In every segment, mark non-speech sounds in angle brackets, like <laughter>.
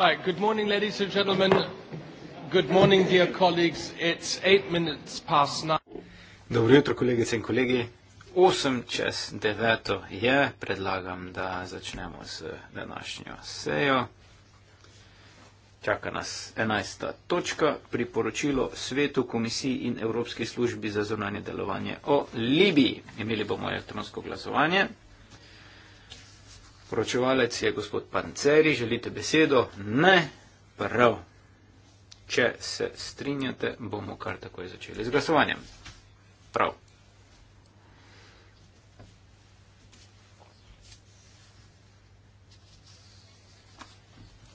Right. Good morning, ladies and gentlemen. Good morning, dear colleagues. It's eight minutes past nine. Dobro jutro, kolegice in kolegi. Osem čez deveto je, predlagam, da začnemo z današnjo sejo. Čaka nas enajsta točka, priporočilo svetu komisiji in Evropski službi za zunanje delovanje o Libiji. Imeli bomo elektronsko glasovanje. Poročevalec je gospod Panceri, želite besedo? Ne, prav. Če se strinjate, bomo kar takoj začeli z glasovanjem. Prav.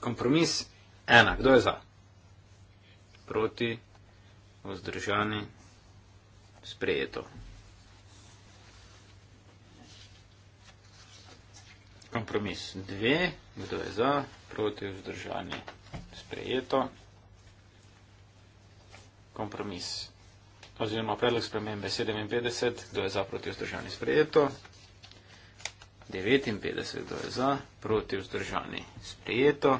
Kompromis ena. Kdo je za? Proti, vzdržani, sprejeto. kompromis 2, kdo je za, proti vzdržanje sprejeto. Kompromis oziroma predlog spremembe 57, kdo je za, proti vzdržanje sprejeto. 59, kdo je za, proti vzdržanje sprejeto.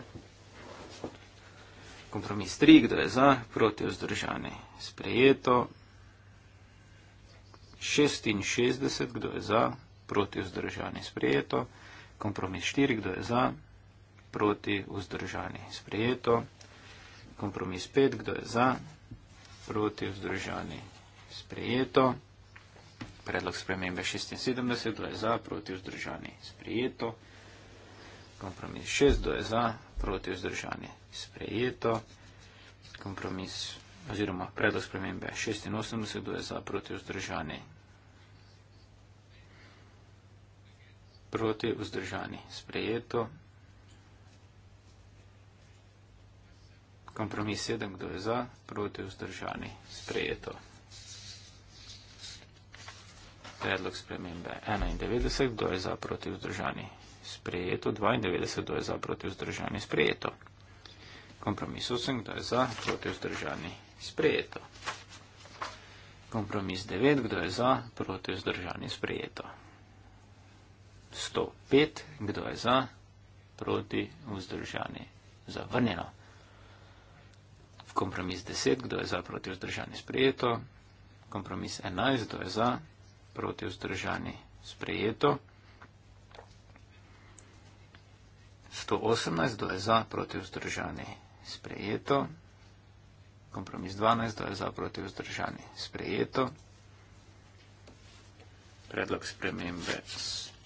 Kompromis 3, kdo je za, proti vzdržanje sprejeto. 66, kdo je za, proti vzdržanje sprejeto. Kompromis 4, kdo je za, proti, vzdržani, sprejeto. Kompromis 5, kdo je za, proti, vzdržani, sprejeto. Predlog spremembe 76, kdo je za, proti, vzdržani, sprejeto. Kompromis 6, kdo je za, proti, vzdržani, sprejeto. Kompromis oziroma predlog spremembe 86, kdo je za, proti, vzdržani, sprejeto. proti vzdržani. Sprejeto. Kompromis 7, kdo je za, proti vzdržani. Sprejeto. Predlog spremembe 91, kdo je za, proti vzdržani. Sprejeto. 92, kdo je za, proti vzdržani. Sprejeto. Kompromis 8, kdo je za, proti vzdržani. Sprejeto. Kompromis 9, kdo je za, proti vzdržani. Sprejeto. 105, kdo je za, proti, vzdržani, zavrnjeno. V kompromis 10, kdo je za, proti, vzdržani, sprejeto. Kompromis 11, kdo je za, proti, vzdržani, sprejeto. 118, kdo je za, proti, vzdržani, sprejeto. Kompromis 12, kdo je za, proti, vzdržani, sprejeto. Predlog spremembe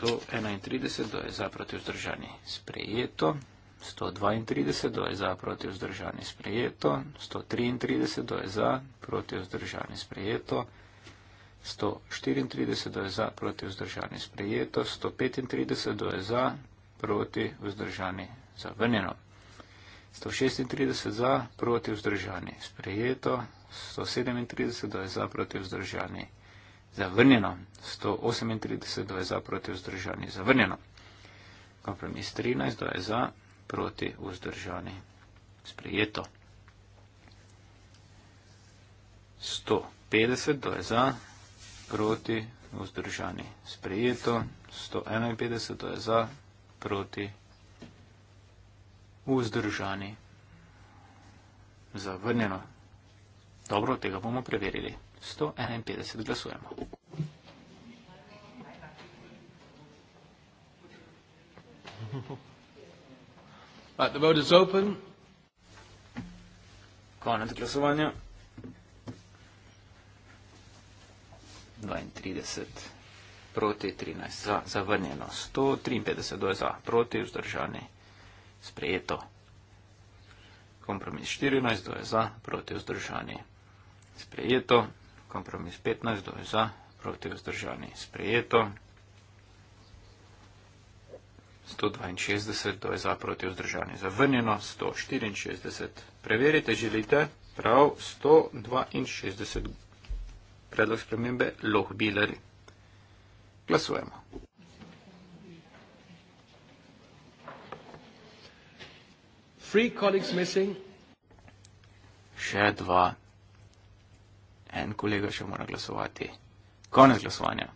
131, kdo je za proti vzdržani, sprejeto. 132, kdo je za proti vzdržani, sprejeto. 133, kdo je za proti vzdržani, sprejeto. 134, kdo je za proti vzdržani, sprejeto. 135, kdo je za proti vzdržani, zavrnjeno. 136 za proti vzdržani, sprejeto. 137 za proti vzdržani, sprejeto zavrnjeno. 138 je za, proti vzdržani zavrnjeno. Kompromis 13 je za, proti vzdržani sprejeto. 150 je za, proti vzdržani sprejeto. 151 je za, proti vzdržani zavrnjeno. Dobro, tega bomo preverili. 151 glasujemo. But the vote is open. Konec glasovanja. 32 proti 13 za, zavrnjeno. 153 do je za, proti, vzdržani, sprejeto. Kompromis 14 do je za, proti, vzdržani, sprejeto kompromis 15, kdo je za, proti vzdržani, sprejeto. 162, kdo je za, proti vzdržani, zavrnjeno. 164, preverite, želite, prav 162, predlog spremembe, lohbiler. Glasujemo. Še dva en kolega še mora glasovati. Konec glasovanja.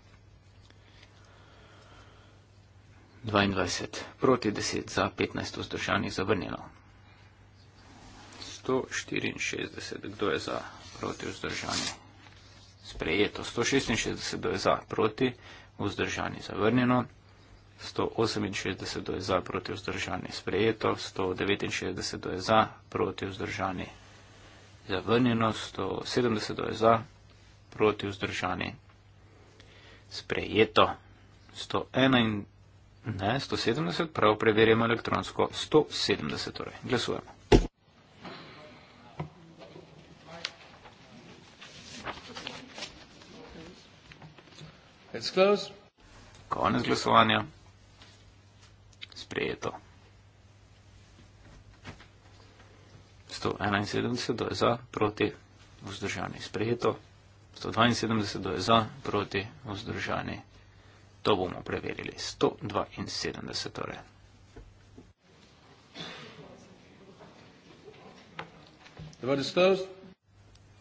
22 proti 10 za 15 vzdržanih zavrnjeno. 164, kdo je za proti vzdržanih? Sprejeto. 166, kdo je za proti vzdržanih zavrnjeno. 168 do je za proti vzdržani sprejeto, 169 do je za proti vzdržani zavrnjeno 170 je za, proti vzdržani. Sprejeto 101 in ne 170, prav preverjamo elektronsko 170, torej glasujemo. Konec glasovanja. Sprejeto. 171 je za, proti, vzdržani sprejeto, 172 je za, proti, vzdržani. To bomo preverili. 172 torej.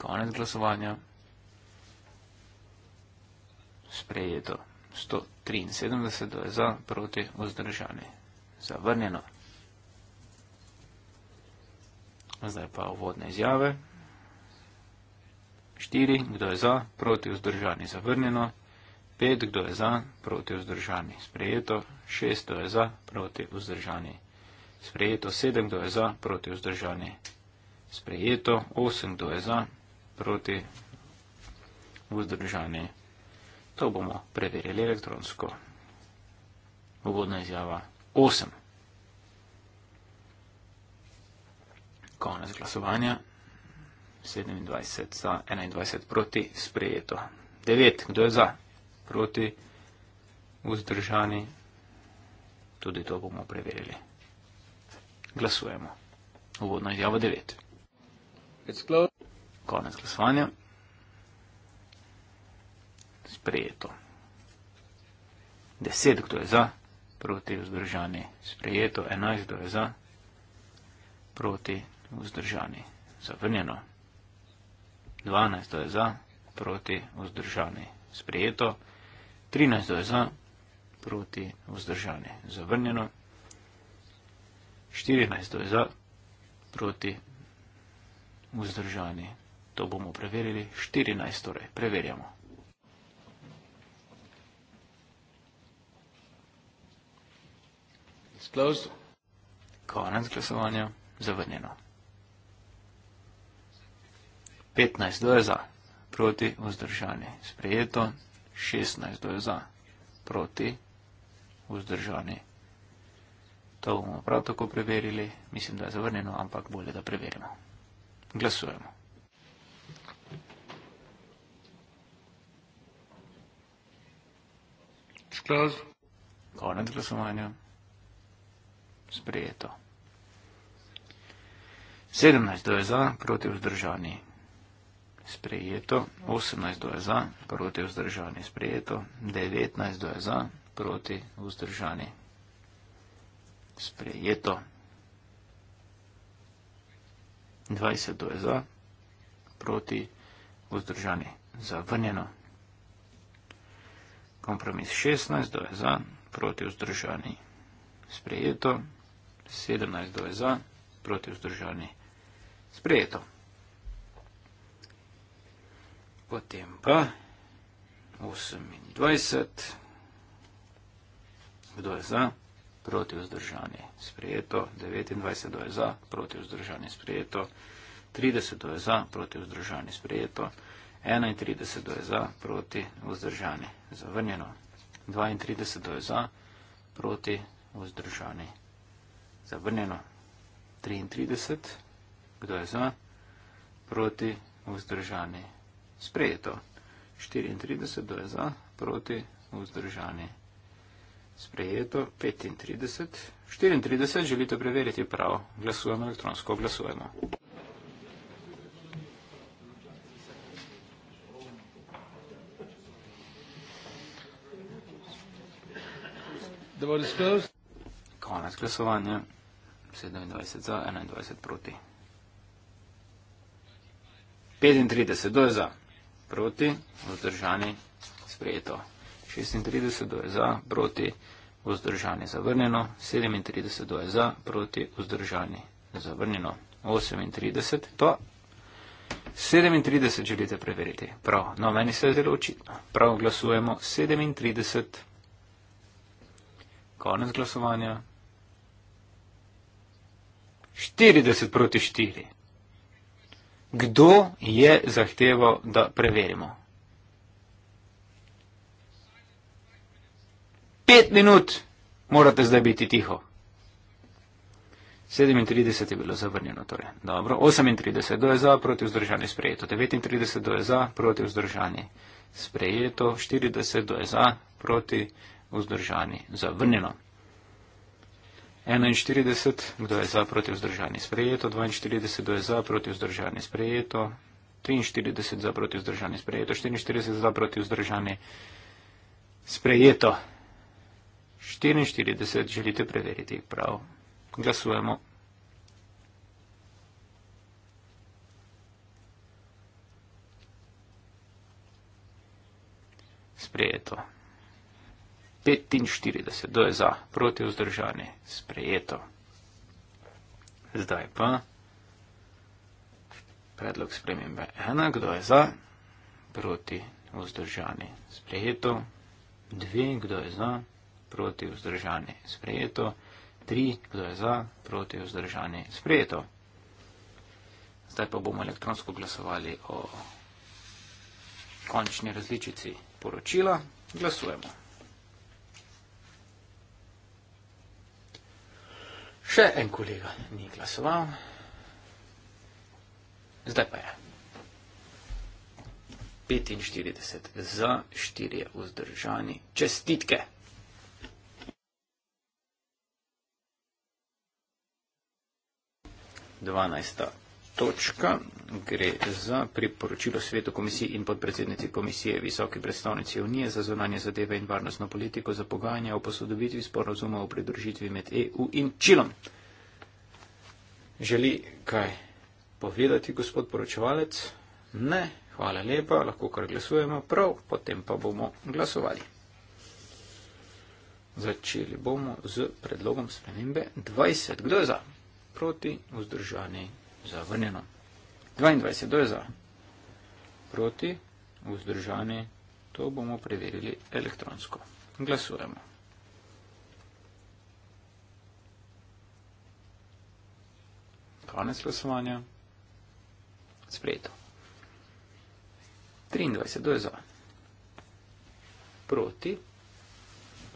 Konec glasovanja. Sprejeto. 173 je za, proti, vzdržani. Zavrnjeno. Zdaj pa uvodne izjave. 4. Kdo je za, proti vzdržani zavrnjeno. 5. Kdo je za, proti vzdržani sprejeto. 6. Kdo je za, proti vzdržani sprejeto. 7. Kdo je za, proti vzdržani sprejeto. 8. Kdo je za, proti vzdržani. To bomo preverili elektronsko. Uvodna izjava 8. konec glasovanja. 27 za, 21 proti, sprejeto. 9, kdo je za? Proti, vzdržani. Tudi to bomo preverili. Glasujemo. Uvodna izjava 9. Konec glasovanja. Sprejeto. 10, kdo je za? Proti, vzdržani. Sprejeto. 11, kdo je za? Proti, vzdržani. Zavrnjeno. 12 je za, proti vzdržani. Sprijeto. 13 je za, proti vzdržani. Zavrnjeno. 14 je za, proti vzdržani. To bomo preverili. 14 torej, preverjamo. Konec glasovanja, zavrnjeno. 15 do je za, proti vzdržanje. Sprejeto, 16 do je za, proti vzdržanje. To bomo prav tako preverili, mislim, da je zavrnjeno, ampak bolje, da preverimo. Glasujemo. Sklaz. Konec glasovanja. Sprejeto. 17 do je za, proti vzdržanje sprejeto, 18 do je za, proti vzdržani sprejeto, 19 do je za, proti vzdržani sprejeto, 20 do je za, proti vzdržani zavrnjeno, kompromis 16 do je za, proti vzdržani sprejeto, 17 do je za, proti vzdržani sprejeto. Sprejeto potem pa 28. Kdo je za? Proti vzdržani sprejeto. 29. Kdo je za? Proti vzdržani sprejeto. 30. Kdo je za? Proti vzdržani sprejeto. 31. Kdo je za? Proti vzdržani zavrnjeno. 32. Kdo je za? Proti vzdržani zavrnjeno. 33. Kdo je za? Proti vzdržani zavrnjeno. Sprejeto. 34 do je za, proti, vzdržani. Sprejeto. 35. 34 želite preveriti prav. Glasujemo elektronsko. Glasujemo. Konec glasovanja. 27 za, 21 proti. 35 do je za proti, vzdržani, sprejeto. 36 do je za, proti, vzdržani, zavrnjeno. 37 do je za, proti, vzdržani, zavrnjeno. 38 to. 37 želite preveriti. Prav, no meni se je zelo očitno. Prav glasujemo 37. Konec glasovanja. 40 proti 4. Kdo je zahteval, da preverimo? Pet minut morate zdaj biti tiho. 37 je bilo zavrnjeno, torej. Dobro, 38 do je za, proti vzdržani sprejeto. 39 do je za, proti vzdržani sprejeto. 40 do je za, proti vzdržani zavrnjeno. 41, kdo je za proti vzdržani sprejeto, 42, kdo je za proti vzdržani sprejeto, 43 za proti vzdržani sprejeto, 44 za proti vzdržani sprejeto, 44 želite preveriti prav. Glasujemo. Sprejeto. 45, to je za protivzdržanje sprejeto. Zdaj pa predlog spremembe 1, kdo je za protivzdržanje sprejeto, 2, kdo je za protivzdržanje sprejeto, 3, kdo je za protivzdržanje sprejeto. Zdaj pa bomo elektronsko glasovali o končni različici poročila. Glasujemo. Še en kolega ni glasoval. Zdaj pa je. 45 za, 4 je vzdržani. Čestitke! Dvanajsta točka gre za priporočilo svetu komisiji in podpredsednici komisije visoki predstavnici Unije za zonanje zadeve in varnostno politiko za pogajanje o posodobitvi sporozuma o pridružitvi med EU in Čilom. Želi kaj povedati gospod poročevalec? Ne, hvala lepa, lahko kar glasujemo prav, potem pa bomo glasovali. Začeli bomo z predlogom spremembe 20. Kdo je za? Proti, vzdržani, zavrnjeno. 22, kdo je za? Proti, vzdržani, to bomo preverili elektronsko. Glasujemo. Konec glasovanja. Sprejeto. 23, kdo je za? Proti,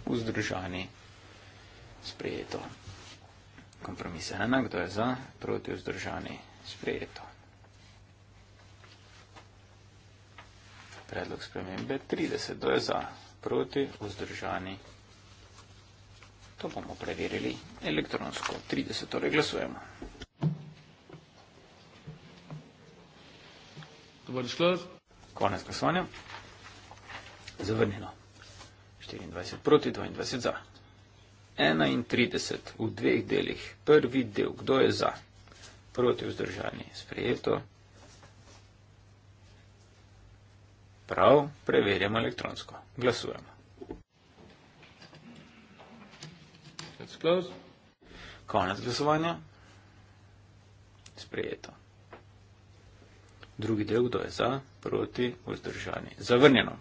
vzdržani, sprejeto. Sprejeto kompromis ena, kdo je za, proti vzdržani, sprejeto. Predlog spremembe 30, kdo je za, proti vzdržani, to bomo preverili elektronsko, 30, torej glasujemo. Dobar izklad. Konec glasovanja, zavrnjeno, 24 proti, 22 za. 31 v dveh delih. Prvi del, kdo je za? Proti vzdržanje je sprejeto. Prav, preverjamo elektronsko. Glasujemo. Let's close. Konec glasovanja. Sprejeto. Drugi del, kdo je za? Proti vzdržanje. Zavrnjeno.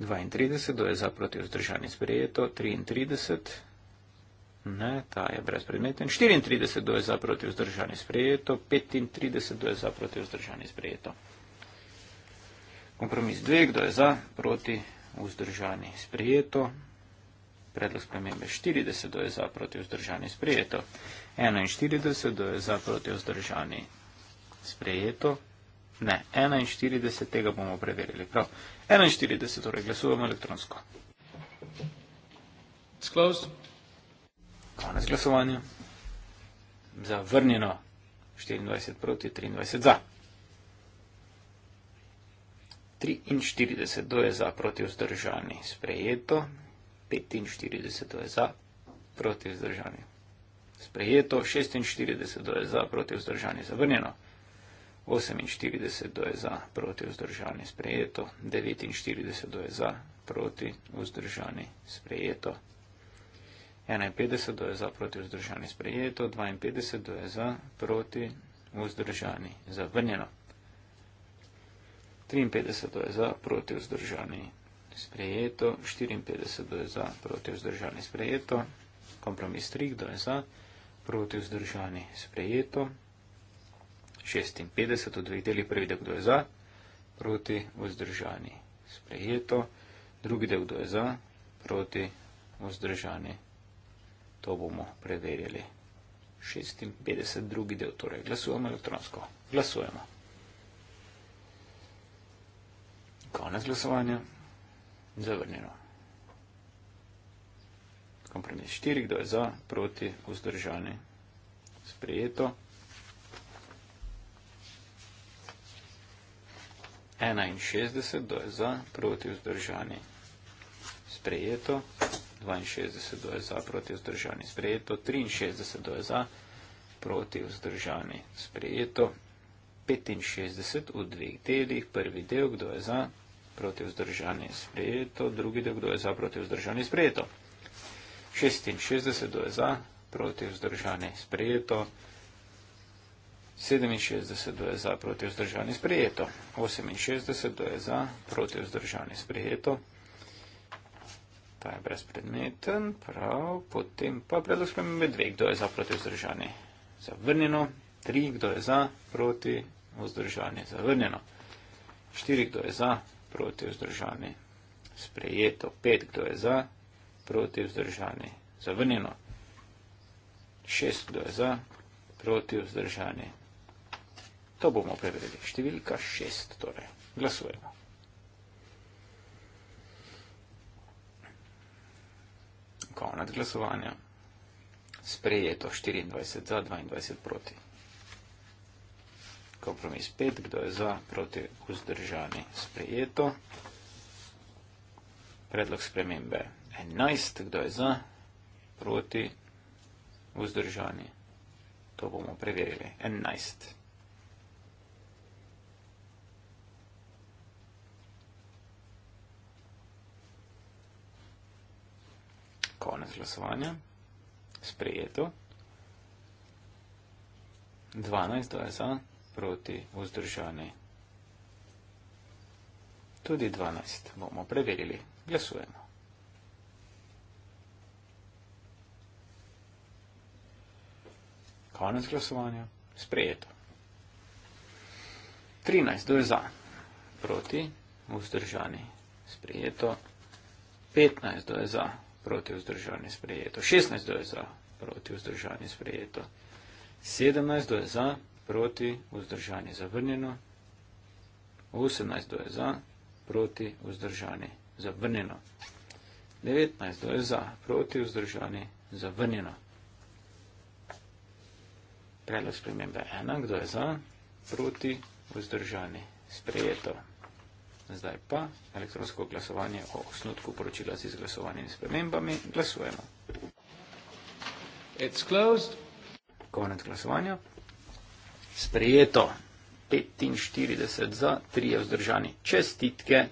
32, kdo je za proti vzdržanje sprejeto, 33, ne, ta je brezpredmeten, 34, kdo je za proti vzdržanje sprejeto, 35, kdo je za proti vzdržanje sprejeto. Kompromis 2, kdo je za proti vzdržanje sprejeto, predlog spremembe 40, kdo je za proti vzdržanje sprejeto, 41, kdo je za proti vzdržanje sprejeto, ne, 41, tega bomo preverili prav. 41, torej glasujemo elektronsko. Konec glasovanja. Zavrnjeno 24 proti 23 za. 43, to je za proti vzdržani. Sprejeto. 45, to je za proti vzdržani. Sprejeto. 46, to je za proti vzdržani. Zavrnjeno. 48 do je za, proti vzdržani sprejeto, 49 do je za, proti vzdržani sprejeto, 51 do je za, proti vzdržani sprejeto, 52 do je za, proti vzdržani zavrnjeno, 53 do je za, proti vzdržani sprejeto, 54 do je za, proti vzdržani sprejeto, kompromis 3 do je za, proti vzdržani sprejeto, 56 v dveh delih, prvi del, kdo je za, proti, vzdržani, sprejeto, drugi del, kdo je za, proti, vzdržani, to bomo preverili. 56 drugi del, torej glasujemo elektronsko. Glasujemo. Konec glasovanja, zavrnjeno. Kompromis 4, kdo je za, proti, vzdržani, sprejeto. 61 je za, proti vzdržani sprejeto, 62 je za, proti vzdržani sprejeto, 63 je za, proti vzdržani sprejeto, 65 v dveh delih, prvi del, kdo je za, proti vzdržani sprejeto, drugi del, kdo je za, proti vzdržani sprejeto, 66 je za, proti vzdržani sprejeto, 67 do je za, proti vzdržani sprejeto. 68 do je za, proti vzdržani sprejeto. Ta je brezpredmeten, prav, potem pa predlog spremembe 2, kdo je za, proti vzdržani zavrnjeno. 3, kdo je za, proti vzdržani zavrnjeno. 4, kdo je za, proti vzdržani sprejeto. 5, kdo je za, proti vzdržani zavrnjeno. 6, kdo je za, proti vzdržani zavrnjeno. To bomo preverili. Številka šest, torej. Glasujemo. Konec glasovanja. Sprejeto 24 za, 22 proti. Kompromis 5, kdo je za, proti vzdržani sprejeto. Predlog spremembe 11, kdo je za, proti vzdržani. To bomo preverili. 11. 11. konec glasovanja, sprejeto. 12 je za, proti vzdržani. Tudi 12 bomo preverili. Glasujemo. Konec glasovanja, sprejeto. 13 je za, proti vzdržani, sprejeto. 15 je za, proti vzdržanju sprejeto. 16 je za proti vzdržanju sprejeto. 17 je za proti vzdržanju zavrnjeno. 18 je za proti vzdržanju zavrnjeno. 19 je za proti vzdržanju zavrnjeno. Predlog spremembe 1. Kdo je za proti vzdržanju sprejeto? Zdaj pa elektronsko glasovanje o osnutku poročila z izglasovanjem in spremembami. Glasujemo. Konec glasovanja. Sprejeto. 45 za, 3 vzdržani. Čestitke.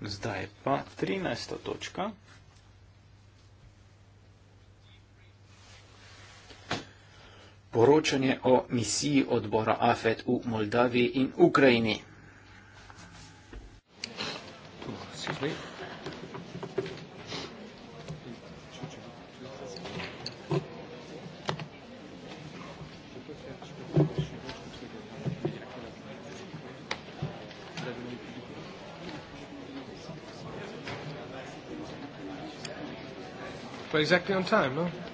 Zdaj pa 13. točka. poročanje o misiji odbora AFET v Moldaviji in Ukrajini. We're exactly on time, no? Huh?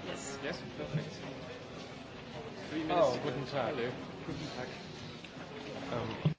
Hallo, oh, guten Tag. Hallo. Guten Tag. Ähm,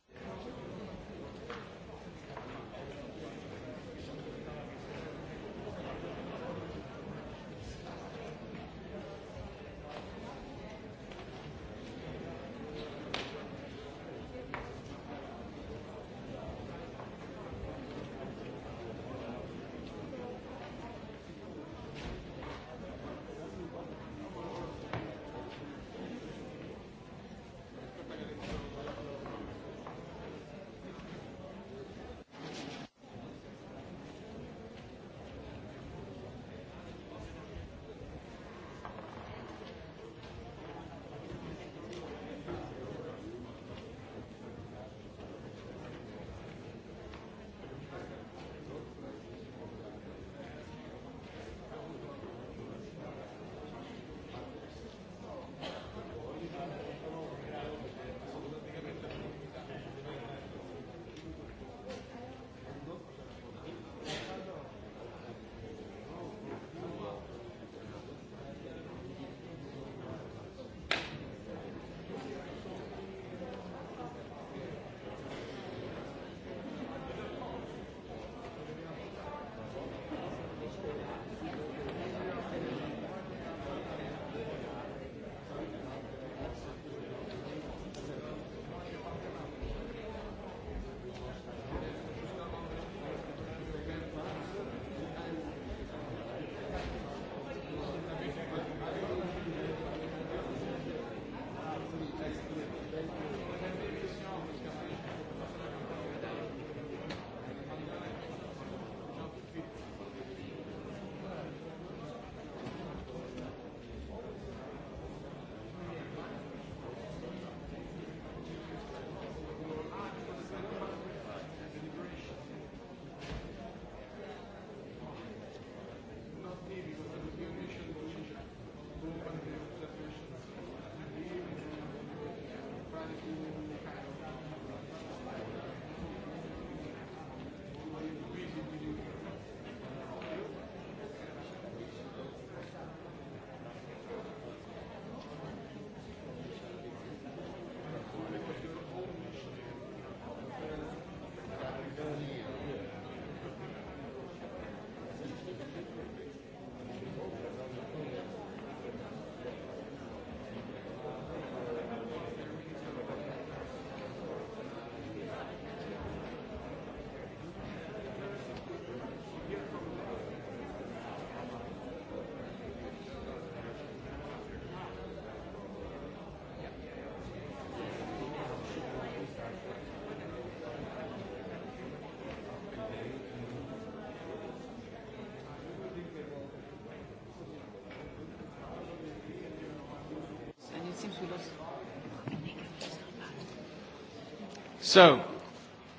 So,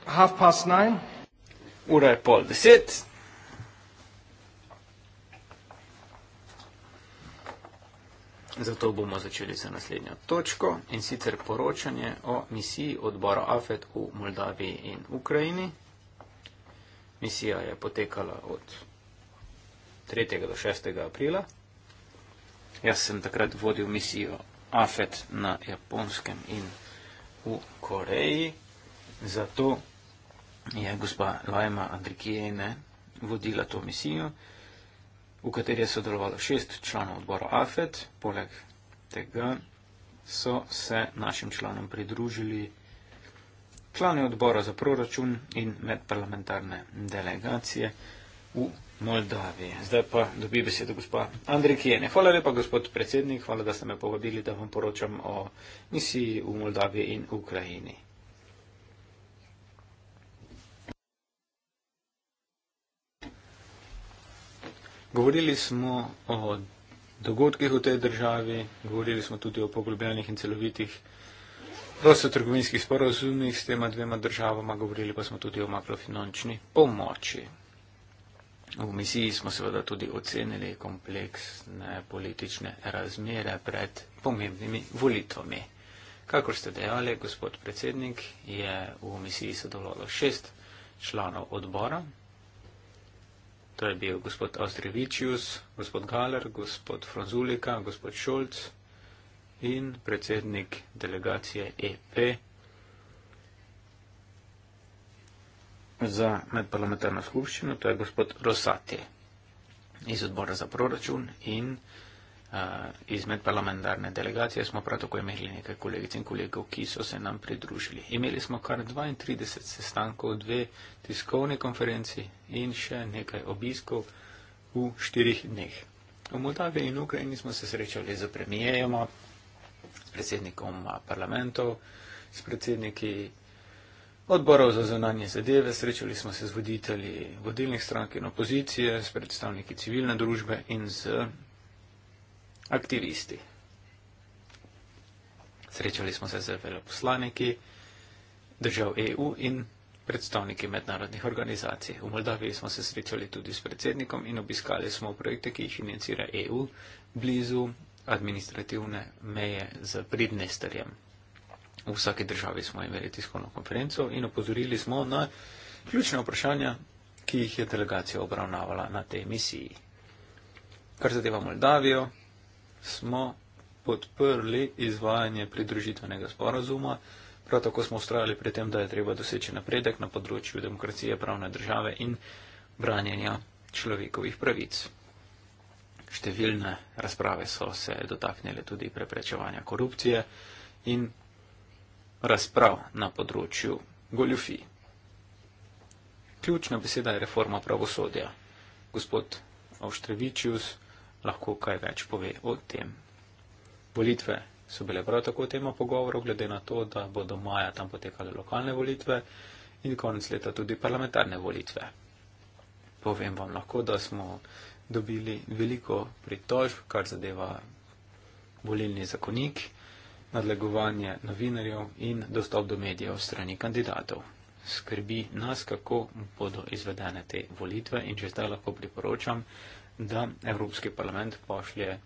half past nine. Ura je pol deset. Zato bomo začeli za naslednjo točko in sicer poročanje o misiji odbora AFET v Moldaviji in Ukrajini. Misija je potekala od 3. do 6. aprila. Jaz sem takrat vodil misijo afet na japonskem in v Koreji. Zato je gospa Lajma Andrikijene vodila to misijo, v kateri je sodelovalo šest članov odbora afet. Poleg tega so se našim članom pridružili člani odbora za proračun in medparlamentarne delegacije v Moldavije. Zdaj pa dobi besedo gospod Andrej Kijene. Hvala lepa, gospod predsednik, hvala, da ste me povabili, da vam poročam o misiji v Moldaviji in Ukrajini. Govorili smo o dogodkih v tej državi, govorili smo tudi o poglobljenih in celovitih prostotrgovinskih sporozumih s tema dvema državama, govorili pa smo tudi o makrofinančni pomoči. V misiji smo seveda tudi ocenili kompleksne politične razmere pred pomembnimi volitvami. Kakor ste dejali, gospod predsednik, je v misiji sodelovalo šest članov odbora. To je bil gospod Ostrevičius, gospod Galer, gospod Franzulika, gospod Šolc in predsednik delegacije EP za medparlamentarno skupščino, to je gospod Rosati iz odbora za proračun in uh, iz medparlamentarne delegacije smo prav tako imeli nekaj kolegic in kolegov, ki so se nam pridružili. Imeli smo kar 32 sestankov, dve tiskovne konferenci in še nekaj obiskov v štirih dneh. V Moldavi in Ukrajini smo se srečali z premijejoma, s predsednikom parlamentov, s predsedniki odborov za zunanje zadeve, srečali smo se z voditelji vodilnih strank in opozicije, s predstavniki civilne družbe in z aktivisti. Srečali smo se z veleposlaniki držav EU in predstavniki mednarodnih organizacij. V Moldaviji smo se srečali tudi s predsednikom in obiskali smo projekte, ki jih financira EU blizu administrativne meje z Pridnesterjem. V vsaki državi smo imeli tiskovno konferenco in opozorili smo na ključna vprašanja, ki jih je delegacija obravnavala na tej misiji. Kar zadeva Moldavijo, smo podprli izvajanje pridružitvenega sporazuma, prav tako smo ustrajali pri tem, da je treba doseči napredek na področju demokracije, pravne države in branjenja človekovih pravic. Številne razprave so se dotaknile tudi preprečevanja korupcije in razprav na področju goljufij. Ključna beseda je reforma pravosodja. Gospod Avštrevičius lahko kaj več pove o tem. Volitve so bile prav tako tema pogovorov, glede na to, da bodo maja tam potekale lokalne volitve in konec leta tudi parlamentarne volitve. Povem vam lahko, da smo dobili veliko pritožb, kar zadeva volilni zakonik nadlegovanje novinarjev in dostop do medijev strani kandidatov. Skrbi nas, kako bodo izvedene te volitve in že zdaj lahko priporočam, da Evropski parlament pošlje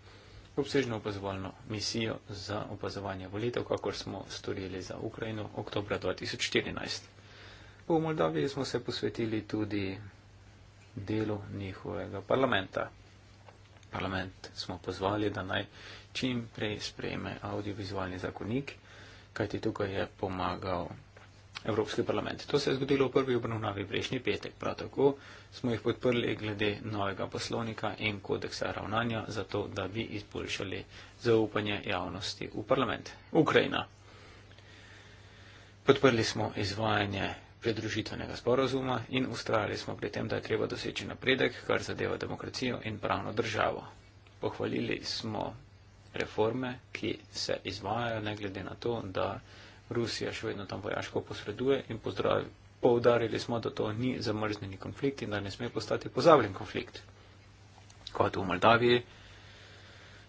obsežno opazovalno misijo za opazovanje volitev, kakor smo storili za Ukrajino oktobra 2014. V Moldaviji smo se posvetili tudi delu njihovega parlamenta. Parlament smo pozvali, da naj čim prej sprejme audiovizualni zakonik, kajti tukaj je pomagal Evropski parlament. To se je zgodilo v prvi obravnavi prejšnji petek, prav tako smo jih podprli glede novega poslovnika in kodeksa ravnanja, zato da bi izboljšali zaupanje javnosti v parlament. Ukrajina. Podprli smo izvajanje predružitvenega sporozuma in ustrajali smo pri tem, da je treba doseči napredek, kar zadeva demokracijo in pravno državo. Pohvalili smo reforme, ki se izvajajo, ne glede na to, da Rusija še vedno tam vojaško posreduje in pozdravi. Poudarili smo, da to ni zamrznjeni konflikt in da ne sme postati pozabljen konflikt. Kot v Moldaviji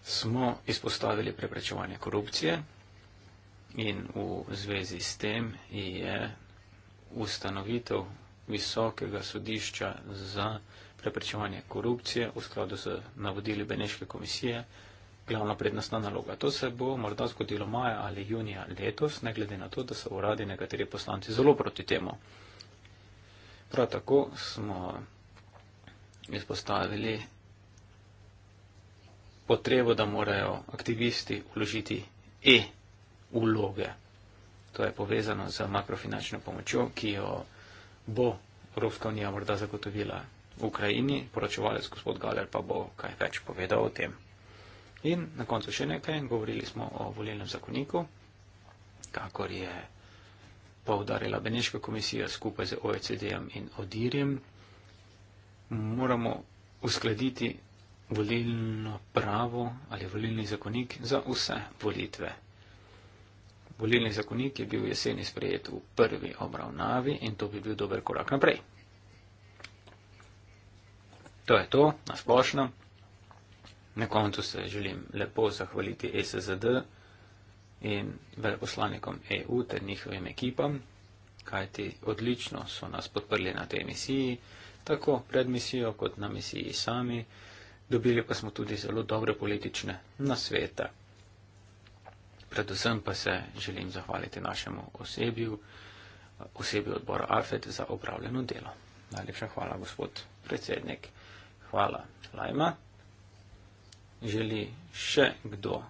smo izpostavili preprečevanje korupcije in v zvezi s tem je ustanovitev visokega sodišča za preprečevanje korupcije v skladu z navodili Beneške komisije glavna prednostna naloga. To se bo morda zgodilo maja ali junija letos, ne glede na to, da so uradi nekateri poslanci zelo proti temu. Prav tako smo izpostavili potrebo, da morajo aktivisti vložiti e-uloge. To je povezano z makrofinančno pomočjo, ki jo bo Evropska unija morda zagotovila Ukrajini. Poročevalec gospod Galer pa bo kaj več povedal o tem. In na koncu še nekaj, govorili smo o volilnem zakoniku, kakor je poudarila Beneška komisija skupaj z OECD-jem in ODIR-jem, moramo uskladiti volilno pravo ali volilni zakonik za vse volitve. Volilni zakonik je bil jeseni sprejet v prvi obravnavi in to bi bil dober korak naprej. To je to, na splošno. Na koncu se želim lepo zahvaliti e SZD in veleposlanikom EU ter njihovim ekipam, kajti odlično so nas podprli na tej misiji, tako pred misijo kot na misiji sami. Dobili pa smo tudi zelo dobre politične nasvete. Predvsem pa se želim zahvaliti našemu osebju, osebju odbora AFED za opravljeno delo. Najlepša hvala, gospod predsednik. Hvala, Lajma želi še kdo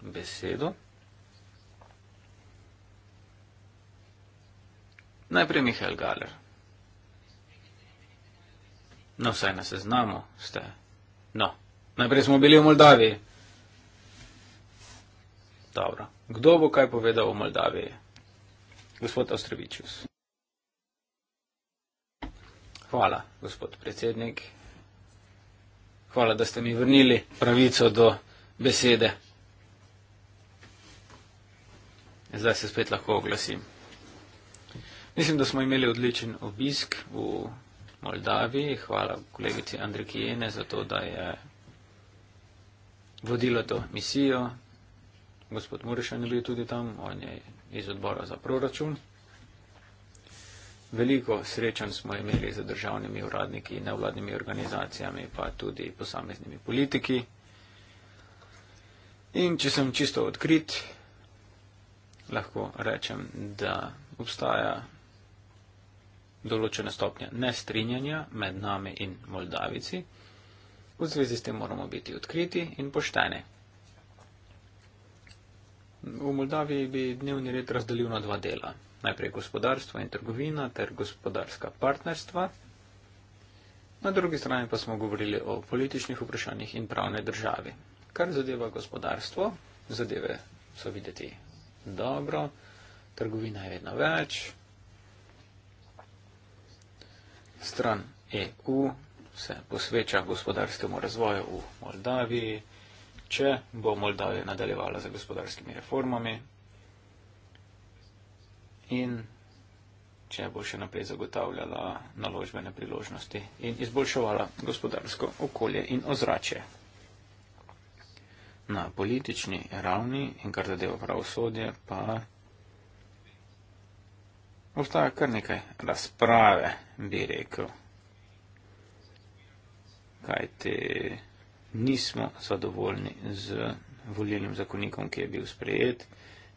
besedo? Najprej Mihael Galer. No, vsaj na seznamu ste. No, najprej smo bili v Moldaviji. Dobro. Kdo bo kaj povedal o Moldaviji? Gospod Ostrevičus. Hvala, gospod predsednik. Hvala, da ste mi vrnili pravico do besede. Zdaj se spet lahko oglasim. Mislim, da smo imeli odličen obisk v Moldaviji. Hvala kolegici Andrikijene za to, da je vodila to misijo. Gospod Murišan je bil tudi tam, on je iz odbora za proračun veliko srečanj smo imeli z državnimi uradniki, nevladnimi organizacijami, pa tudi posameznimi politiki. In če sem čisto odkrit, lahko rečem, da obstaja določena stopnja nestrinjanja med nami in Moldavici. V zvezi s tem moramo biti odkriti in pošteni. V Moldaviji bi dnevni red razdelil na dva dela najprej gospodarstvo in trgovina ter gospodarska partnerstva, na drugi strani pa smo govorili o političnih vprašanjih in pravne državi. Kar zadeva gospodarstvo, zadeve so videti dobro, trgovina je vedno več, stran EU se posveča gospodarskemu razvoju v Moldaviji, če bo Moldavija nadaljevala za gospodarskimi reformami, in če bo še naprej zagotavljala naložbene priložnosti in izboljševala gospodarsko okolje in ozračje. Na politični ravni in kar zadeva pravosodje pa ostaja kar nekaj razprave, bi rekel. Kajti nismo zadovoljni z volilnim zakonikom, ki je bil sprejet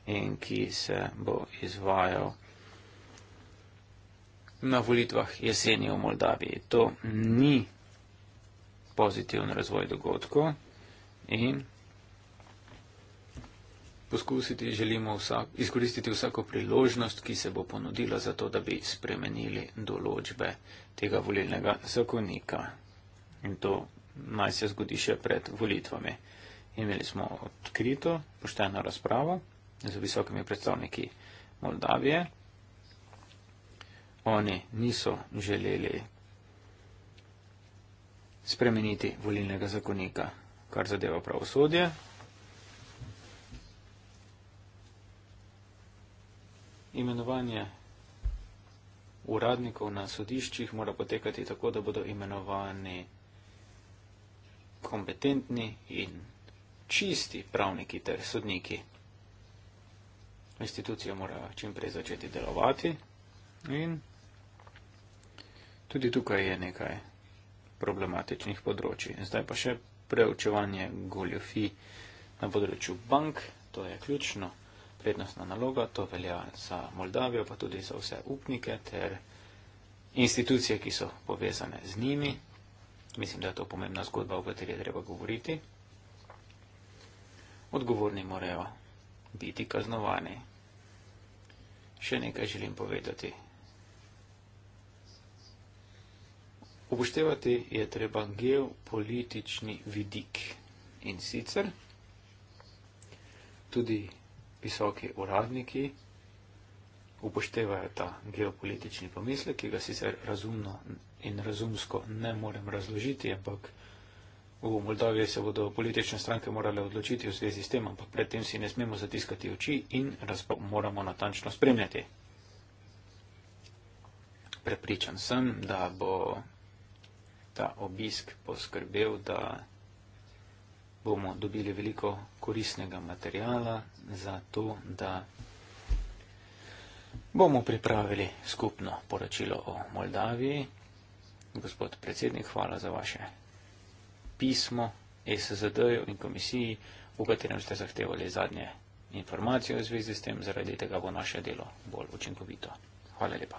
in ki se bo izvajal na volitvah jeseni v Moldaviji. To ni pozitivn razvoj dogodkov in poskusiti želimo vsak, izkoristiti vsako priložnost, ki se bo ponudila za to, da bi spremenili določbe tega volilnega zakonika. In to naj se zgodi še pred volitvami. Imeli smo odkrito, pošteno razpravo z visokimi predstavniki Moldavije. Oni niso želeli spremeniti volilnega zakonika, kar zadeva pravosodje. Imenovanje uradnikov na sodiščih mora potekati tako, da bodo imenovani kompetentni in čisti pravniki ter sodniki institucija mora čim prej začeti delovati in tudi tukaj je nekaj problematičnih področji. Zdaj pa še preučevanje goljofi na področju bank, to je ključno prednostna naloga, to velja za Moldavijo, pa tudi za vse upnike ter institucije, ki so povezane z njimi. Mislim, da je to pomembna zgodba, o kateri je treba govoriti. Odgovorni morajo biti kaznovani še nekaj želim povedati. Upoštevati je treba geopolitični vidik in sicer tudi visoki uradniki upoštevajo ta geopolitični pomislek, ki ga sicer razumno in razumsko ne morem razložiti, ampak v Moldaviji se bodo politične stranke morale odločiti v zvezi s tem, ampak predtem si ne smemo zatiskati oči in moramo natančno spremljati. Prepričan sem, da bo ta obisk poskrbel, da bomo dobili veliko koristnega materijala za to, da bomo pripravili skupno poročilo o Moldaviji. Gospod predsednik, hvala za vaše pismo e SZD-ju in komisiji, v katerem ste zahtevali zadnje informacije v zvezi s tem, zaradi tega bo naše delo bolj učinkovito. Hvala lepa.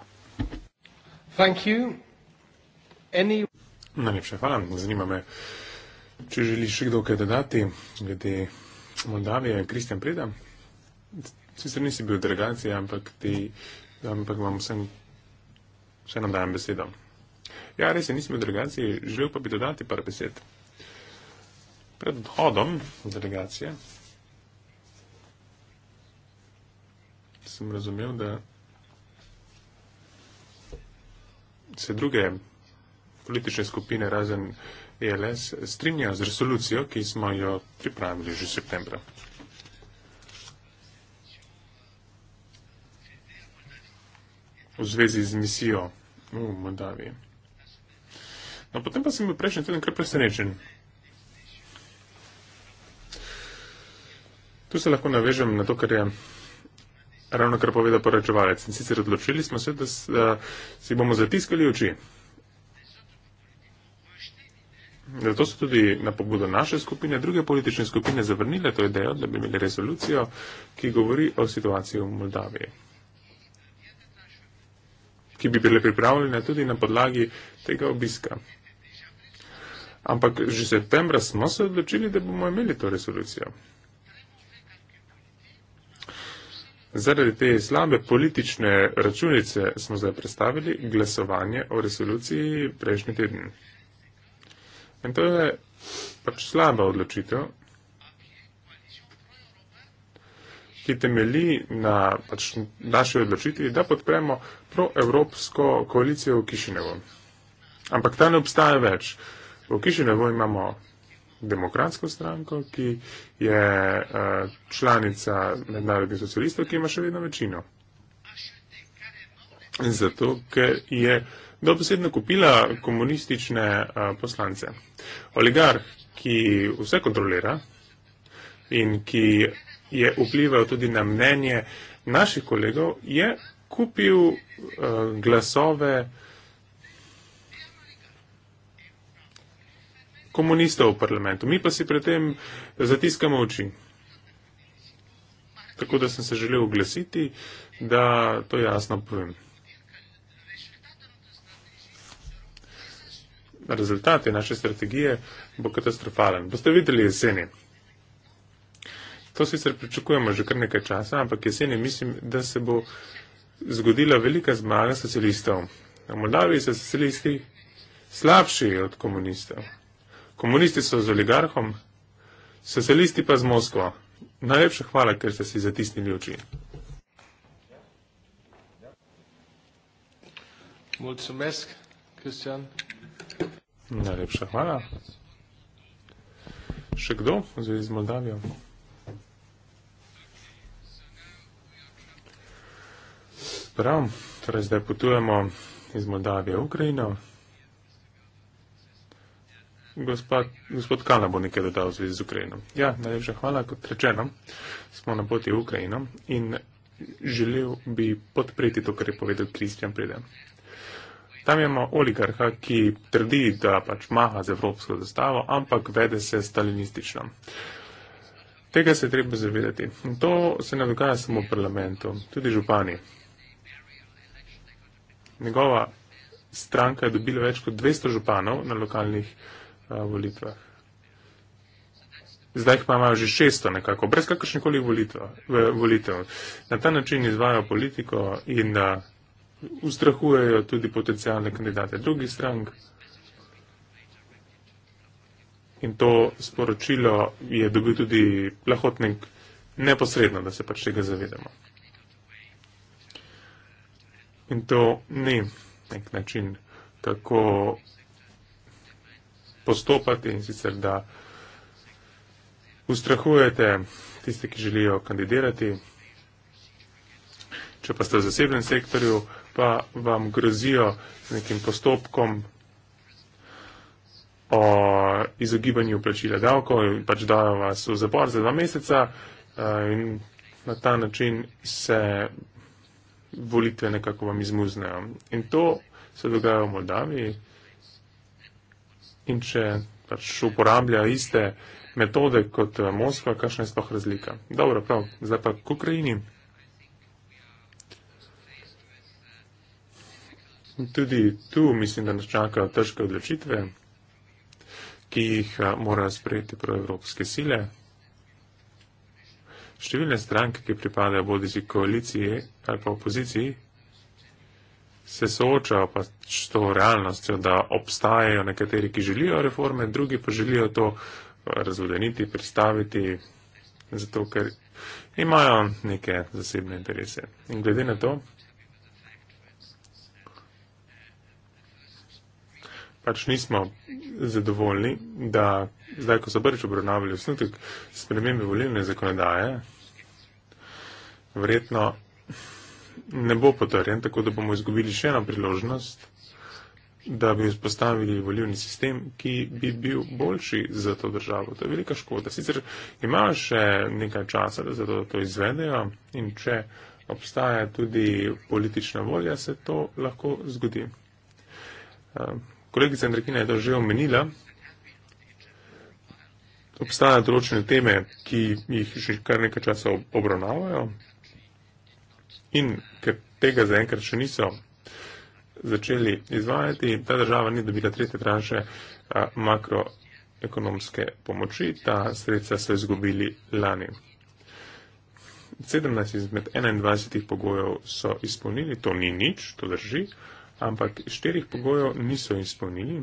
Any... Najlepša hvala. Zanima me, če želi še kdo kaj dodati glede Moldavije. Kristjan Preda, sicer nisi bil v delegaciji, ampak, ti, ampak vam vsem vseeno dajem besedo. Ja, res je, nisem v delegaciji, želel pa bi dodati par besed pred odhodom v delegacije sem razumel, da se druge politične skupine razen ELS strinjajo z resolucijo, ki smo jo pripravili že v septembra. v zvezi z misijo v Moldaviji. No, potem pa sem bil prejšnji teden kar presenečen, Tu se lahko navežem na to, kar je ravno kar povedal poročevalec. In sicer odločili smo se, da si bomo zatiskali oči. Zato so tudi na pobudo naše skupine, druge politične skupine zavrnile to idejo, da bi imeli rezolucijo, ki govori o situaciji v Moldaviji, ki bi bile pripravljene tudi na podlagi tega obiska. Ampak že septembra smo se odločili, da bomo imeli to rezolucijo. Zaradi te slabe politične računice smo zdaj predstavili glasovanje o resoluciji prejšnji teden. In to je pač slaba odločitev, ki temeli na pač naši odločitvi, da podpremo proevropsko koalicijo v Kišinevo. Ampak ta ne obstaja več. V Kišinevo imamo demokratsko stranko, ki je eh, članica mednarodnih socialistov, ki ima še vedno večino. Zato, ker je dobesedno kupila komunistične eh, poslance. Oligarh, ki vse kontrolira in ki je vplival tudi na mnenje naših kolegov, je kupil eh, glasove, komunistov v parlamentu. Mi pa si pred tem zatiskamo oči. Tako da sem se želel oglasiti, da to jasno povem. Rezultat naše strategije bo katastrofalen. Boste videli jeseni. To sicer pričakujemo že kar nekaj časa, ampak jeseni mislim, da se bo zgodila velika zmaga socialistov. V Moldaviji so socialisti slabši od komunistov komunisti so z oligarhom, socialisti pa z Moskvo. Najlepša hvala, ker ste si zatisnili oči. Mulcumesk, Kristjan. Najlepša hvala. Še kdo v zvezi z Moldavijo? Prav, torej zdaj potujemo iz Moldavije v Ukrajino. Gospod, gospod Kala bo nekaj dodal v zvezi z Ukrajino. Ja, najlepša hvala. Kot rečeno, smo na poti v Ukrajino in želel bi podpreti to, kar je povedal Kristjan Prede. Tam imamo oligarha, ki trdi, da pač maha z evropsko zastavo, ampak vede se stalinistično. Tega se je treba zavedati. In to se ne dogaja samo v parlamentu, tudi župani. Njegova stranka je dobila več kot 200 županov na lokalnih. Eh, volitvah. Zdaj pa imajo že šesto nekako, brez kakršnikoli volitev. Na ta način izvajo politiko in da eh, ustrahujejo tudi potencijalne kandidate drugih strank. In to sporočilo je dobil tudi lahotnik neposredno, da se pač tega zavedamo. In to ni nek način, kako postopate in sicer, da ustrahujete tiste, ki želijo kandidirati. Če pa ste v zasebnem sektorju, pa vam grozijo z nekim postopkom o izogibanju plačila davkov in pač dajo vas v zapor za dva meseca eh, in na ta način se volitve nekako vam izmuznejo. In to se dogaja v Moldaviji in če pač uporablja iste metode kot eh, Moskva, kakšna je sploh razlika. Dobro, prav, zdaj pa k Ukrajini. Tudi tu mislim, da nas čakajo težke odločitve, ki jih eh, morajo sprejeti proevropske sile. Številne stranke, ki pripadajo bodi si koaliciji ali pa opoziciji, se soočajo pa s to realnostjo, da obstajajo nekateri, ki želijo reforme, drugi pa želijo to eh, razvodeniti, predstaviti, zato ker imajo neke zasebne interese. In glede na to, pač nismo zadovoljni, da zdaj, ko so prvič obravnavali osnutek spremembe volilne zakonodaje, verjetno ne bo potrjen, tako da bomo izgubili še eno priložnost, da bi vzpostavili volivni sistem, ki bi bil boljši za to državo. To je velika škoda. Sicer imajo še nekaj časa, da zato to izvedejo in če obstaja tudi politična volja, se to lahko zgodi. Eh, kolegica Andrekina je to že omenila. Obstajajo določene teme, ki jih že kar nekaj časa obravnavajo, In ker tega zaenkrat še niso začeli izvajati, ta država ni dobila tretje tranše makroekonomske pomoči, ta sredstva so izgubili lani. 17 izmed 21 pogojev so izpolnili, to ni nič, to drži, ampak štirih pogojev niso izpolnili,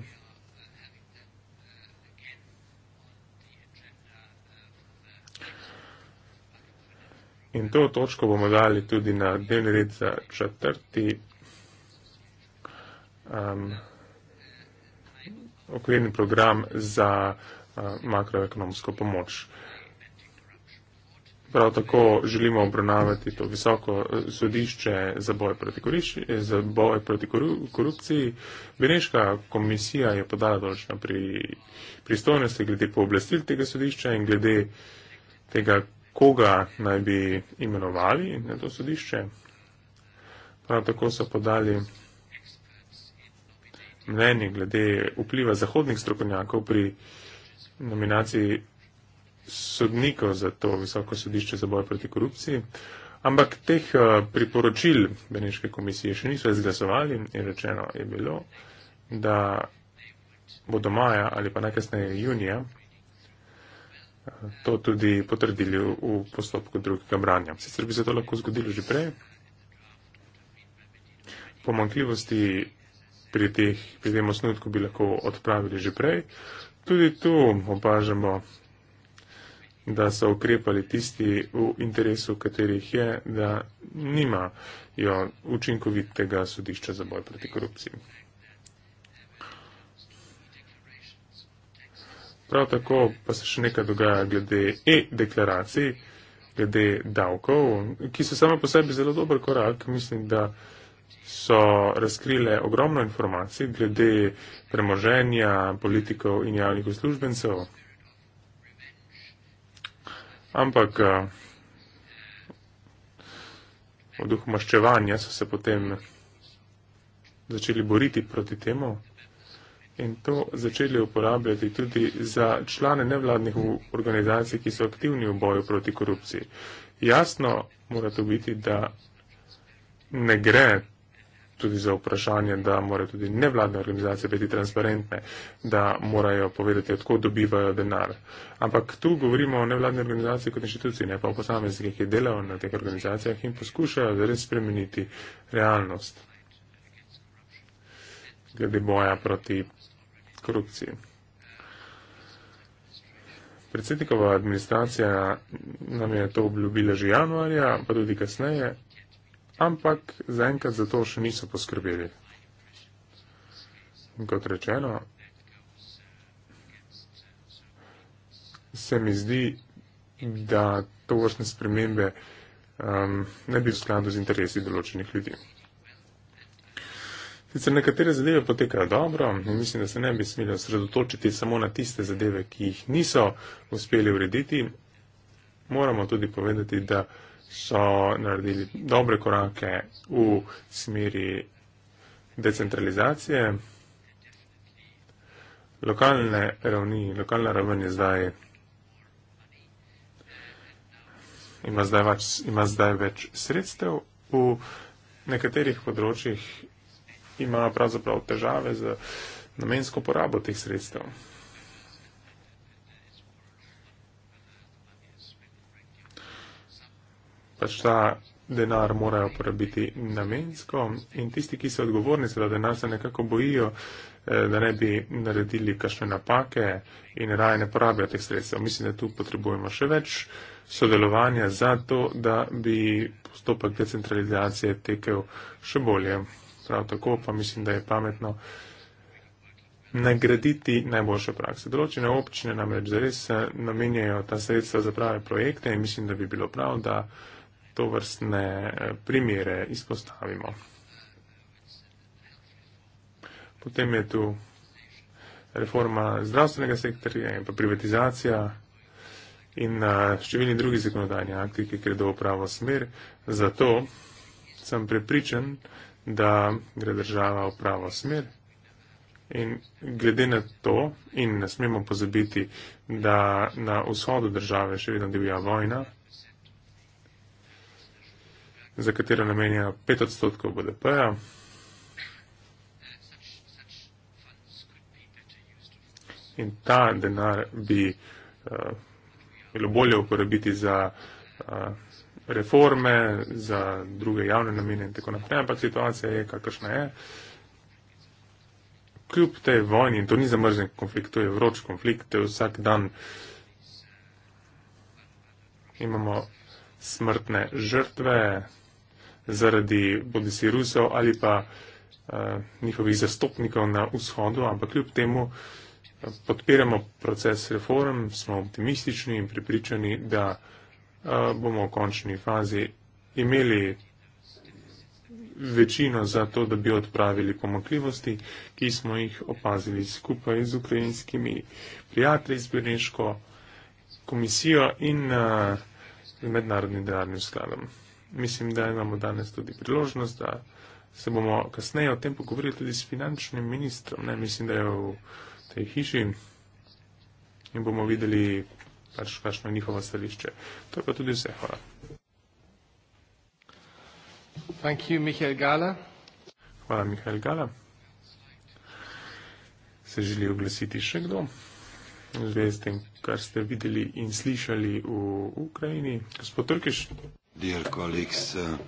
In to točko bomo dali tudi na dnevni red za četrti um, okvirni program za uh, makroekonomsko pomoč. Prav tako želimo obravnavati to visoko uh, sodišče za boj proti, za boj proti korupciji. Beneška komisija je podala določena pri pristojnosti glede pooblastil tega sodišča in glede tega, koga naj bi imenovali na to sodišče. Prav tako so podali mnenje glede vpliva zahodnih strokovnjakov pri nominaciji sodnikov za to visoko sodišče za boj proti korupciji. Ampak teh eh, priporočil Beneške komisije še niso izglasovali in rečeno je bilo, da bodo maja ali pa najkasneje junija to tudi potrdili v postopku drugega branja. Sicer bi se to lahko zgodilo že prej. Pomankljivosti pri, teh, pri tem osnutku bi lahko odpravili že prej. Tudi tu opažamo, da so ukrepali tisti v interesu, katerih je, da nima jo učinkovitega sodišča za boj proti korupciji. Prav tako pa se še nekaj dogaja glede e-deklaracij, glede davkov, ki so sama po sebi zelo dober korak. Mislim, da so razkrile ogromno informacij glede premoženja politikov in javnih uslužbencev. Ampak eh, v duhu maščevanja so se potem začeli boriti proti temu in to začeli uporabljati tudi za člane nevladnih organizacij, ki so aktivni v boju proti korupciji. Jasno mora to biti, da ne gre tudi za vprašanje, da mora tudi nevladne organizacije biti transparentne, da morajo povedati, odkud dobivajo denar. Ampak tu govorimo o nevladni organizaciji kot inštituciji, ne pa o posameznikih, ki delajo na teh organizacijah in poskušajo zares spremeniti realnost glede boja proti korupcije. Predsednikova administracija nam je to obljubila že januarja, pa tudi kasneje, ampak zaenkrat za to še niso poskrbeli. In kot rečeno, se mi zdi, da to vrstne spremembe um, ne bi v skladu z interesi določenih ljudi. Sicer nekatere zadeve potekajo dobro in mislim, da se ne bi smeli osredotočiti samo na tiste zadeve, ki jih niso uspeli urediti. Moramo tudi povedati, da so naredili dobre korake v smeri decentralizacije. Lokalne ravni, lokalna raven je zdaj, ima zdaj več, ima zdaj več sredstev v nekaterih področjih imajo pravzaprav težave z namensko porabo teh sredstev. Pač ta denar morajo porabiti namensko in tisti, ki so odgovorni za denar, se nekako bojijo, eh, da ne bi naredili kakšne napake in raje ne porabijo teh sredstev. Mislim, da tu potrebujemo še več sodelovanja za to, da bi postopek decentralizacije tekel še bolje prav tako pa mislim, da je pametno nagraditi najboljše prakse. Določene občine namreč zares eh, namenjajo ta sredstva za prave projekte in mislim, da bi bilo prav, da to vrstne eh, primere izpostavimo. Potem je tu reforma zdravstvenega sektorja in pa privatizacija in eh, številni drugi zakonodajni akti, ki gredo v pravo smer. Zato sem prepričan, da gre država v pravo smer. In glede na to, in ne smemo pozabiti, da na vzhodu države še vedno divja vojna, za katero namenjajo 5 odstotkov BDP-ja, in ta denar bi uh, bilo bolje uporabiti za. Uh, reforme, za druge javne namene in tako naprej, ampak situacija je, kakršna je. Kljub tej vojni, in to ni zamrznjen konflikt, to je vroč konflikt, to je vsak dan, imamo smrtne žrtve zaradi bodisi Rusov ali pa eh, njihovih zastopnikov na vzhodu, ampak kljub temu eh, podpiramo proces reform, smo optimistični in pripričani, da bomo v končni fazi imeli večino za to, da bi odpravili pomakljivosti, ki smo jih opazili skupaj z ukrajinskimi prijatelji, z Bireško komisijo in uh, mednarodnim denarnim skladom. Mislim, da imamo danes tudi priložnost, da se bomo kasneje o tem pogovorili tudi s finančnim ministrom. Ne? Mislim, da je v tej hiši in bomo videli pač kakšno je njihovo stališče. To je pa tudi vse. Hvala. Thank you, Michael Gala. Hvala, Mihael Gala. Se želi oglasiti še kdo? Zdaj, z tem, kar ste videli in slišali v Ukrajini, gospod Trkiš. Dear colleagues, eh,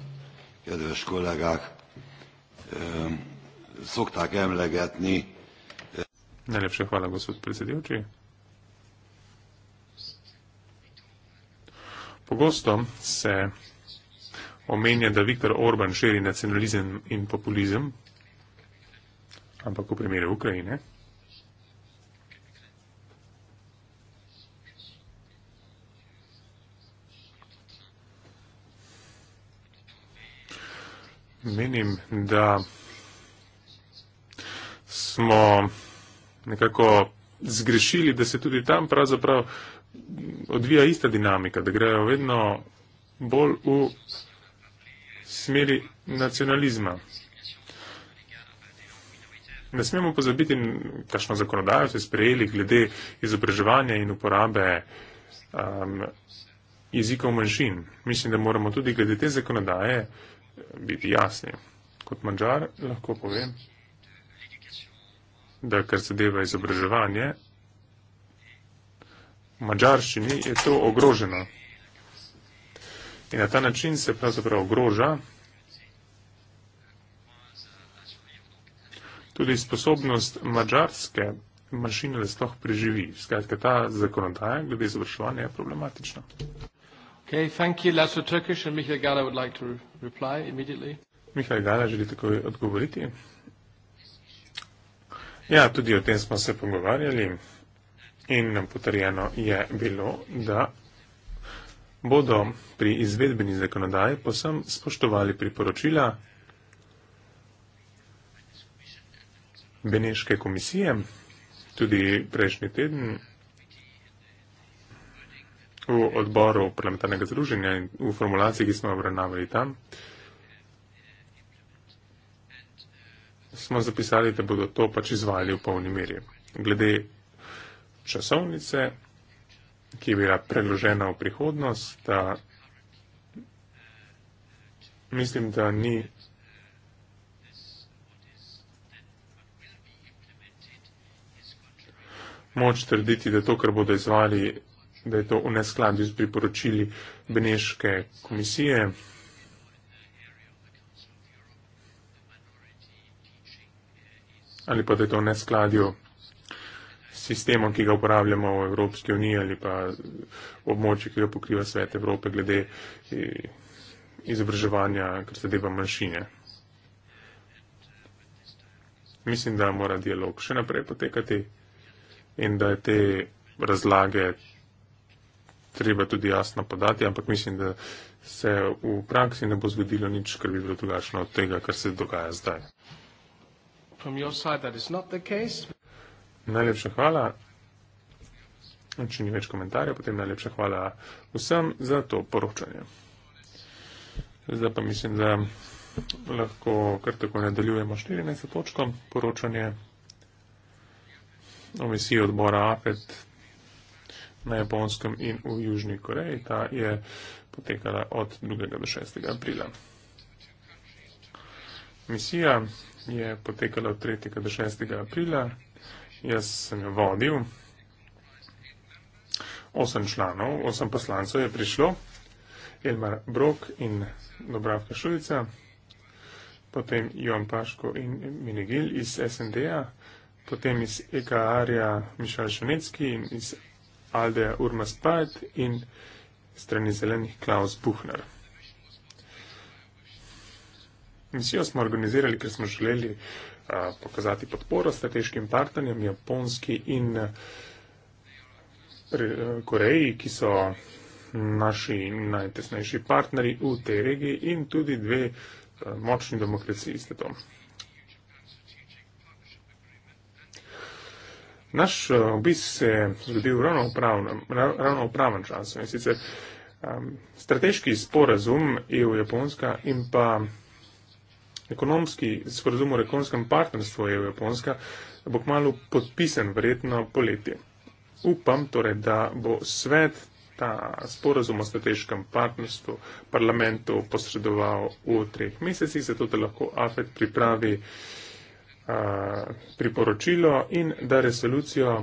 kedves kolegah, eh, soktak emlegetni. Eh. Najlepša hvala, gospod predsedujoči. Pogosto se omenja, da Viktor Orban širi nacionalizem in populizem, ampak v primeru Ukrajine. Menim, da smo nekako zgrešili, da se tudi tam pravzaprav odvija ista dinamika, da grejo vedno bolj v smeri nacionalizma. Ne smemo pozabiti, kakšno zakonodajo so sprejeli glede izobraževanja in uporabe um, jezikov manjšin. Mislim, da moramo tudi glede te zakonodaje eh, biti jasni. Kot mađar lahko povem, da kar zadeva izobraževanje, mađarščini je to ogroženo. In na ta način se pravzaprav ogroža tudi sposobnost mađarske mašine, da sploh preživi. Skratka, ta zakonodaja glede izvrševanja je problematična. Okay, thank you, Lasso Turkish and Michael Gala would like to reply immediately. Michael Gala želi takoj odgovoriti. Ja, tudi o tem smo se pogovarjali in potrjeno je bilo, da bodo pri izvedbeni zakonodaji posem spoštovali priporočila Beneške komisije. Tudi prejšnji teden v odboru parlamentarnega združenja in v formulaciji, ki smo obravnavali tam, smo zapisali, da bodo to pač izvali v polni meri. Glede časovnice, ki je bila predložena v prihodnost, da mislim, da ni moč trditi, da to, kar bodo izvali, da je to v neskladju z priporočili Beneške komisije. Ali pa da je to v neskladju sistemom, ki ga uporabljamo v Evropski uniji ali pa območju, ki ga pokriva svet Evrope, glede e, izobraževanja, kar se deva manjšine. Mislim, da mora dialog še naprej potekati in da je te razlage treba tudi jasno podati, ampak mislim, da se v praksi ne bo zgodilo nič, kar bi bilo drugačno od tega, kar se dogaja zdaj. From your side, that is not the case. Najlepša hvala. Če ni več komentarjev, potem najlepša hvala vsem za to poročanje. Zdaj pa mislim, da lahko kar tako nadaljujemo 14. točko poročanje o misiji odbora APET na Japonskem in v Južni Koreji. Ta je potekala od 2. do 6. aprila. Misija je potekala od 3. do 6. aprila Jaz sem jo vodil, osem članov, osem poslancev je prišlo, Elmar Brok in Dobravka Šuljica, potem Jon Paško in Minigil iz SND-a, potem iz EKR-ja Mišel Šonecki in iz Aldeja Urma Spajt in strani zelenih Klaus Buchner. Misijo smo organizirali, ker smo želeli uh, pokazati podporo strateškim partnerjem, Japonski in eh, eh, Koreji, ki so naši najtesnejši partnerji v tej regiji in tudi dve eh, močni demokraciji s svetom. Naš obisk se je zgodil ravno v, pravnem, ravno v pravem času in sicer um, strateški sporazum EU-Japonska in pa Ekonomski sporozum o rekonskem partnerstvu je v Japonska, bo kmalo podpisan verjetno poletje. Upam torej, da bo svet ta sporozum o strateškem partnerstvu parlamentu posredoval v treh mesecih, zato da lahko AFED pripravi a, priporočilo in da resolucijo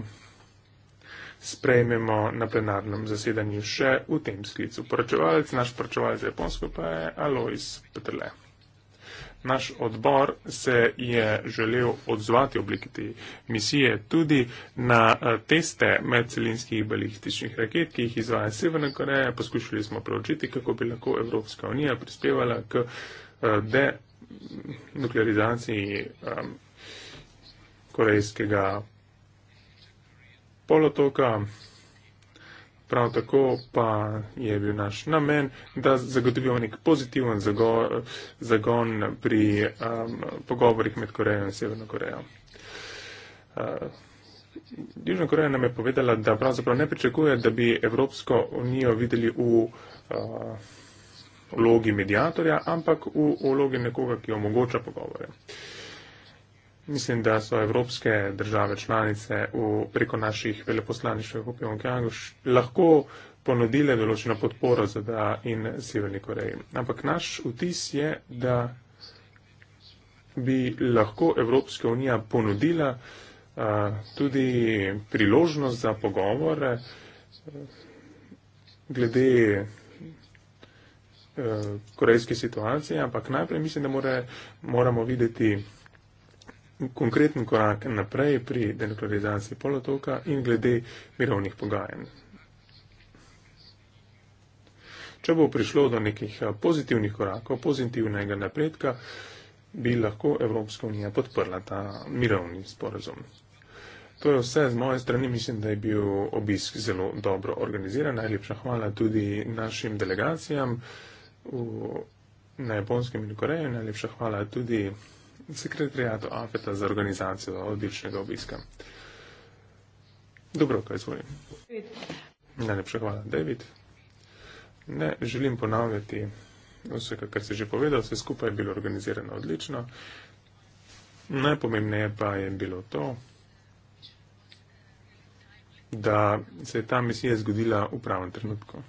sprejmemo na plenarnem zasedanju še v tem sklicu. Poročevalec, naš poročevalec za Japonsko pa je Alois Petrle. Naš odbor se je želel odzvati obliki te misije tudi na eh, teste medcelinskih balističnih raket, ki jih izvaja Severna Koreja. Poskušali smo preučiti, kako bi lahko Evropska unija prispevala k eh, denuklearizaciji um, korejskega polotoka. Prav tako pa je bil naš namen, da zagotovimo nek pozitiven zagon pri um, pogovorih med Korejo in Severno Korejo. Uh, Južna Koreja nam je povedala, da pravzaprav ne pričakuje, da bi Evropsko unijo videli v uh, vlogi medijatorja, ampak v vlogi nekoga, ki omogoča pogovore. Uh, Mislim, da so evropske države članice v, preko naših veleposlaništev v Pjongjangu lahko ponudile določeno podporo za da in Severni Koreji. Ampak naš vtis je, da bi lahko Evropska unija ponudila uh, tudi priložnost za pogovore uh, glede uh, korejske situacije, ampak najprej mislim, da more, moramo videti konkreten korak naprej pri denuklearizaciji polotoka in glede mirovnih pogajanj. Če bo prišlo do nekih eh, pozitivnih korakov, pozitivnega napredka, bi lahko Evropska unija podprla ta mirovni sporazum. To je vse z moje strani. Mislim, da je bil obisk zelo dobro organiziran. Najlepša hvala tudi našim delegacijam v, na Japonskem in Koreji. Najlepša hvala tudi sekretarijatu AFET-a za organizacijo odličnega obiska. Dobro, kaj zvoji. Najlepša hvala, David. Ne želim ponavljati vse, kar si že povedal, vse skupaj je bilo organizirano odlično. Najpomembneje pa je bilo to, da se je ta misija zgodila v pravem trenutku.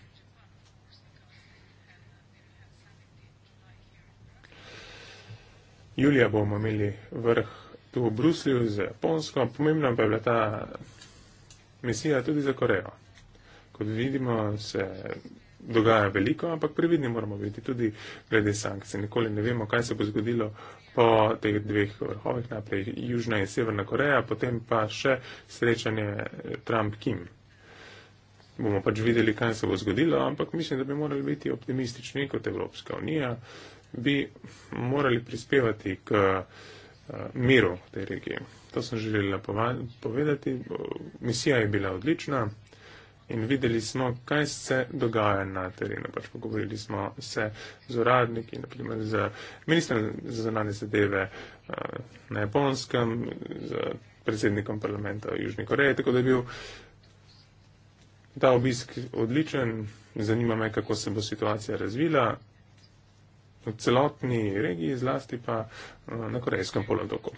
Julija bomo imeli vrh tu v Bruslju z Japonsko, pomembna pa je bila ta misija tudi za Korejo. Kot vidimo, se dogaja veliko, ampak previdni moramo biti tudi glede sankcij. Nikoli ne vemo, kaj se bo zgodilo po teh dveh vrhovih, naprej Južna in Severna Koreja, potem pa še srečanje Trump-Kim. Bomo pač videli, kaj se bo zgodilo, ampak mislim, da bi morali biti optimistični kot Evropska unija bi morali prispevati k eh, miru v tej regiji. To sem želela povedati. Misija je bila odlična in videli smo, kaj se dogaja na terenu. Pač pogovorili smo se z uradniki, naprimer z ministrom za zanane zadeve eh, na Japonskem, z predsednikom parlamenta v Južni Koreji, tako da je bil ta obisk odličen. Zanima me, kako se bo situacija razvila v celotni regiji, zlasti pa eh, na Korejskem polotoku.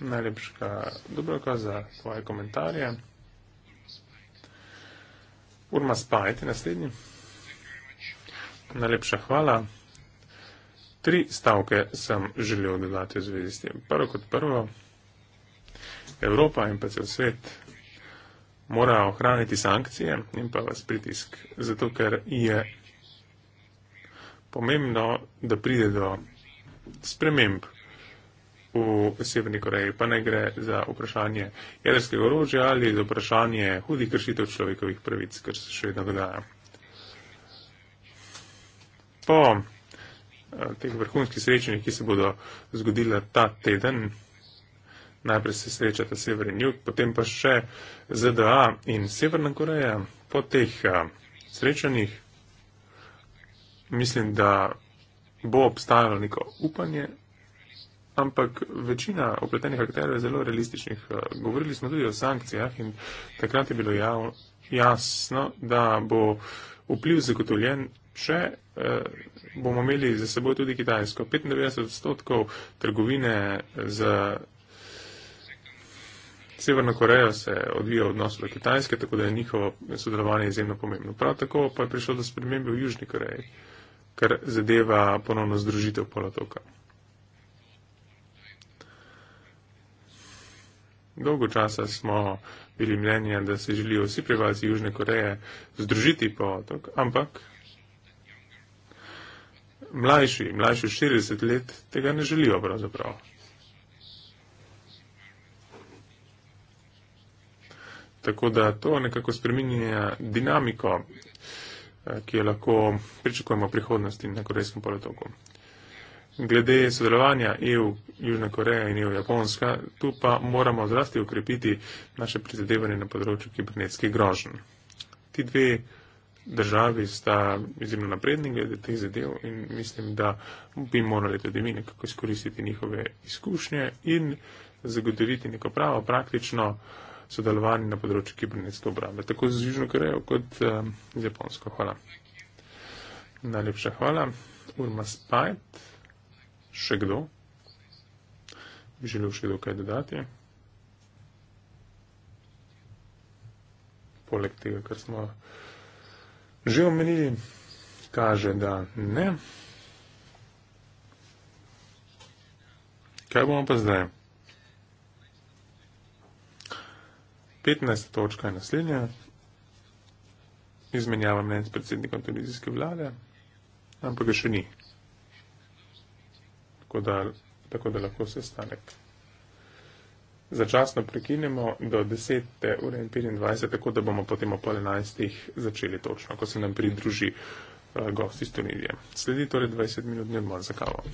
Najlepša dobroka za tvoje komentarje. Urma Spajti, naslednji. Najlepša hvala. Tri stavke sem želel dodati v zvezi s tem. Prvo kot prvo, Evropa in pa cel svet mora ohraniti sankcije in pa vas pritisk, zato ker je pomembno, da pride do sprememb v Severni Koreji, pa ne gre za vprašanje jedrskega orožja ali za vprašanje hudih kršitev človekovih pravic, kar se še vedno dogaja. Po eh, teh vrhunskih srečanjih, ki se bodo zgodila ta teden, najprej se srečata Sever in Jug, potem pa še ZDA in Severna Koreja, po teh eh, srečanjih mislim, da bo obstajalo neko upanje, ampak večina opletenih akterjev je zelo realističnih. Eh, govorili smo tudi o sankcijah in takrat je bilo jav, jasno, da bo vpliv zagotovljen. Še eh, bomo imeli za seboj tudi Kitajsko. 95 odstotkov trgovine z Severno Korejo se odvija v odnosu do Kitajske, tako da je njihovo sodelovanje izjemno pomembno. Prav tako pa je prišlo do spremembe v Južni Koreji. Eh, kar zadeva ponovno združitev polotoka. Dolgo časa smo bili mnenja, da se želijo vsi prebivalci Južne Koreje združiti po otok, ampak mlajši, mlajši 40 let tega ne želijo pravzaprav. Tako da to nekako spreminja dinamiko Eh, ki jo lahko pričakujemo v prihodnosti na Korejskem polotoku. Glede sodelovanja EU, Južna Koreja in EU Japonska, tu pa moramo zlasti ukrepiti naše prizadevanje na področju kibernetskih groženj. Ti dve državi sta izjemno napredni glede teh zadev in mislim, da bi morali tudi mi nekako izkoristiti njihove izkušnje in zagotoviti neko pravo praktično uh, sodelovanju na področju kibernetske obrambe, tako z Južno Korejo kot eh, z Japonsko. Hvala. Najlepša hvala. Urma Spajt, še kdo? Bi želel še kdo kaj dodati? Poleg tega, kar smo že omenili, kaže, da ne. Kaj bomo pa zdaj? 15. točka je naslednja. Izmenjava mnenj s predsednikom televizijske vlade, ampak ga še ni. Tako da, tako da lahko se stanek. Začasno prekinemo do 10. ure in 25, tako da bomo potem ob 11. začeli točno, ko se nam pridruži uh, gost iz Tunizije. Sledi torej 20 minut dnevno za kavo.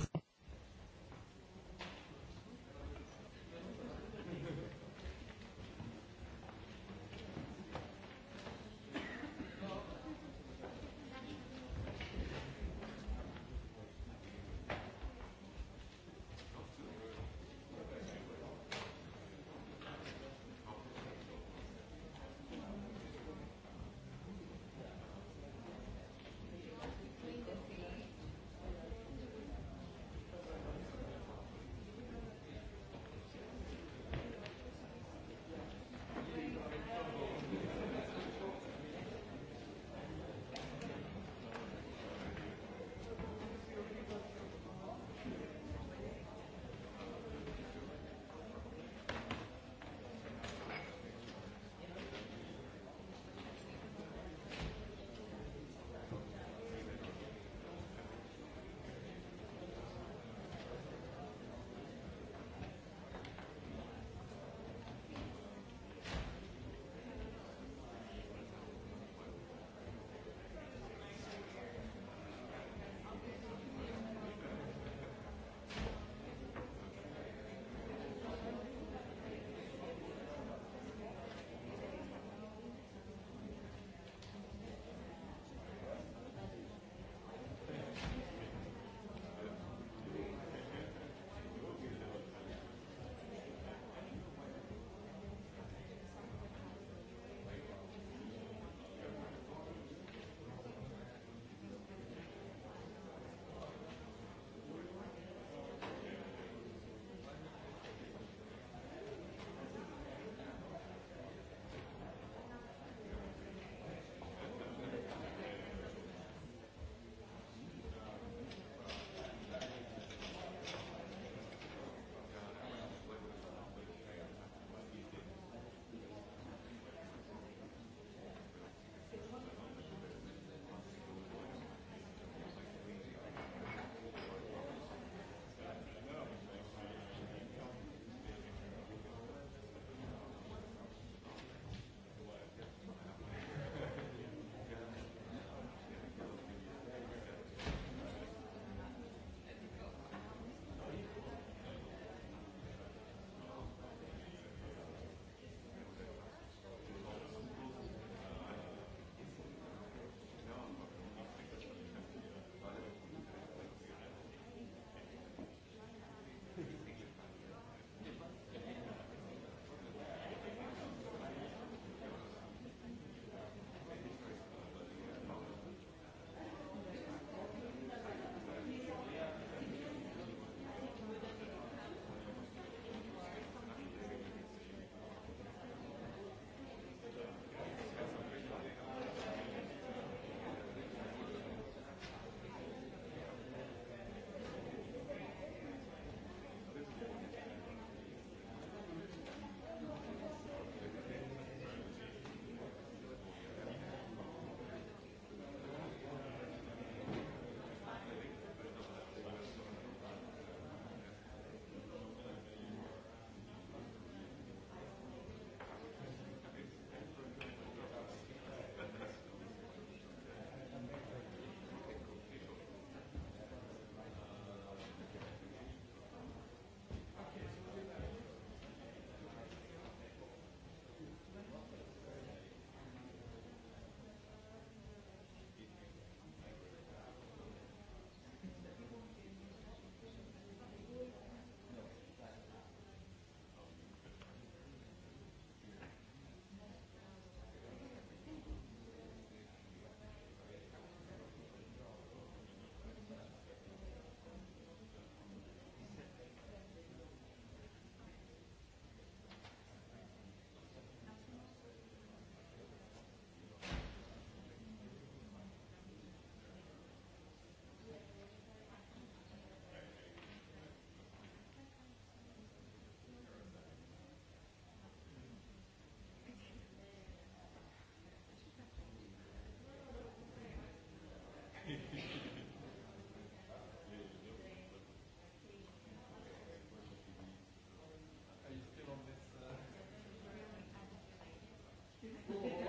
Oh.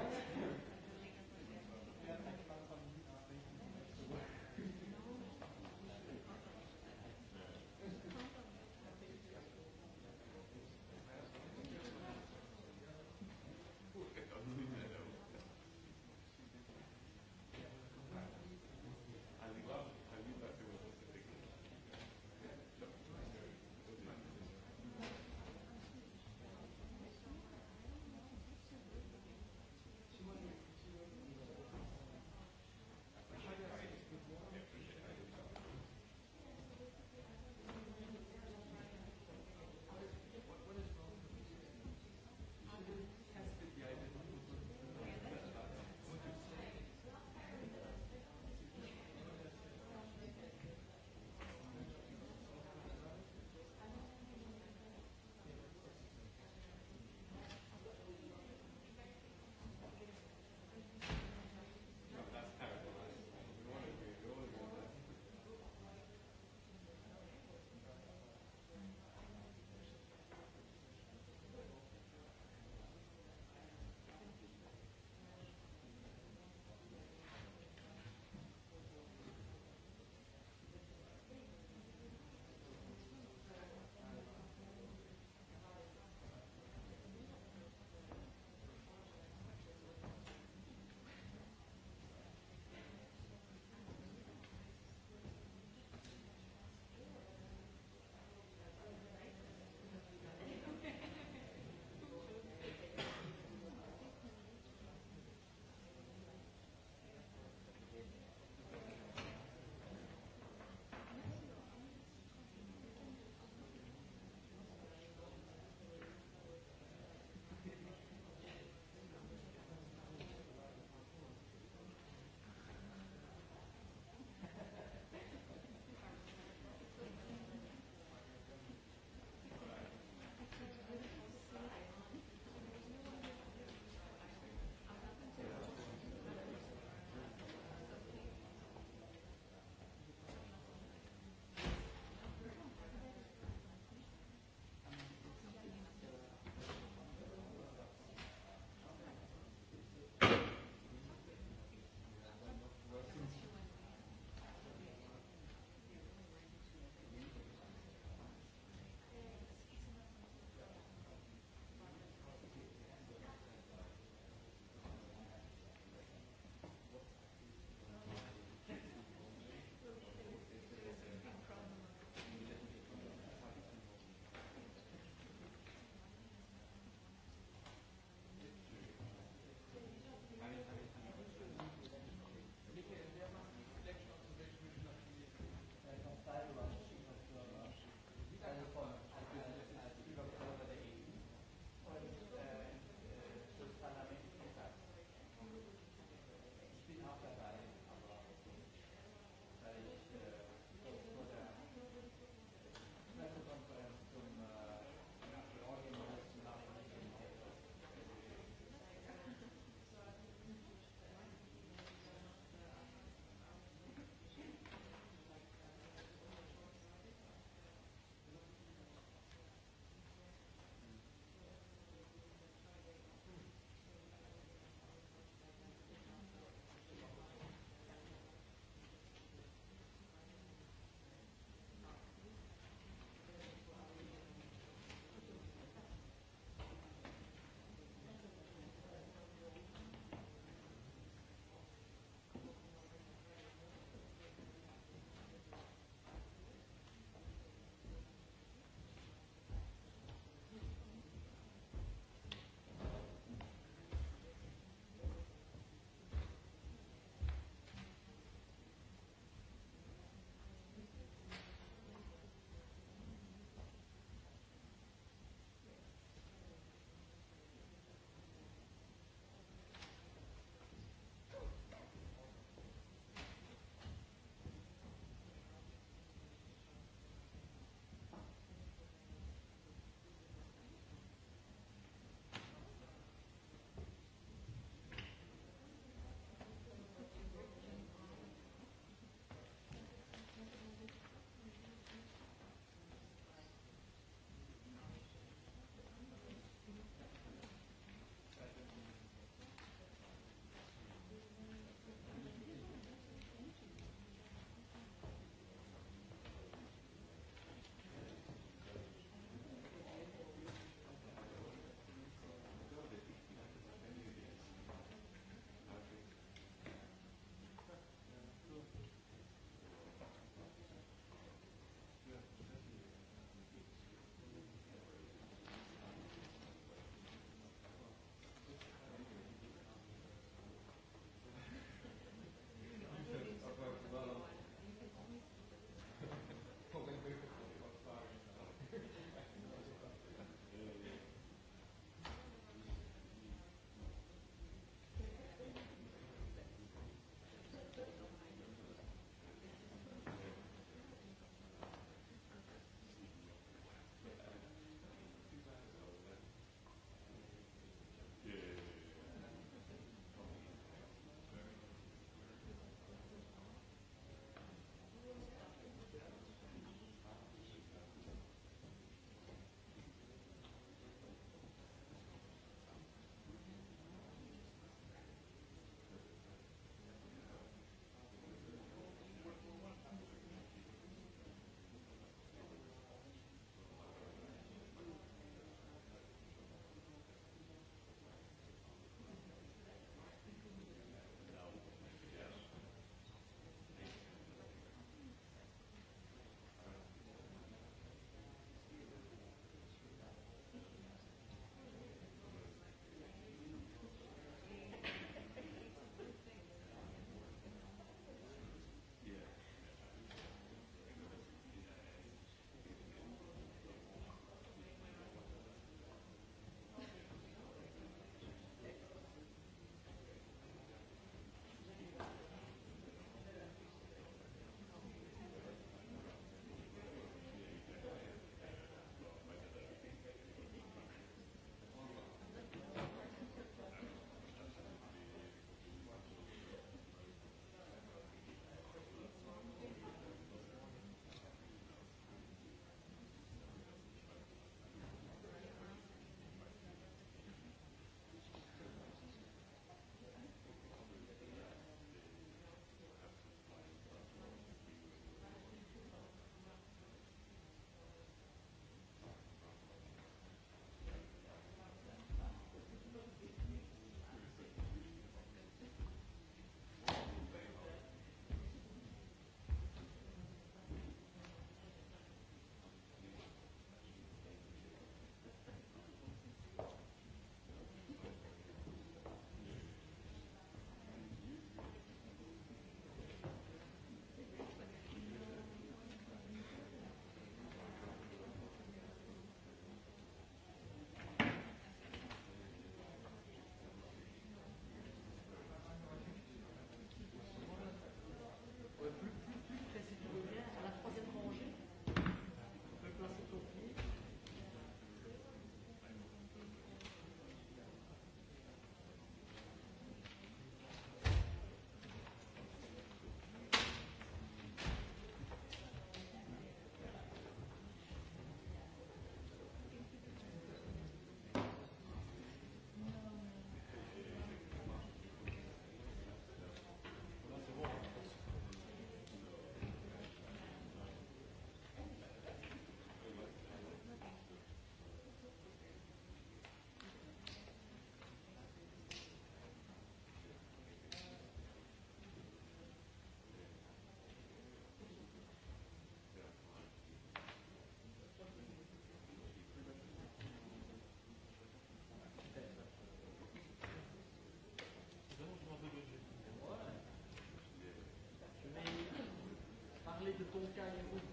公家人物。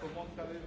como otra vez.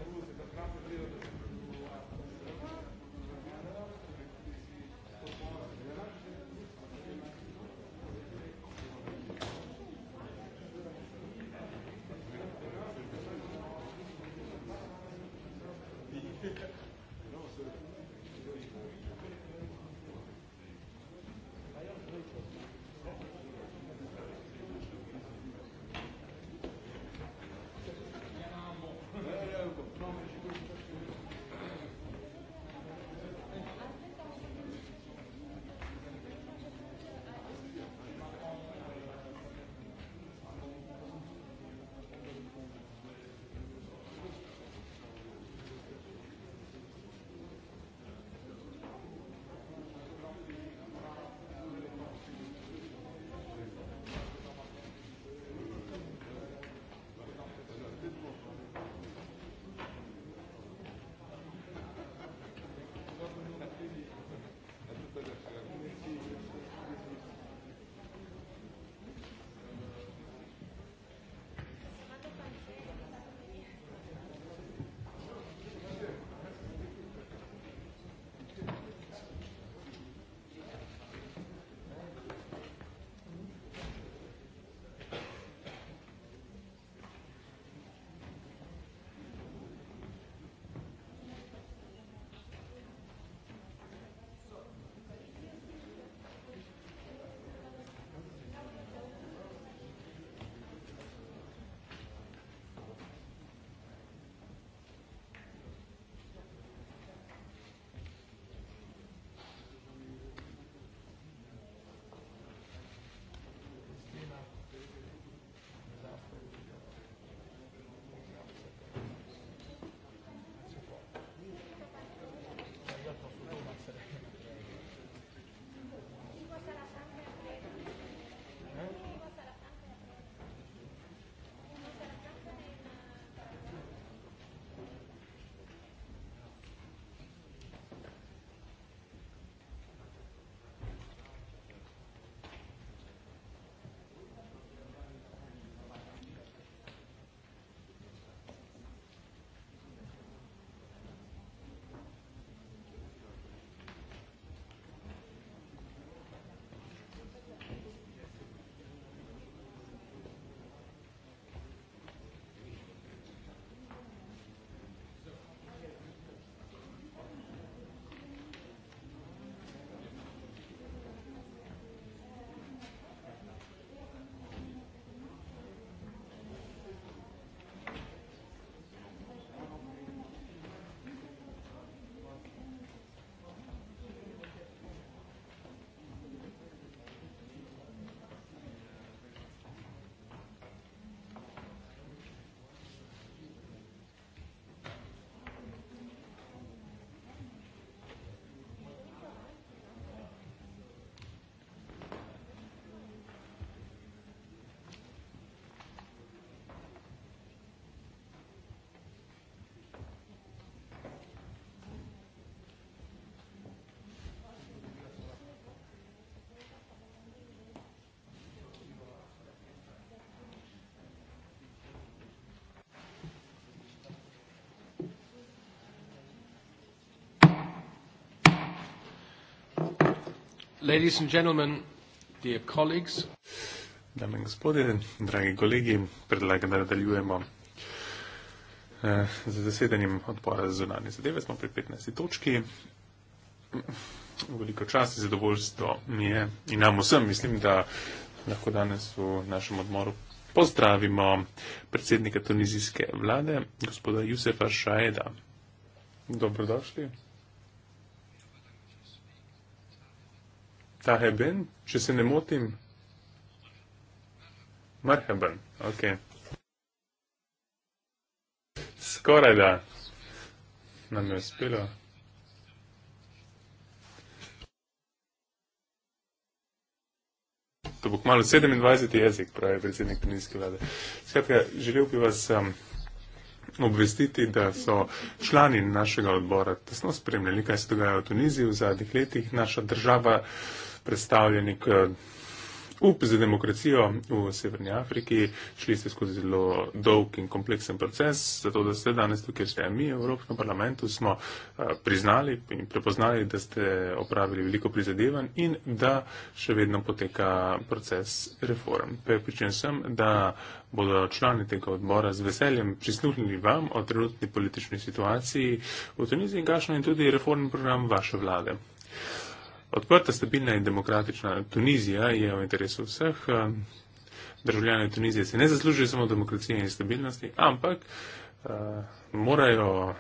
Ladies and gentlemen, dear colleagues. Dame in gospodje, dragi kolegi, predlagam, da nadaljujemo eh, z zasedanjem odpora za zunanje zadeve. Smo pri 15. točki. Veliko časa in zadovoljstvo mi je in nam vsem. Mislim, da lahko danes v našem odmoru pozdravimo predsednika tunizijske vlade, gospoda Jusefa Šajeda. Dobrodošli. Taheben, če se ne motim. Marheben, ok. Skoraj da. Nam je uspelo. To bo kmalo 27. jezik, pravi predsednik Tunijske vlade. Skratka, želel bi vas um, obvestiti, da so člani našega odbora tesno spremljali, kaj se dogaja v Tuniziji v zadnjih letih. Naša država predstavljeni kot up za demokracijo v Severni Afriki. Šli ste skozi zelo dolg in kompleksen proces, zato da ste danes tukaj, ste mi v Evropskem parlamentu, smo eh, priznali in prepoznali, da ste opravili veliko prizadevanj in da še vedno poteka proces reform. Prepričan sem, da bodo člani tega odbora z veseljem prisluhnili vam o trenutni politični situaciji v Tuniziji in kakšno je tudi reformni program vaše vlade. Odprta, stabilna in demokratična Tunizija je v interesu vseh. Eh, državljane Tunizije se ne zaslužijo samo demokracije in stabilnosti, ampak uh, morajo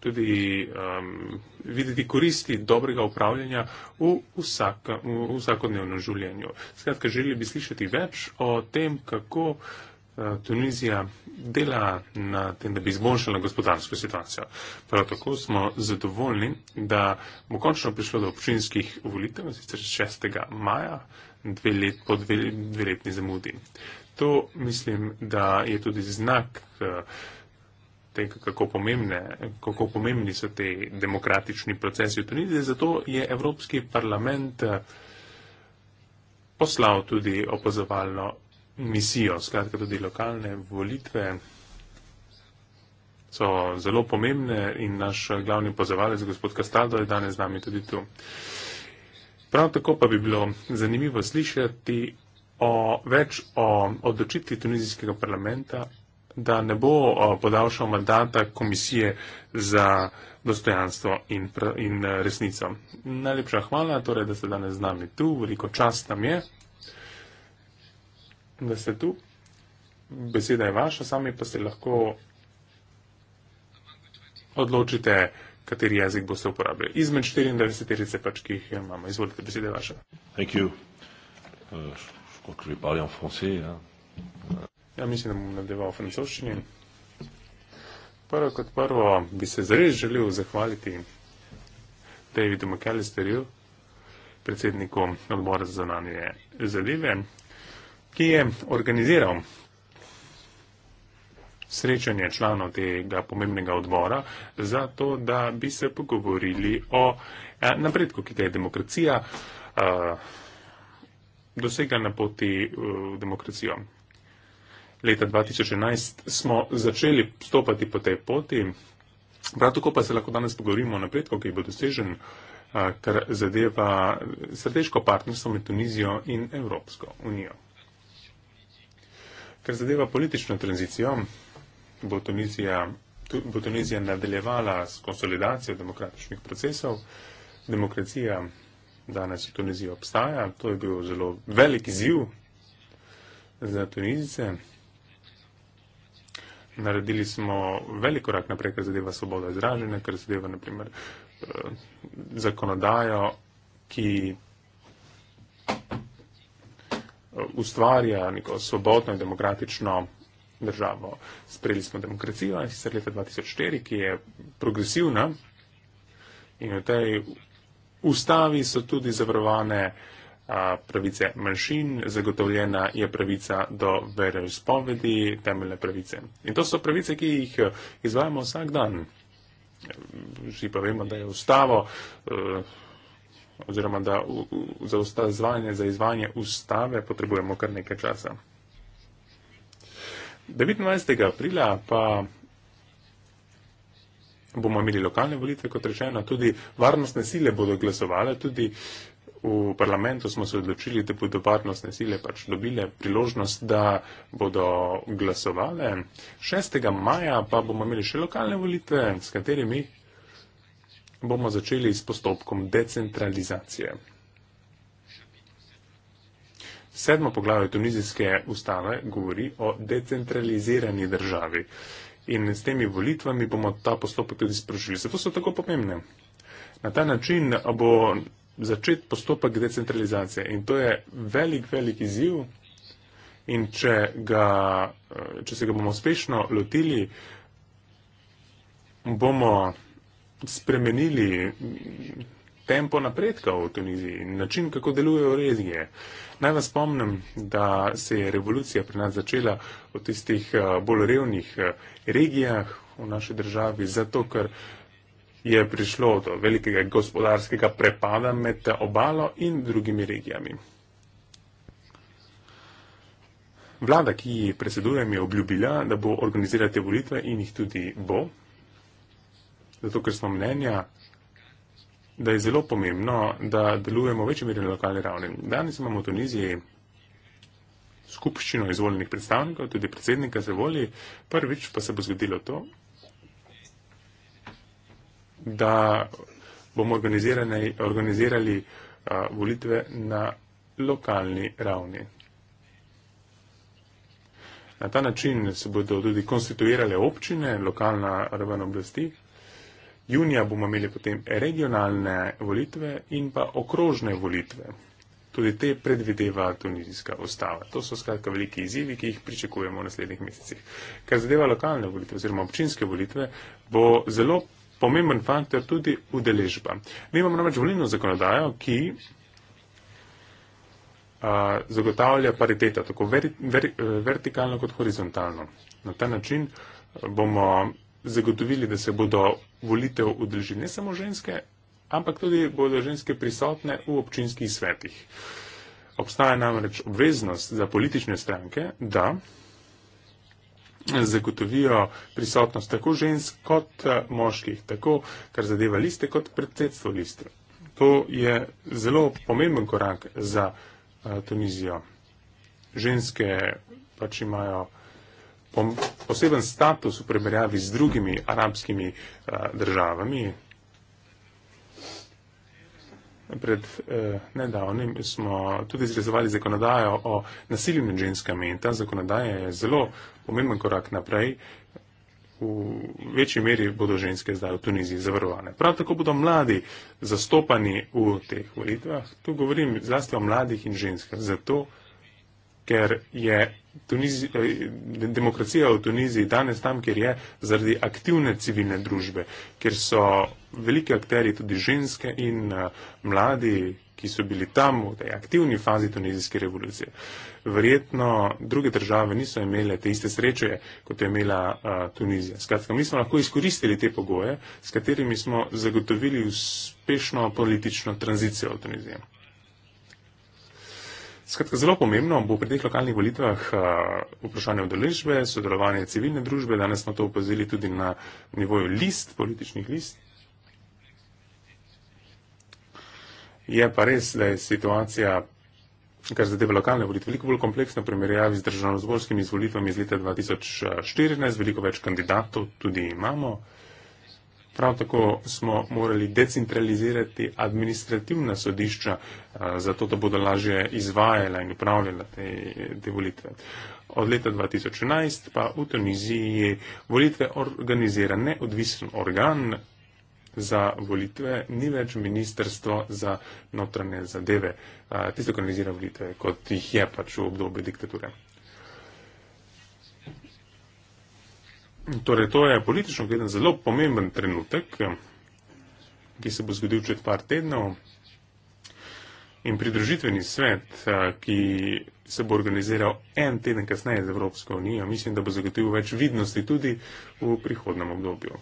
tudi um, videti koristi dobrega upravljanja v, vsak, v vsakodnevnem življenju. Skratka, želeli bi slišati več o tem, kako uh, Tunizija dela na tem, da bi izboljšala gospodarsko situacijo. Prav tako smo zadovoljni, da bo končno prišlo do občinskih volitev, sicer 6. maja, dve let, po dve, dve letni zamudi. To mislim, da je tudi znak eh, tega, kako, pomembne, kako pomembni so te demokratični procesi v Tuniziji. Zato je Evropski parlament eh, poslal tudi opazovalno misijo. Skratka, tudi lokalne volitve so zelo pomembne in naš glavni pozevalec, gospod Kastaldo, je danes z nami tudi tu. Prav tako pa bi bilo zanimivo slišati o, več o odločitvi tunizijskega parlamenta, da ne bo podaljšal mandata komisije za dostojanstvo in, in resnico. Najlepša hvala, torej, da ste danes z nami tu, veliko čast nam je da ste tu. Beseda je vaša, sami pa se lahko odločite, kateri jezik boste uporabljali. Izmed 94 rice pač, ki jih imamo. Izvolite, beseda je vaša. Thank you. Uh, je kot pripadam francoski. Ja. ja, mislim, da bom nadaljeval francoščini. Prvo kot prvo bi se zares želel zahvaliti Davidu McAllisterju, predsedniku odbora za zunanje zadeve, ki je organiziral srečanje članov tega pomembnega odbora, zato da bi se pogovorili o napredku, ki te je demokracija dosega na poti e, v demokracijo. Leta 2011 smo začeli stopati po tej poti, prav tako pa se lahko danes pogovorimo o napredku, ki bo dosežen, kar zadeva strateško partnerstvo med Tunizijo in Evropsko unijo. Kar zadeva politično tranzicijo, bo Tunizija, bo Tunizija nadaljevala s konsolidacijo demokratičnih procesov. Demokracija danes v Tuniziji obstaja. To je bil zelo velik izziv za Tunizice. Naredili smo velik korak naprej, kar zadeva svobodo izražene, kar zadeva naprimer eh, zakonodajo, ki ustvarja neko svobodno in demokratično državo. Sprejeli smo demokracijo in sicer leta 2004, ki je progresivna in v tej ustavi so tudi zavrovane pravice manjšin, zagotovljena je pravica do veroizpovedi, temeljne pravice. In to so pravice, ki jih e, izvajamo vsak dan. Vsi pa vemo, da je ustavo uh, oziroma da za ustazvanje, za izvanje ustave potrebujemo kar nekaj časa. 29. aprila pa bomo imeli lokalne volitve, kot rečeno, tudi varnostne sile bodo glasovale, tudi v parlamentu smo se odločili, da bodo varnostne sile pač dobile priložnost, da bodo glasovale. 6. maja pa bomo imeli še lokalne volitve, s katerimi bomo začeli s postopkom decentralizacije. Sedmo poglavje tunizijske ustave govori o decentralizirani državi in s temi volitvami bomo ta postopek tudi sprožili. Zato so tako pomembne. Na ta način bo začet postopek decentralizacije in to je velik, velik izziv in če, ga, če se ga bomo uspešno lotili, bomo spremenili tempo napredka v Tuniziji in način, kako delujejo regije. Naj vas spomnim, da se je revolucija pri nas začela v tistih eh, bolj revnih eh, regijah v naši državi, zato ker je prišlo do velikega gospodarskega prepada med obalo in drugimi regijami. Vlada, ki ji predsedujem, je obljubila, da bo organizirati volitve in jih tudi bo, zato ker smo mnenja, da je zelo pomembno, da delujemo v večji meri na lokalni ravni. Danes imamo v Tuniziji skupščino izvoljenih predstavnikov, tudi predsednika se voli, prvič pa se bo zgodilo to, da bomo organizirali uh, volitve na lokalni ravni. Na ta način se bodo tudi konstituirale občine, lokalna raven oblasti. Junija bomo imeli potem regionalne volitve in pa okrožne volitve. Tudi te predvideva tunizijska ustava. To so skratka veliki izzivi, ki jih pričakujemo v naslednjih mesecih. Kar zadeva lokalne volitve oziroma občinske volitve, bo zelo pomemben faktor tudi udeležba. Mi imamo namreč volilno zakonodajo, ki a, zagotavlja pariteta tako ver, ver, vertikalno kot horizontalno. Na ta način bomo zagotovili, da se bodo volitev udeležili ne samo ženske, ampak tudi bodo ženske prisotne v občinskih svetih. Obstaja namreč obveznost za politične stranke, da zagotovijo prisotnost tako žensk kot eh, moških, tako kar zadeva liste kot predsedstvo liste. To je zelo pomemben korak za eh, Tunizijo. Ženske pač imajo poseben status v primerjavi z drugimi arabskimi eh, državami. Pred eh, nedavnim smo tudi izrezovali zakonodajo o nasilju nad ženskami in ta zakonodaja je zelo pomemben korak naprej. V večji meri bodo ženske zdaj v Tuniziji zavarovane. Prav tako bodo mladi zastopani v teh volitvah. Tu govorim zlasti o mladih in ženskah, zato ker je Tunizi, eh, demokracija v Tuniziji danes tam, kjer je, zaradi aktivne civilne družbe, kjer so veliki akteri, tudi ženske in eh, mladi, ki so bili tam v tej aktivni fazi tunizijske revolucije. Verjetno druge države niso imele te iste sreče, kot je imela uh, Tunizija. Skratka, mi smo lahko izkoristili te pogoje, s katerimi smo zagotovili uspešno politično tranzicijo v Tunizijo. Skratka, zelo pomembno bo pri teh lokalnih volitvah eh, vprašanje odeležbe, sodelovanje civilne družbe. Danes smo to opazili tudi na nivoju list, političnih list. Je pa res, da je situacija, kar zadeva lokalne volitve, veliko bolj kompleksna v primerjavi z državno zborskimi izvolitvami iz leta 2014. Eh, veliko več kandidatov tudi imamo. Uh, Prav tako smo morali decentralizirati administrativna sodišča, eh, zato da bodo lažje izvajala in upravljala te, te volitve. Od leta 2011 pa v Tuniziji volitve organizira neodvisen organ za volitve, ni več ministrstvo za notranje zadeve. Eh, tisto organizira volitve, kot jih je pač v obdobju diktature. Torej, to je politično gleden zelo pomemben trenutek, ki se bo zgodil čez par tednov. In pridružitveni svet, ki se bo organiziral en teden kasneje z Evropsko unijo, mislim, da bo zagotovil več vidnosti tudi v prihodnem obdobju.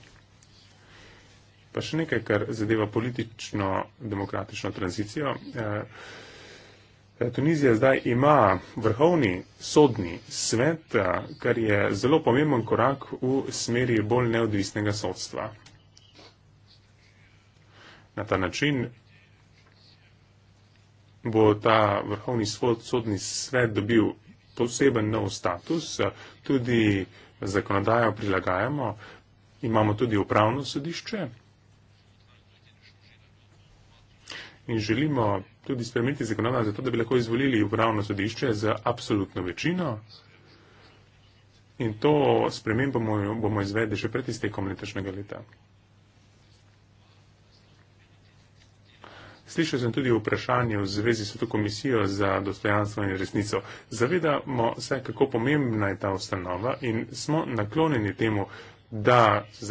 Pa še nekaj, kar zadeva politično-demokratično tranzicijo. Eh, Eh, Tunizija zdaj ima vrhovni sodni svet, eh, kar je zelo pomemben korak v smeri bolj neodvisnega sodstva. Na ta način bo ta vrhovni sodni svet dobil poseben nov status, eh, tudi zakonodajo prilagajamo, imamo tudi upravno sodišče in želimo tudi spremeniti zakonodajo, zato da bi lahko izvolili upravno sodišče z absolutno večino. In to spremem bomo, bomo izvedli še pred iztekom letošnjega leta. Slišal sem tudi vprašanje v zvezi s to komisijo za dostojanstvo in resnico. Zavedamo se, kako pomembna je ta ustanova in smo naklonjeni temu, da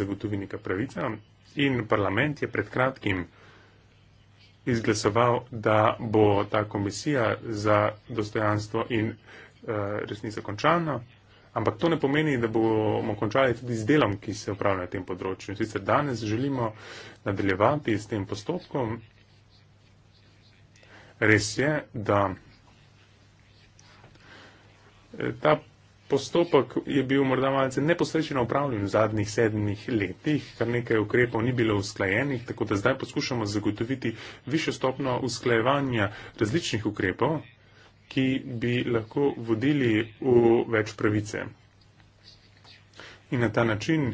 zagotovi neka pravica in parlament je pred kratkim izglasoval, da bo ta komisija za dostojanstvo in eh, resnico končana. Ampak to ne pomeni, da bomo končali tudi z delom, ki se upravlja na tem področju. Sicer danes želimo nadaljevati s tem postopkom. Res je, da eh, ta postopek je bil morda malce neposrečeno upravljen v zadnjih sedmih letih, kar nekaj ukrepov ni bilo usklajenih, tako da zdaj poskušamo zagotoviti više stopno usklajevanja različnih ukrepov, ki bi lahko vodili v več pravice. In na ta način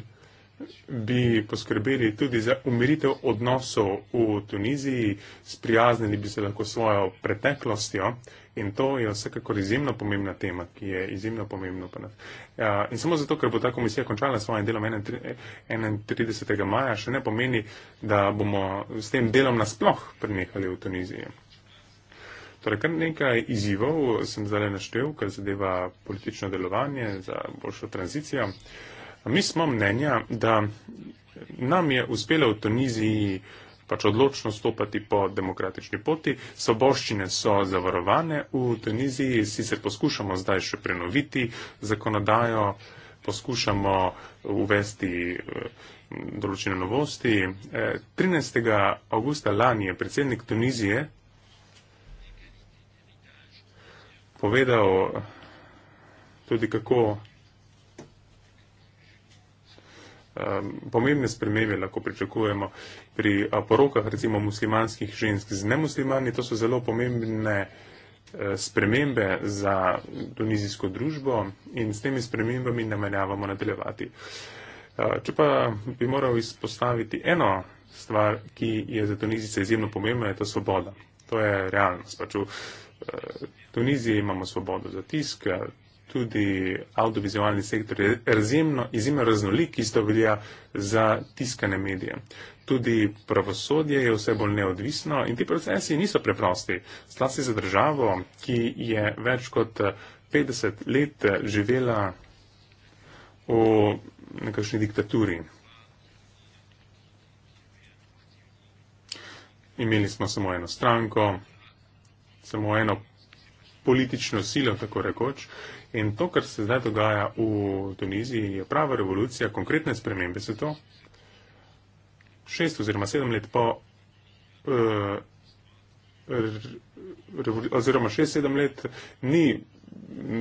bi poskrbeli tudi za umiritev odnosov v Tuniziji, sprijaznili bi se lahko s svojo preteklostjo in to je vsekakor izjemno pomembna tema, ki je izjemno pomembna. Ja, in samo zato, ker bo ta komisija končala svoje delo 31. maja, še ne pomeni, da bomo s tem delom nasploh prenehali v Tuniziji. Torej, kar nekaj izzivov sem zdaj naštel, kar zadeva politično delovanje za boljšo tranzicijo. Uh, Mi smo mnenja, da nam je uspelo v Tuniziji pač odločno stopati po demokratični poti. Soboščine so zavarovane v Tuniziji, sicer poskušamo zdaj še prenoviti zakonodajo, poskušamo uvesti eh, določene novosti. 13. Eh, augusta lani je predsednik Tunizije povedal tudi, kako pomembne spremembe lahko pričakujemo pri porokah recimo muslimanskih žensk z nemuslimani. To so zelo pomembne e, spremembe za tunizijsko družbo in s temi spremembami namenjavamo nadaljevati. E, če pa bi moral izpostaviti eno stvar, ki je za Tunizice izjemno pomembna, je to svoboda. To je realnost. Pač v e, Tuniziji imamo svobodo za tisk, tudi audiovizualni sektor je razjemno, izjemno raznolik, isto velja za tiskane medije. Tudi pravosodje je vse bolj neodvisno in ti procesi niso preprosti. Slasi za državo, ki je več kot 50 let živela v nekakšni diktaturi. Imeli smo samo eno stranko, samo eno politično silo, tako rekoč, In to, kar se zdaj dogaja v Tuniziji, je prava revolucija, konkretne spremembe so to. Šest oziroma sedem let po, eh, oziroma šest sedem let ni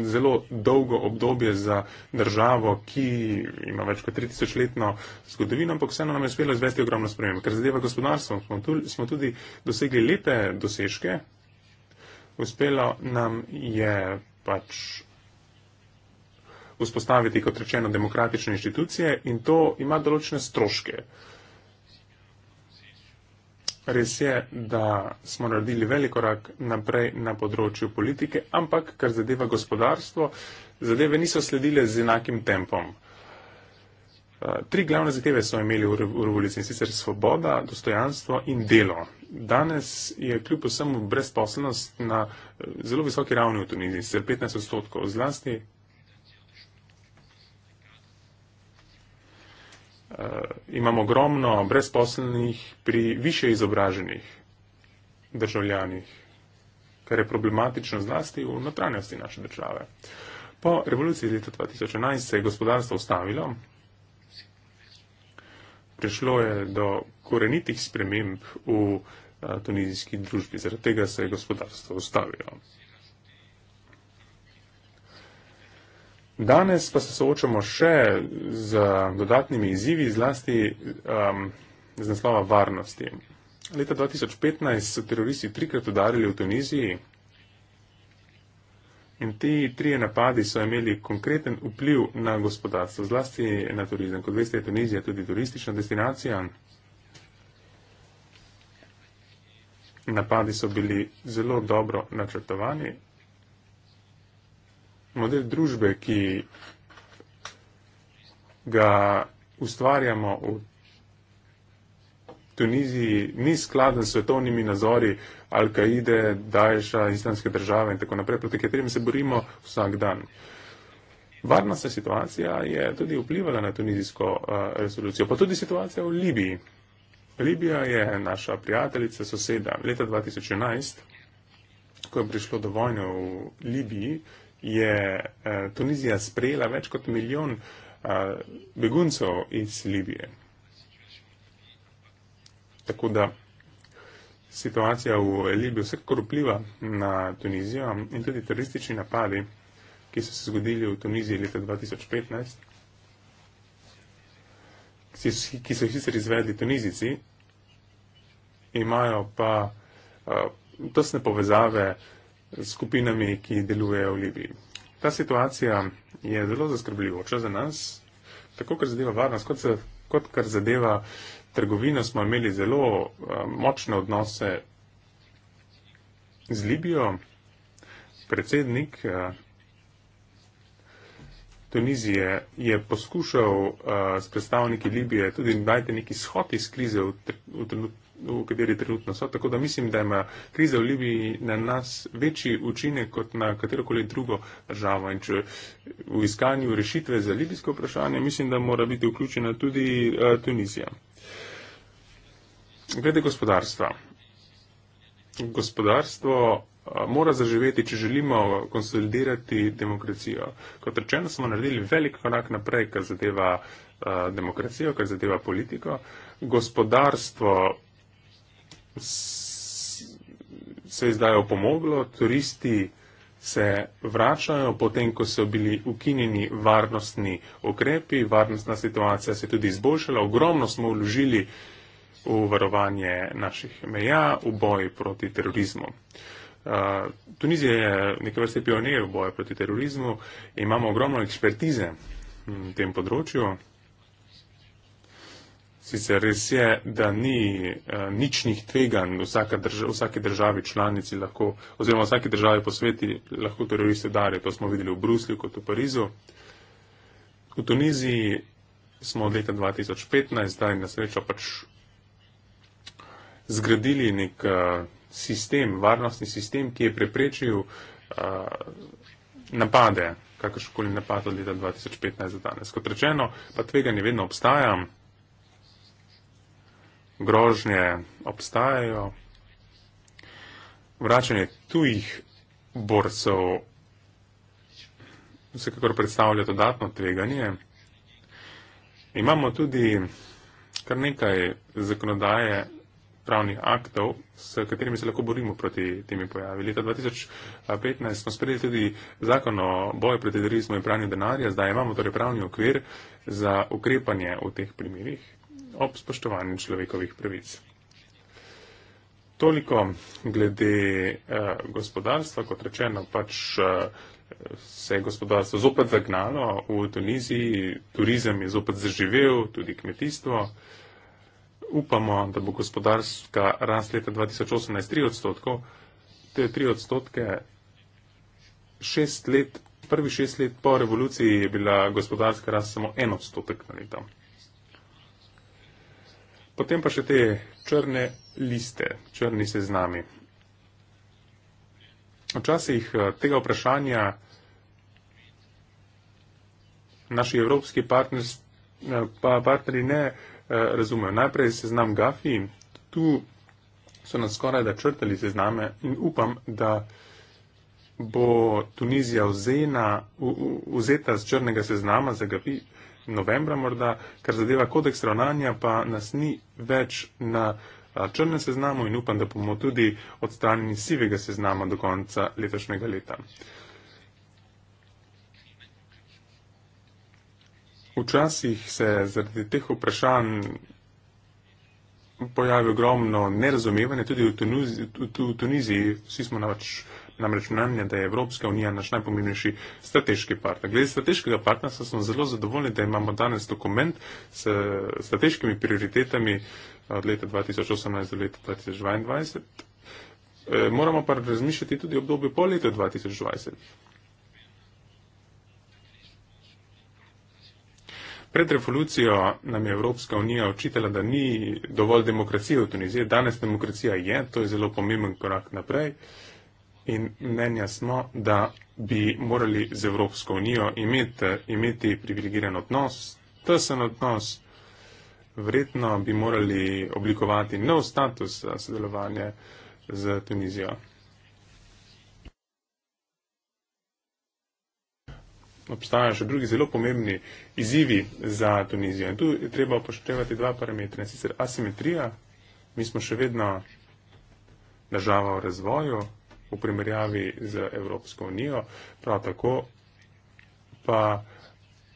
zelo dolgo obdobje za državo, ki ima več kot 3000 letno zgodovino, ampak vseeno nam je uspelo izvesti ogromno spremembe. Ker zadeva gospodarstvo, smo tudi, smo tudi dosegli lepe dosežke, uspelo nam je pač vzpostaviti, kot rečeno, demokratične inštitucije in to ima določene stroške. Res je, da smo naredili velik korak naprej na področju politike, ampak kar zadeva gospodarstvo, zadeve niso sledile z enakim tempom. Eh, tri glavne zahteve so imeli v revoluciji in sicer svoboda, dostojanstvo in delo. Danes je kljub vsemu brezposelnost na eh, zelo visoki ravni v Tuniziji, sicer 15 odstotkov, zlasti Eh, imamo ogromno brezposelnih pri više izobraženih državljanih, kar je problematično zlasti v notranjosti naše države. Po revoluciji leta 2011 se je gospodarstvo ustavilo, prišlo je do korenitih sprememb v eh, tunizijski družbi, zaradi tega se je gospodarstvo ustavilo. Danes pa se soočamo še z dodatnimi izzivi, zlasti um, z naslova varnosti. Leta 2015 so teroristi trikrat udarili v Tuniziji in ti trije napadi so imeli konkreten vpliv na gospodarstvo, zlasti na turizem. Kot veste, je Tunizija tudi turistična destinacija. Napadi so bili zelo dobro načrtovani, model družbe, ki ga ustvarjamo v Tuniziji, ni skladen s svetovnimi nazori Al-Kaide, Daesha, islamske države in tako naprej, proti katerim se borimo vsak dan. Varnostna situacija je tudi vplivala na tunizijsko eh, resolucijo, pa tudi situacija v Libiji. Libija je naša prijateljica, soseda. Leta 2011, ko je prišlo do vojne v Libiji, je eh, Tunizija sprejela več kot milijon eh, beguncev iz Libije. Tako da situacija v Libiji vsekakor vpliva na Tunizijo in tudi teroristični napadi, ki so se zgodili v Tuniziji leta 2015, ki so jih sicer izvedli Tunizici, imajo pa uh, tesne povezave uh, skupinami, ki delujejo v Libiji. Ta situacija je zelo zaskrbljujoča za nas, tako kar zadeva varnost, kot, se, kot kar zadeva trgovino, smo imeli zelo uh, močne odnose z Libijo. Predsednik uh, Tunizije je poskušal uh, s predstavniki Libije tudi dajte neki shod iz krize v, tr v trenutku v kateri trenutno so. Tako da mislim, da ima kriza v Libiji na nas večji učinek kot na katerokoli drugo državo. In če v iskanju rešitve za libijsko vprašanje, mislim, da mora biti vključena tudi uh, Tunizija. Glede gospodarstva. Gospodarstvo eh, mora zaživeti, če želimo konsolidirati demokracijo. Kot rečeno, smo naredili velik korak naprej, kar zadeva uh, demokracijo, kar zadeva politiko. Gospodarstvo se je zdaj opomoglo, turisti se vračajo, potem ko so bili ukinjeni varnostni okrepi, varnostna situacija se je tudi izboljšala, ogromno smo vložili v varovanje naših meja, v boji proti terorizmu. Uh, Tunizija je nekaj vrste pionir v boju proti terorizmu in imamo ogromno ekspertize na tem področju. Sicer res je, da ni uh, ničnih tveganj v drž vsaki državi članici lahko, oziroma v vsaki državi po sveti lahko teroriste dare. To smo videli v Bruslju kot v Parizu. V Tuniziji smo od leta 2015 zdaj na srečo pač zgradili nek uh, sistem, varnostni sistem, ki je preprečil uh, napade, kakršnokoli napad od leta 2015 do danes. Kot rečeno, pa tveganje vedno obstaja grožnje obstajajo. Vračanje tujih borcev vsekakor predstavlja dodatno tveganje. Imamo tudi kar nekaj zakonodaje pravnih aktov, s katerimi se lahko borimo proti temi pojavi. Leta 2015 smo sprejeli tudi zakon o boju proti terorizmu in pranju denarja, zdaj imamo torej pravni okvir za ukrepanje v teh primerih ob spoštovanju človekovih pravic. Toliko glede eh, gospodarstva, kot rečeno, pač eh, se je gospodarstvo zopet zagnalo v Tuniziji, turizem je zopet zaživel, tudi kmetijstvo. Upamo, da bo gospodarska rast leta 2018 3 odstotkov. Te 3 odstotke, šest let, prvi šest let po revoluciji je bila gospodarska rast samo en odstotek na leto. Potem pa še te črne liste, črni seznami. Včasih eh, tega vprašanja naši evropski partner, eh, pa partneri ne eh, razumejo. Najprej seznam GAFI, tu so nas skoraj da črtali sezname in upam, da bo Tunizija vzena, vzeta z črnega seznama za GAFI, novembra morda, kar zadeva kodeks ravnanja, pa nas ni več na črnem seznamu in upam, da bomo tudi odstranjeni sivega seznama do konca letošnjega leta. Včasih se zaradi teh vprašanj pojavi ogromno nerazumevanje, tudi v Tuniziji, v Tuniziji vsi smo navač. Uh, namreč mnenje, da je Evropska unija naš najpomembnejši strateški partner. Glede strateškega partnerstva smo zelo zadovoljni, da imamo danes dokument s strateškimi prioritetami eh, od leta 2018 do leta 2022. E, eh, moramo pa razmišljati tudi o obdobju po letu 2020. Pred revolucijo nam je Evropska unija očitala, da ni dovolj demokracije v Tuniziji. Danes demokracija je, to je zelo pomemben korak naprej. Uh, in mnenja smo, da bi morali z Evropsko unijo imeti, imeti privilegiran odnos, tesen odnos, vredno bi morali oblikovati nov status za sodelovanje z Tunizijo. Obstajajo še drugi zelo pomembni izzivi za Tunizijo. In tu je treba upoštevati dva parametra. Sicer asimetrija, mi smo še vedno država v razvoju, v primerjavi z Evropsko unijo. Prav tako pa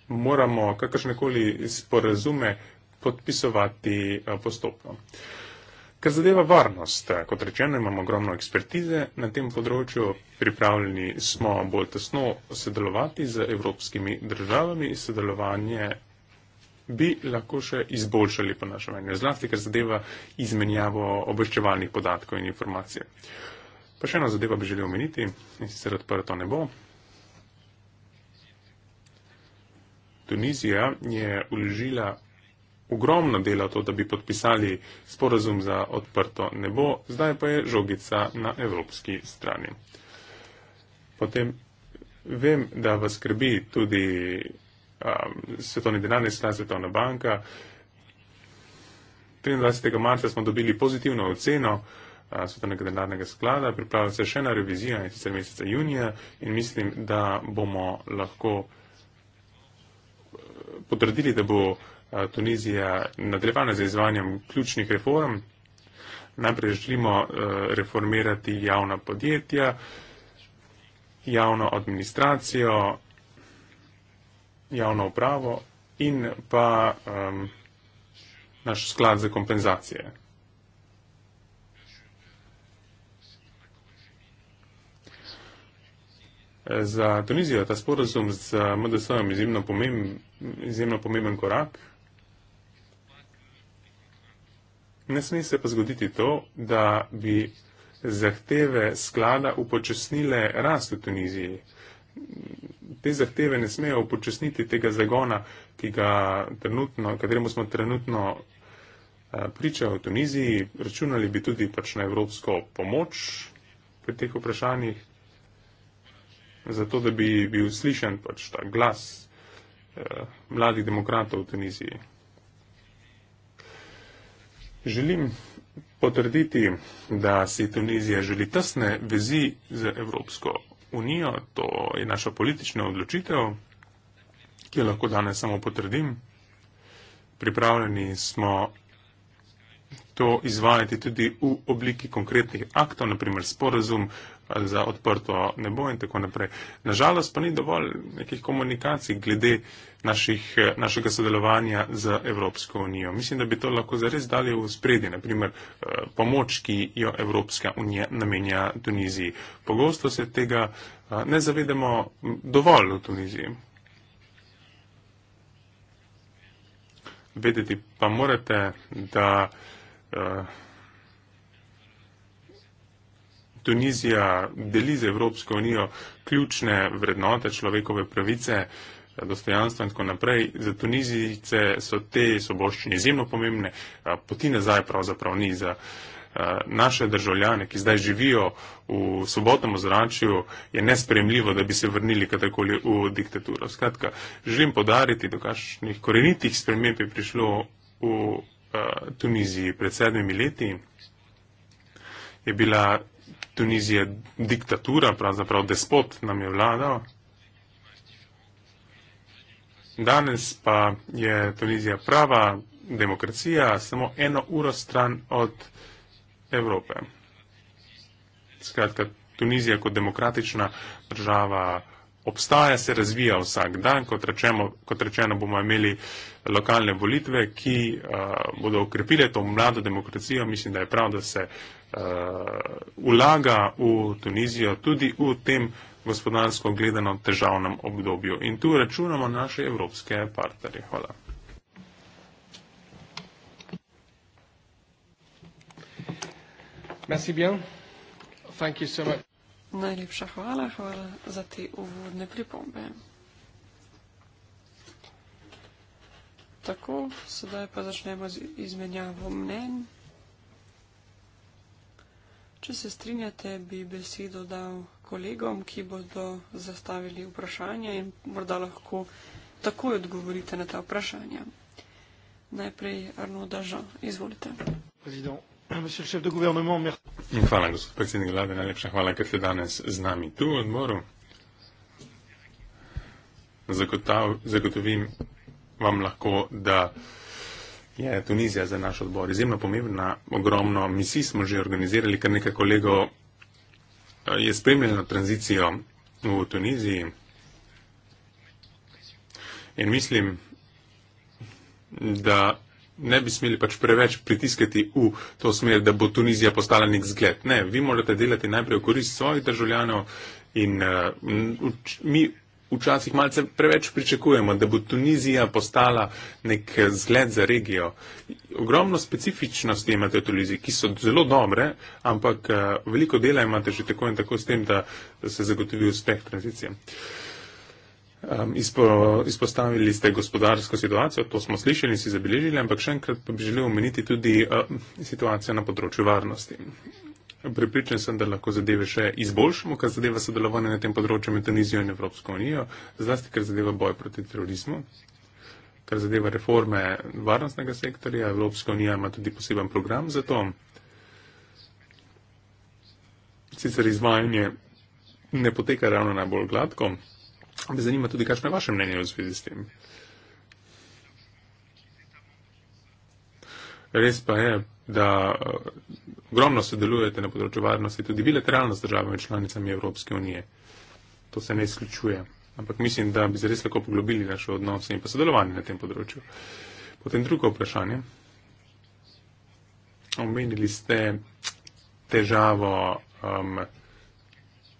moramo kakršnekoli sporazume podpisovati eh, postopno. Kar zadeva varnost, eh, kot rečeno, imamo ogromno ekspertize na tem področju, pripravljeni smo bolj tesno sodelovati z evropskimi državami, sodelovanje bi lahko še izboljšali po našem mnenju, zlasti kar zadeva izmenjavo obveščevalnih podatkov in informacij. Pa še ena zadeva bi želel omeniti in sicer odprto ne bo. Tunizija je uložila ogromno dela to, da bi podpisali sporazum za odprto nebo, zdaj pa je žogica na evropski strani. Potem vem, da vas skrbi tudi um, Svetovni denarni sklad, Svetovna banka. 23. marca smo dobili pozitivno oceno uh, Svetovnega denarnega sklada. Pripravlja se še ena revizija in sicer meseca junija in mislim, da bomo lahko eh, potrdili, da bo eh, Tunizija nadaljevana z izvanjem ključnih reform. Najprej želimo eh, reformirati javna podjetja, javno administracijo, javno upravo in pa um, naš sklad za kompenzacije. za Tunizijo ta sporozum z MDS-om izjemno, izjemno pomemben korak. Ne sme se pa zgoditi to, da bi zahteve sklada upočasnile rast v Tuniziji. Te zahteve ne smejo upočasniti tega zagona, kateremu smo trenutno eh, priča v Tuniziji. Računali bi tudi pač na evropsko pomoč pri teh vprašanjih zato da bi bil slišen pač ta glas eh, mladih demokratov v Tuniziji. Želim potrditi, da si Tunizija želi tesne vezi z Evropsko unijo, to je naša politična odločitev, ki jo lahko danes samo potrdim. Pripravljeni smo to izvajati tudi v obliki konkretnih aktov, naprimer sporazum eh, za odprto nebo in tako naprej. Nažalost pa ni dovolj nekih komunikacij glede naših, eh, našega sodelovanja z Evropsko unijo. Mislim, da bi to lahko zares dali v spredje, naprimer eh, pomoč, ki jo Evropska unija namenja Tuniziji. Pogosto se tega ne zavedamo dovolj v Tuniziji. Vedeti pa morate, da. Eh, Tunizija deli z Evropsko unijo ključne vrednote človekove pravice, dostojanstva in tako naprej. Za Tunizijce so te soboščine izjemno pomembne, poti nazaj pravzaprav ni za eh, naše državljane, ki zdaj živijo v sobotnem ozračju, je nespremljivo, da bi se vrnili katakoli v diktaturo. Skratka, želim podariti, do kakšnih korenitih sprememb je prišlo v Tuniziji pred sedmimi leti, je bila Tunizija diktatura, pravzaprav despot nam je vladal. Danes pa je Tunizija prava demokracija, samo eno uro stran od Evrope. Skratka, Tunizija kot demokratična država obstaja, se razvija vsak dan. Kot, rečemo, kot rečeno, bomo imeli lokalne volitve, ki uh, bodo ukrepile to mlado demokracijo. Mislim, da je prav, da se uh, eh, ulaga v Tunizijo tudi v tem gospodarsko gledano težavnem obdobju. In tu računamo naše evropske partnerje. Hvala. Merci bien. Thank you so much. Najlepša hvala, hvala za te uvodne pripombe. Tako, sedaj pa začnemo z izmenjavo mnenj. Če se strinjate, bi besedo dal kolegom, ki bodo zastavili vprašanja in morda lahko takoj odgovorite na ta vprašanja. Najprej Arno Dažo, izvolite. Prezident. Monsieur le chef de gouvernement, merci. Hvala, gospod predsednik vlade, najlepša hvala, ker ste danes z nami tu v odboru. Zagotav, zagotovim vam lahko, da je Tunizija za naš odbor izjemno pomembna, ogromno misij smo že organizirali, kar nekaj kolegov eh, je spremljeno tranzicijo v Tuniziji. In mislim, da ne bi smeli pač preveč pritiskati v to smer, da bo Tunizija postala nek zgled. Ne, vi morate delati najprej v korist svojih državljanov in uh, mi včasih malce preveč pričakujemo, da bo Tunizija postala nek eh, zgled za regijo. Ogromno specifičnosti imate v Tuniziji, ki so zelo dobre, ampak uh, veliko dela imate že tako in tako s tem, da se zagotovi uspeh tranzicije. Uh, Um, izpo, izpostavili ste gospodarsko situacijo, to smo slišali in si zabeležili, ampak še enkrat pa bi želel omeniti tudi uh, situacijo na področju varnosti. Pripričan sem, da lahko zadeve še izboljšamo, kar zadeva sodelovanje na tem področju med Tunizijo in Evropsko unijo, zlasti kar zadeva boj proti terorizmu, kar zadeva reforme varnostnega sektorja. Evropska unija ima tudi poseben program za to. Sicer izvajanje ne poteka ravno najbolj gladko. Me zanima tudi, kakšno je vaše mnenje v zvezi s tem. Res pa je, da eh, ogromno sodelujete na področju varnosti tudi bilateralno s državami članicami Evropske unije. To se ne izključuje. Ampak mislim, da bi se res lahko poglobili naše odnose in pa sodelovanje na tem področju. Potem drugo vprašanje. Omenili ste težavo um,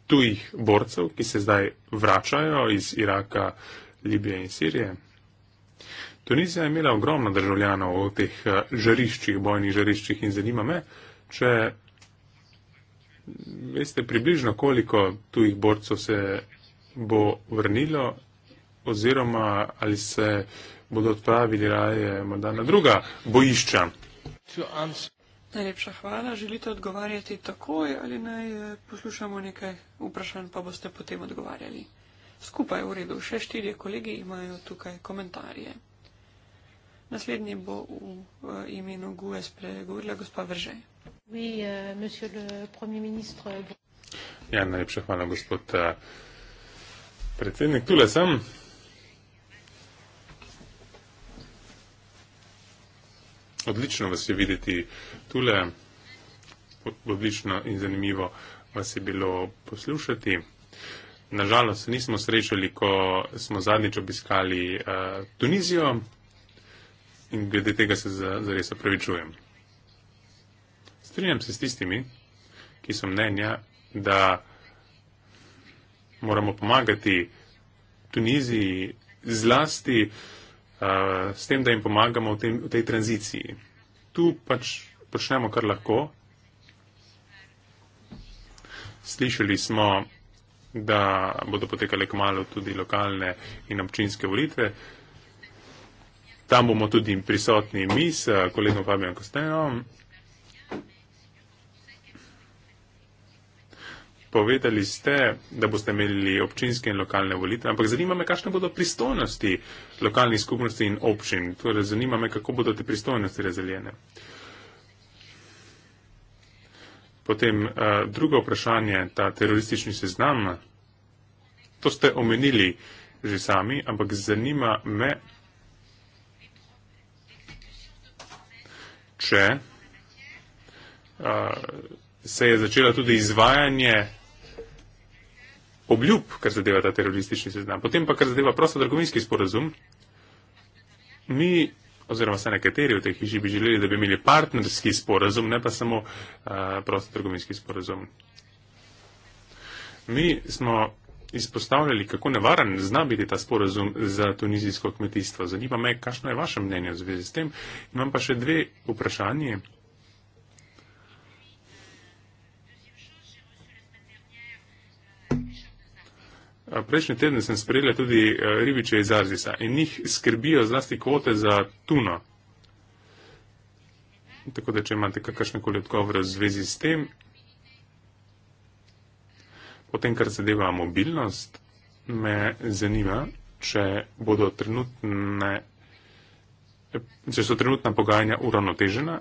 tujih borcev, ki se zdaj vračajo iz Iraka, Libije in Sirije. Tunizija je imela ogromno državljanov v teh eh, žariščih, bojnih žariščih in zanima me, če veste približno, koliko tujih borcev se bo vrnilo oziroma ali se bodo odpravili raje morda na druga bojišča. Najlepša hvala. Želite odgovarjati takoj ali naj eh, poslušamo nekaj vprašanj, pa boste potem odgovarjali. Skupaj v redu, še štirje kolegi imajo tukaj komentarje. Naslednji bo v eh, imenu GUE spregovorila gospa Vržej. Euh, ja, najlepša hvala, gospod eh, predsednik. Tule sem. odlično vas je videti tule, odlično in zanimivo vas je bilo poslušati. Nažalost se nismo srečali, ko smo zadnjič obiskali uh, Tunizijo in glede tega se zares opravičujem. Strinjam se s tistimi, ki so mnenja, da moramo pomagati Tuniziji zlasti uh, s tem, da jim pomagamo v, tem, v tej tranziciji. Tu pač počnemo, kar lahko. Slišali smo, da bodo potekale kmalo tudi lokalne in občinske volitve. Tam bomo tudi prisotni mi s kolegom Fabijo Kostenom. Povedali ste, da boste imeli občinske in lokalne volitve, ampak zanima me, kakšne bodo pristojnosti lokalnih skupnosti in občin. Torej, zanima me, kako bodo te pristojnosti razdeljene. Potem uh, drugo vprašanje, ta teroristični seznam. To ste omenili že sami, ampak zanima me, če uh, se je začela tudi izvajanje obljub, kar zadeva ta teroristični seznam. Potem pa, kar zadeva prostotrgovinski sporazum, mi, oziroma se nekateri v tej hiši bi želeli, da bi imeli partnerski sporazum, ne pa samo uh, prostotrgovinski sporazum. Mi smo izpostavljali, kako nevaren zna biti ta sporazum za tunizijsko kmetijstvo. Zanima me, kakšno je vaše mnenje v zvezi s tem. Imam pa še dve vprašanje. Prejšnji teden sem sprejela tudi eh, ribiče iz Arzisa in njih skrbijo zlasti kvote za tuno. Tako da, če imate kakršne koli odgovore v zvezi s tem, potem, kar zadeva mobilnost, me zanima, če, trenutne, če so trenutna pogajanja uravnotežena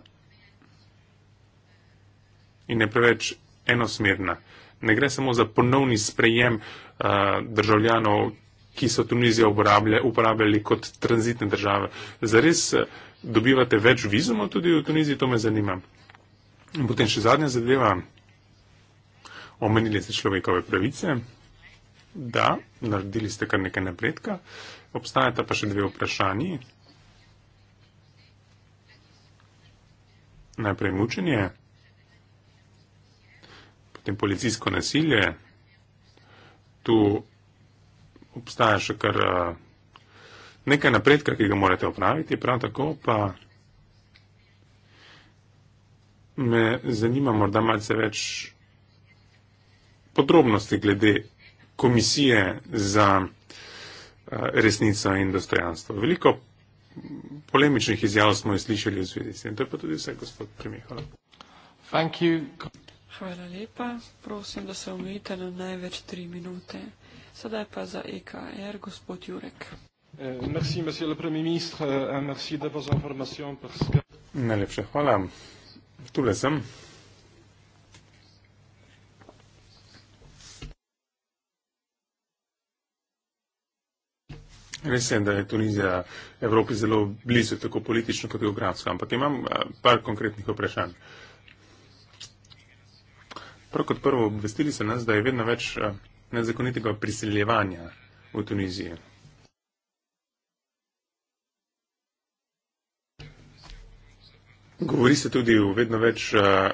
in ne preveč enosmerna ne gre samo za ponovni sprejem eh, državljanov, ki so Tunizijo uporabljali kot tranzitne države. Zares eh, dobivate več vizumov tudi v Tuniziji, to me zanima. In potem še zadnja zadeva, omenili ste človekove pravice, da, naredili ste kar nekaj napredka, obstajata pa še dve vprašanji. Najprej mučenje potem policijsko nasilje. Tu obstaja še kar eh, nekaj napredka, ki ga morate opraviti, prav tako pa me zanima morda malce več podrobnosti glede komisije za eh, resnico in dostojanstvo. Veliko polemičnih izjav smo jih slišali v zvezi s tem. To je pa tudi vse, gospod premijer. Hvala. Thank you. Hvala lepa. Prosim, da se omejite na največ tri minute. Sedaj pa za EKR, gospod Jurek. Eh, merci, monsieur le premier ministre, eh, eh, merci de vos informations. Parce... Najlepša hvala. Tule sem. Res je, da je Tunizija Evropi zelo blizu, tako politično kot geografsko, ampak imam par konkretnih vprašanj. Prav kot prvo, obvestili so nas, da je vedno več eh, nezakonitega priseljevanja v Tuniziji. Govori se tudi o vedno več eh,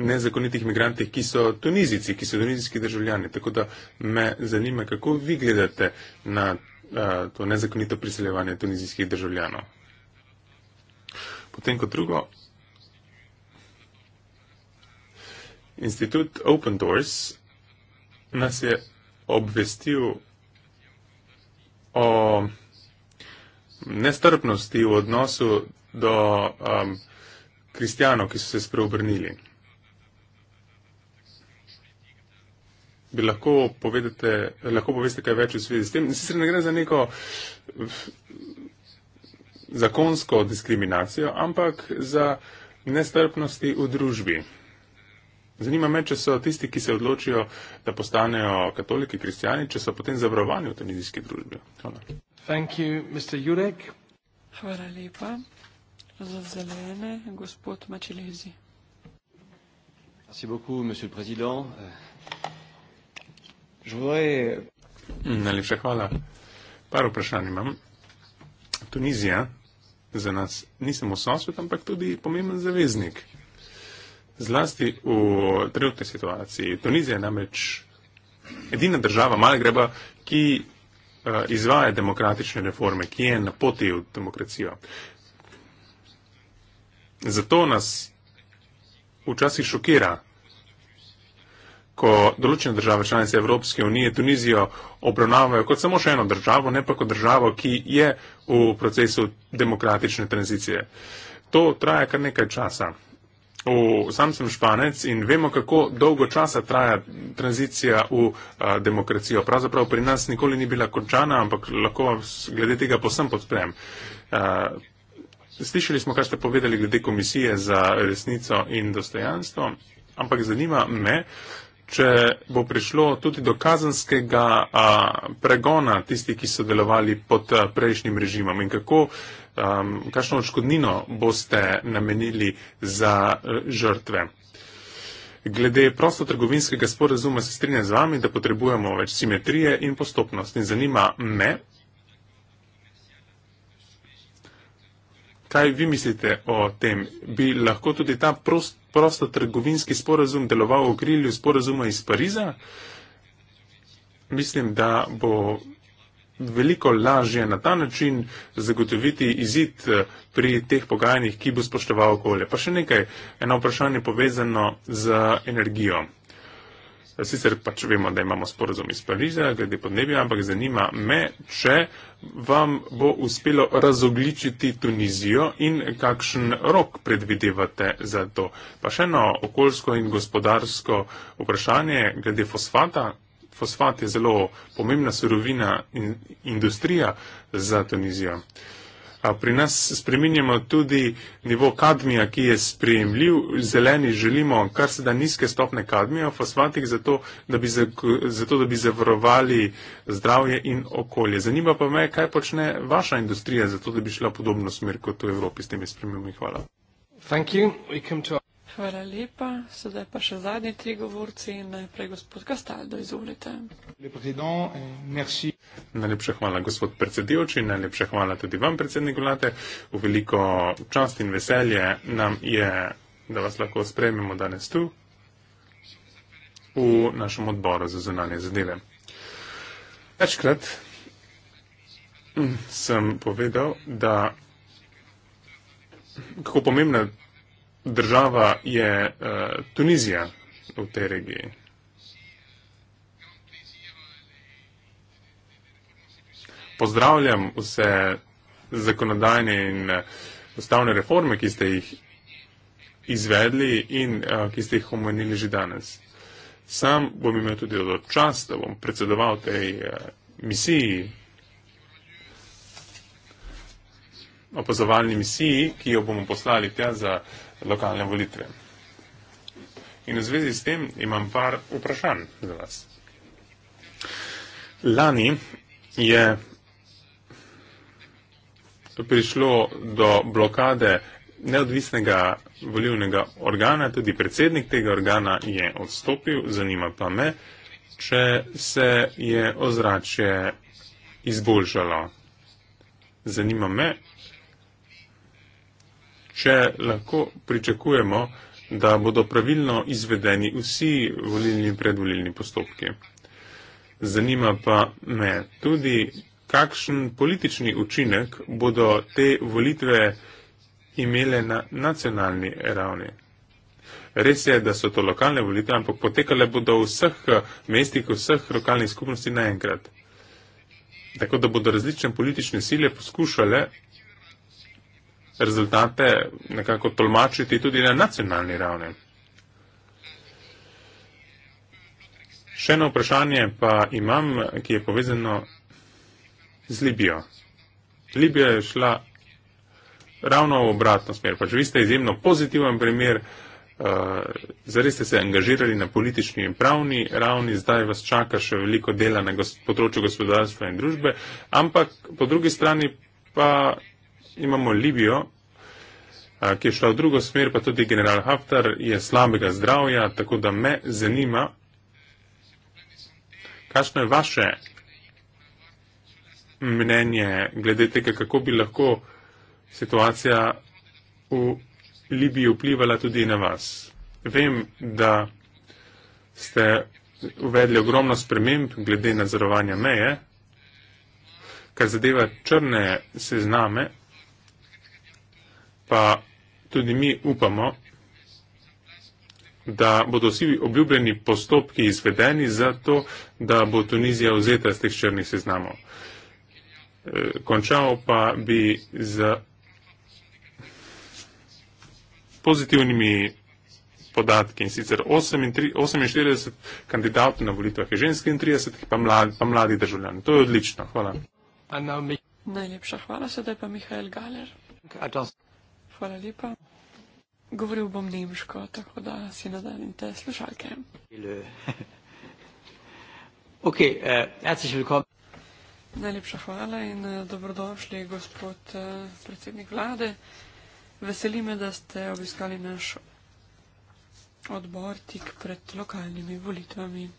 nezakonitih migrantih, ki so tunizici, ki so tunizijski državljani. Tako da me zanima, kako vi gledate na eh, to nezakonito priseljevanje tunizijskih državljanov. Potem kot drugo, Institut Open Doors nas je obvestil o nestrpnosti v odnosu do um, kristijanov, ki so se spreobrnili. Bi lahko povedate, lahko poveste kaj več v svezi s tem? Sicer ne gre za neko zakonsko diskriminacijo, ampak za nestrpnosti v družbi. Zanima me, če so tisti, ki se odločijo, da postanejo katoliki, kristijani, če so potem zavarovani v tunizijski družbi. Hvala. You, Hvala lepa za zelene, gospod Mačelezi. Euh, Najlepša hvala. Par vprašanj imam. Tunizija za nas ni samo sosed, ampak tudi pomemben zaveznik. Zlasti v trenutni situaciji. Tunizija je namreč edina država Malegreba, ki eh, izvaja demokratične reforme, ki je na poti v demokracijo. Zato nas včasih šokira, ko določene države članice Evropske unije Tunizijo obravnavajo kot samo še eno državo, ne pa kot državo, ki je v procesu demokratične tranzicije. To traja kar nekaj časa. V, sam sem španec in vemo, kako dolgo časa traja tranzicija v a, eh, demokracijo. Pravzaprav pri nas nikoli ni bila končana, ampak lahko vas glede tega posem podprem. A, eh, slišali smo, kar ste povedali glede komisije za resnico in dostojanstvo, ampak zanima me, če bo prišlo tudi do kazanskega a, eh, pregona tistih, ki so delovali pod a, prejšnjim režimom in kako. A, um, kakšno odškodnino boste namenili za eh, žrtve. Glede prostotrgovinskega sporazuma se strinjam z vami, da potrebujemo več simetrije in postopnost. In zanima me, kaj vi mislite o tem? Bi lahko tudi ta prost, prostotrgovinski sporazum deloval v okrilju sporazuma iz Pariza? Mislim, da bo veliko lažje na ta način zagotoviti izid eh, pri teh pogajanjih, ki bo spoštoval okolje. Pa še nekaj, eno vprašanje povezano z energijo. Eh, sicer pač vemo, da imamo sporozum iz Pariza glede podnebja, ampak zanima me, če vam bo uspelo razogličiti Tunizijo in kakšen rok predvidevate za to. Pa še eno okoljsko in gospodarsko vprašanje glede fosfata fosfat je zelo pomembna surovina in industrija za Tunizijo. Pri nas spreminjamo tudi nivo kadmija, ki je sprejemljiv. Zeleni želimo kar se da nizke stopne kadmija v fosfatih, zato da, bi, zato da bi zavarovali zdravje in okolje. Zanima pa me, kaj počne vaša industrija, zato da bi šla podobno smer kot v Evropi s temi spremembami. Hvala. Thank you. We come to... Hvala lepa. Sedaj pa še zadnji tri govorci in najprej gospod Kastaldo, izvolite. Eh, najlepša hvala, gospod predsedujoči, najlepša hvala tudi vam, predsednik vlade. V veliko čast in veselje nam je, da vas lahko sprejmemo danes tu v našem odboru za zunanje zadeve. Večkrat mm, sem povedal, da kako pomembna država je uh, Tunizija v tej regiji. Pozdravljam vse zakonodajne in eh, ustavne reforme, ki ste jih izvedli in uh, ki ste jih omenili že danes. Sam bom imel tudi čast, da bom predsedoval tej uh, misiji, opazovalni misiji, ki jo bomo poslali tja za uh, lokalne volitve. In v zvezi s tem imam par vprašanj za vas. Lani je prišlo do blokade neodvisnega volivnega organa, tudi predsednik tega organa je odstopil, zanima pa me, če se je ozračje izboljšalo. Zanima me, Če lahko pričakujemo, da bodo pravilno izvedeni vsi volilni in predvolilni postopki. Zanima pa me tudi, kakšen politični učinek bodo te volitve imele na nacionalni ravni. Res je, da so to lokalne volitve, ampak potekale bodo v vseh mestih, v vseh lokalnih skupnosti naenkrat. Tako da bodo različne politične sile poskušale rezultate nekako tolmačiti tudi na nacionalni ravni. Še eno vprašanje pa imam, ki je povezano z Libijo. Libija je šla ravno v obratno smer, pač vi ste izjemno pozitiven primer, eh, zares ste se angažirali na politični in pravni ravni, zdaj vas čaka še veliko dela na področju gospodarstva in družbe, ampak po drugi strani pa imamo Libijo, ki je šla v drugo smer, pa tudi general Haftar je slabega zdravja, tako da me zanima, kakšno je vaše mnenje glede tega, kako bi lahko situacija v Libiji vplivala tudi na vas. Vem, da ste uvedli ogromno sprememb glede nadzorovanja meje, kar zadeva črne sezname, pa tudi mi upamo, da bodo vsi obljubljeni postopki izvedeni za to, da bo Tunizija vzeta z teh črnih seznamov. E, končal pa bi z pozitivnimi podatki in sicer 48 kandidatov na volitvah je ženski in 30 pa mladi, pa mladi državljani. To je odlično. Hvala. Najlepša hvala, sedaj pa Mihajl Galer. Hvala lepa. Govoril bom nemško, tako da si nadalim te slušalke. <laughs> Okay, uh, Najlepša hvala in eh, dobrodošli, gospod uh, predsednik vlade. Veseli me, da ste obiskali naš odbor tik pred lokalnimi volitvami.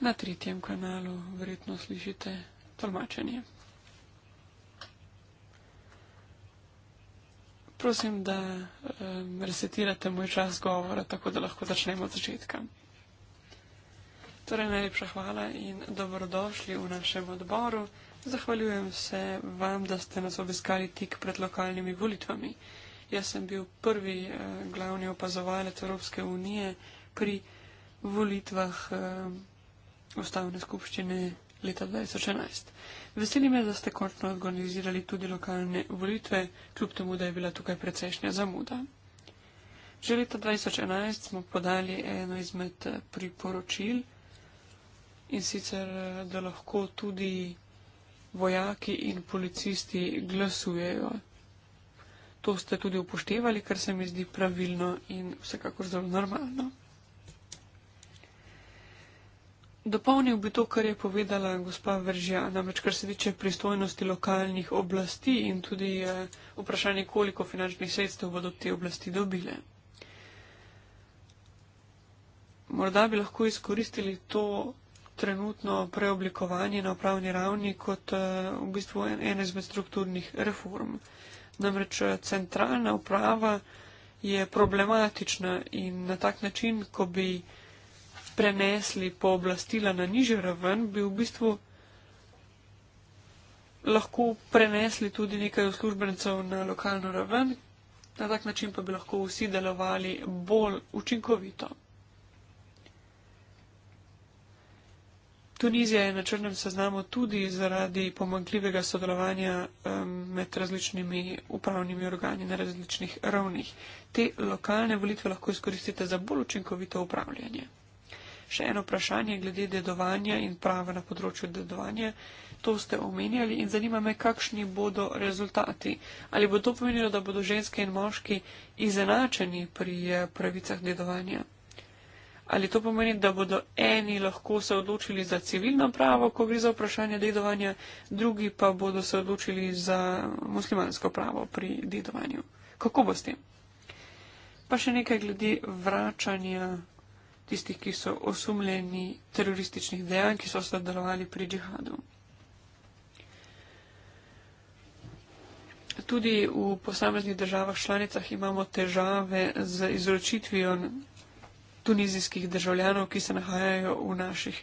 Na tretjem kanalu verjetno slišite tolmačenje. prosim, da um, resetirate moj čas govora, tako da lahko začnemo od začetka. Torej, najlepša hvala in dobrodošli v našem odboru. Zahvaljujem se vam, da ste nas obiskali tik pred lokalnimi volitvami. Jaz sem bil prvi uh, glavni opazovalec Evropske unije pri volitvah uh, Ustavne skupščine leta 2011. Veseli me, da ste končno organizirali tudi lokalne volitve, kljub temu, da je bila tukaj precejšnja zamuda. Že leta 2011 smo podali eno izmed eh, priporočil in sicer, eh, da lahko tudi vojaki in policisti glasujejo. To ste tudi upoštevali, kar se mi zdi pravilno in vsekakor zelo normalno. Dopolnil bi to, kar je povedala gospa Veržija, namreč kar se tiče pristojnosti lokalnih oblasti in tudi eh, vprašanje, koliko finančnih sredstev bodo te oblasti dobile. Morda bi lahko izkoristili to trenutno preoblikovanje na upravni ravni kot eh, v bistvu ene izmed strukturnih reform. Namreč eh, centralna uprava je problematična in na tak način, ko bi prenesli pooblastila na nižjo raven, bi v bistvu lahko prenesli tudi nekaj uslužbencev na lokalno raven, na tak način pa bi lahko vsi delovali bolj učinkovito. Tunizija je na črnem seznamu tudi zaradi pomankljivega sodelovanja um, med različnimi upravnimi organi na različnih ravnih. Te lokalne volitve lahko izkoristite za bolj učinkovito upravljanje. Še eno vprašanje glede dedovanja in prava na področju dedovanja. To ste omenjali in zanima me, kakšni bodo rezultati. Ali bo to pomenilo, da bodo ženske in moški izenačeni pri eh, pravicah dedovanja? Ali to pomeni, da bodo eni lahko se odločili za civilno pravo, ko gre za vprašanje dedovanja, drugi pa bodo se odločili za muslimansko pravo pri dedovanju? Kako bo s tem? Pa še nekaj glede vračanja tistih, ki so osumljeni terorističnih dejanj, ki so sodelovali pri džihadu. Tudi v posameznih državah članicah imamo težave z izročitvijo tunizijskih državljanov, ki se nahajajo v naših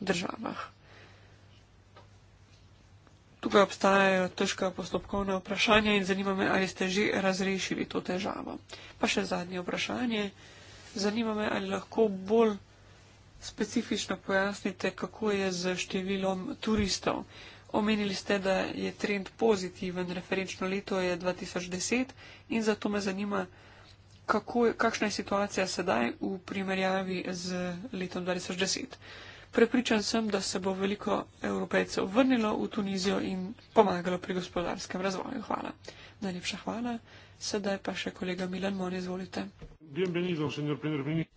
državah. Tukaj obstajajo težka postopkovna vprašanja in zanima me, ali ste že razrešili to težavo. Pa še zadnje vprašanje zanima me, ali lahko bolj specifično pojasnite, kako je z številom turistov. Omenili ste, da je trend pozitiven, referenčno leto je 2010 in zato me zanima, kako, kakšna je situacija sedaj v primerjavi z letom 2010. Prepričan sem, da se bo veliko evropejcev vrnilo v Tunizijo in pomagalo pri gospodarskem razvoju. Hvala. Najlepša hvala. Sedaj pa še kolega Milan Mon, izvolite. Bienvenido, señor primer ministro.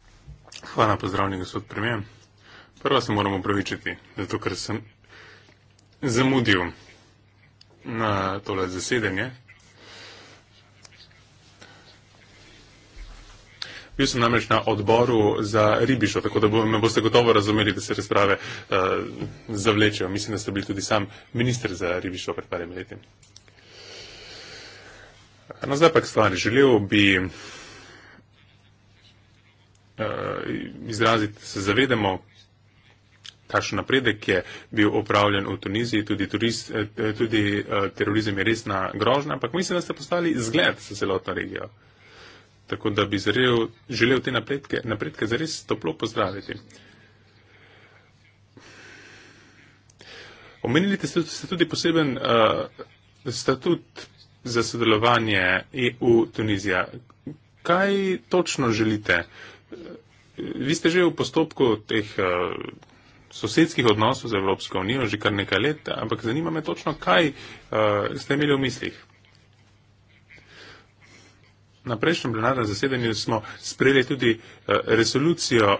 Hvala, pozdravljen, gospod premijer. Prva se moramo pravičiti, zato ker sem zamudil na tole zasedanje. Bil sem namreč na odboru za ribišo, tako da bo, me boste gotovo razumeli, da se razprave uh, zavlečejo. Mislim, da ste bili tudi sam minister za ribišo pred parim leti. No, zdaj pa k stvari. Želel bi Eh, izraziti, se zavedamo, kakšen napredek je bil upravljen v Tuniziji, tudi, turist, eh, eh, tudi terorizem je resna grožna, ampak mislim, da ste postali zgled za celotno regijo. Tako da bi zarejo, želel te napredke, napredke zares toplo pozdraviti. Omenili ste tudi poseben uh, statut za sodelovanje EU-Tunizija. Kaj točno želite uh, vi ste že v postopku teh uh, sosedskih odnosov z Evropsko unijo že kar nekaj let, ampak zanima me točno, kaj uh, ste imeli v mislih. Na prejšnjem plenarnem zasedanju smo sprejeli tudi uh, resolucijo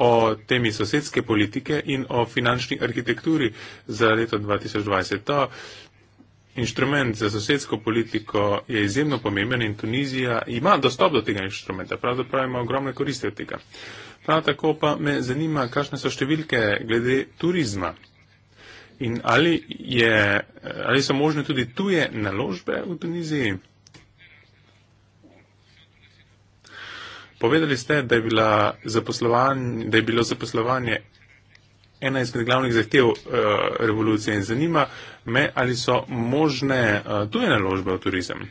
o temi sosedske politike in o finančni arhitekturi za leto 2020. To Inštrument za sosedsko politiko je izjemno pomemben in Tunizija ima dostop do tega inštrumenta, pravzaprav ima ogromne koristi od tega. Prav tako pa me zanima, kakšne so številke glede turizma in ali, je, ali so možne tudi tuje naložbe v Tuniziji. Povedali ste, da je, da je bilo zaposlovanje ena izmed glavnih zahtev uh, revolucije in zanima me, ali so možne uh, tuje naložbe v turizem.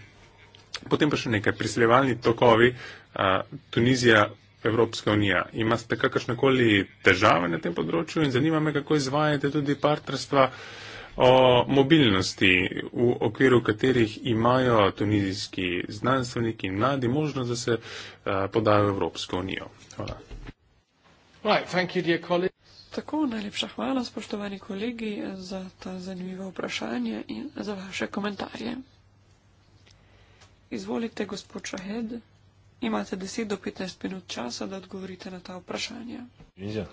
Potem pa še nekaj priseljevalni tokovi uh, Tunizija. Evropska unija. Imate kakršnekoli težave na tem področju in zanima me, kako izvajate tudi partnerstva o mobilnosti, v okviru katerih imajo tunizijski znanstveniki in mladi možnost, da se uh, podajo v Evropsko unijo. Hvala. Right, Tako, najlepša hvala, spoštovani kolegi, za ta zanimiva vprašanja in za vaše komentarje. Izvolite, gospod Šahed, imate 10 do 15 minut časa, da odgovorite na ta vprašanja. Ja,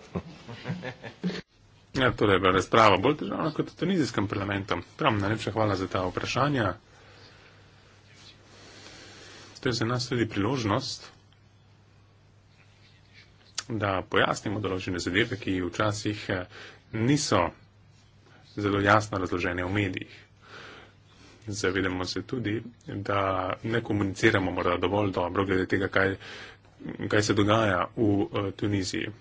ja to torej je bila razprava bolj težavna kot v tunizijskem parlamentu. Prav, najlepša hvala za ta vprašanja. To je za nas tudi priložnost, da pojasnimo določene zadeve, ki včasih eh, niso zelo jasno razložene v medijih. Zavedamo se tudi, da ne komuniciramo morda dovolj dobro glede tega, kaj, kaj se dogaja v eh, Tuniziji.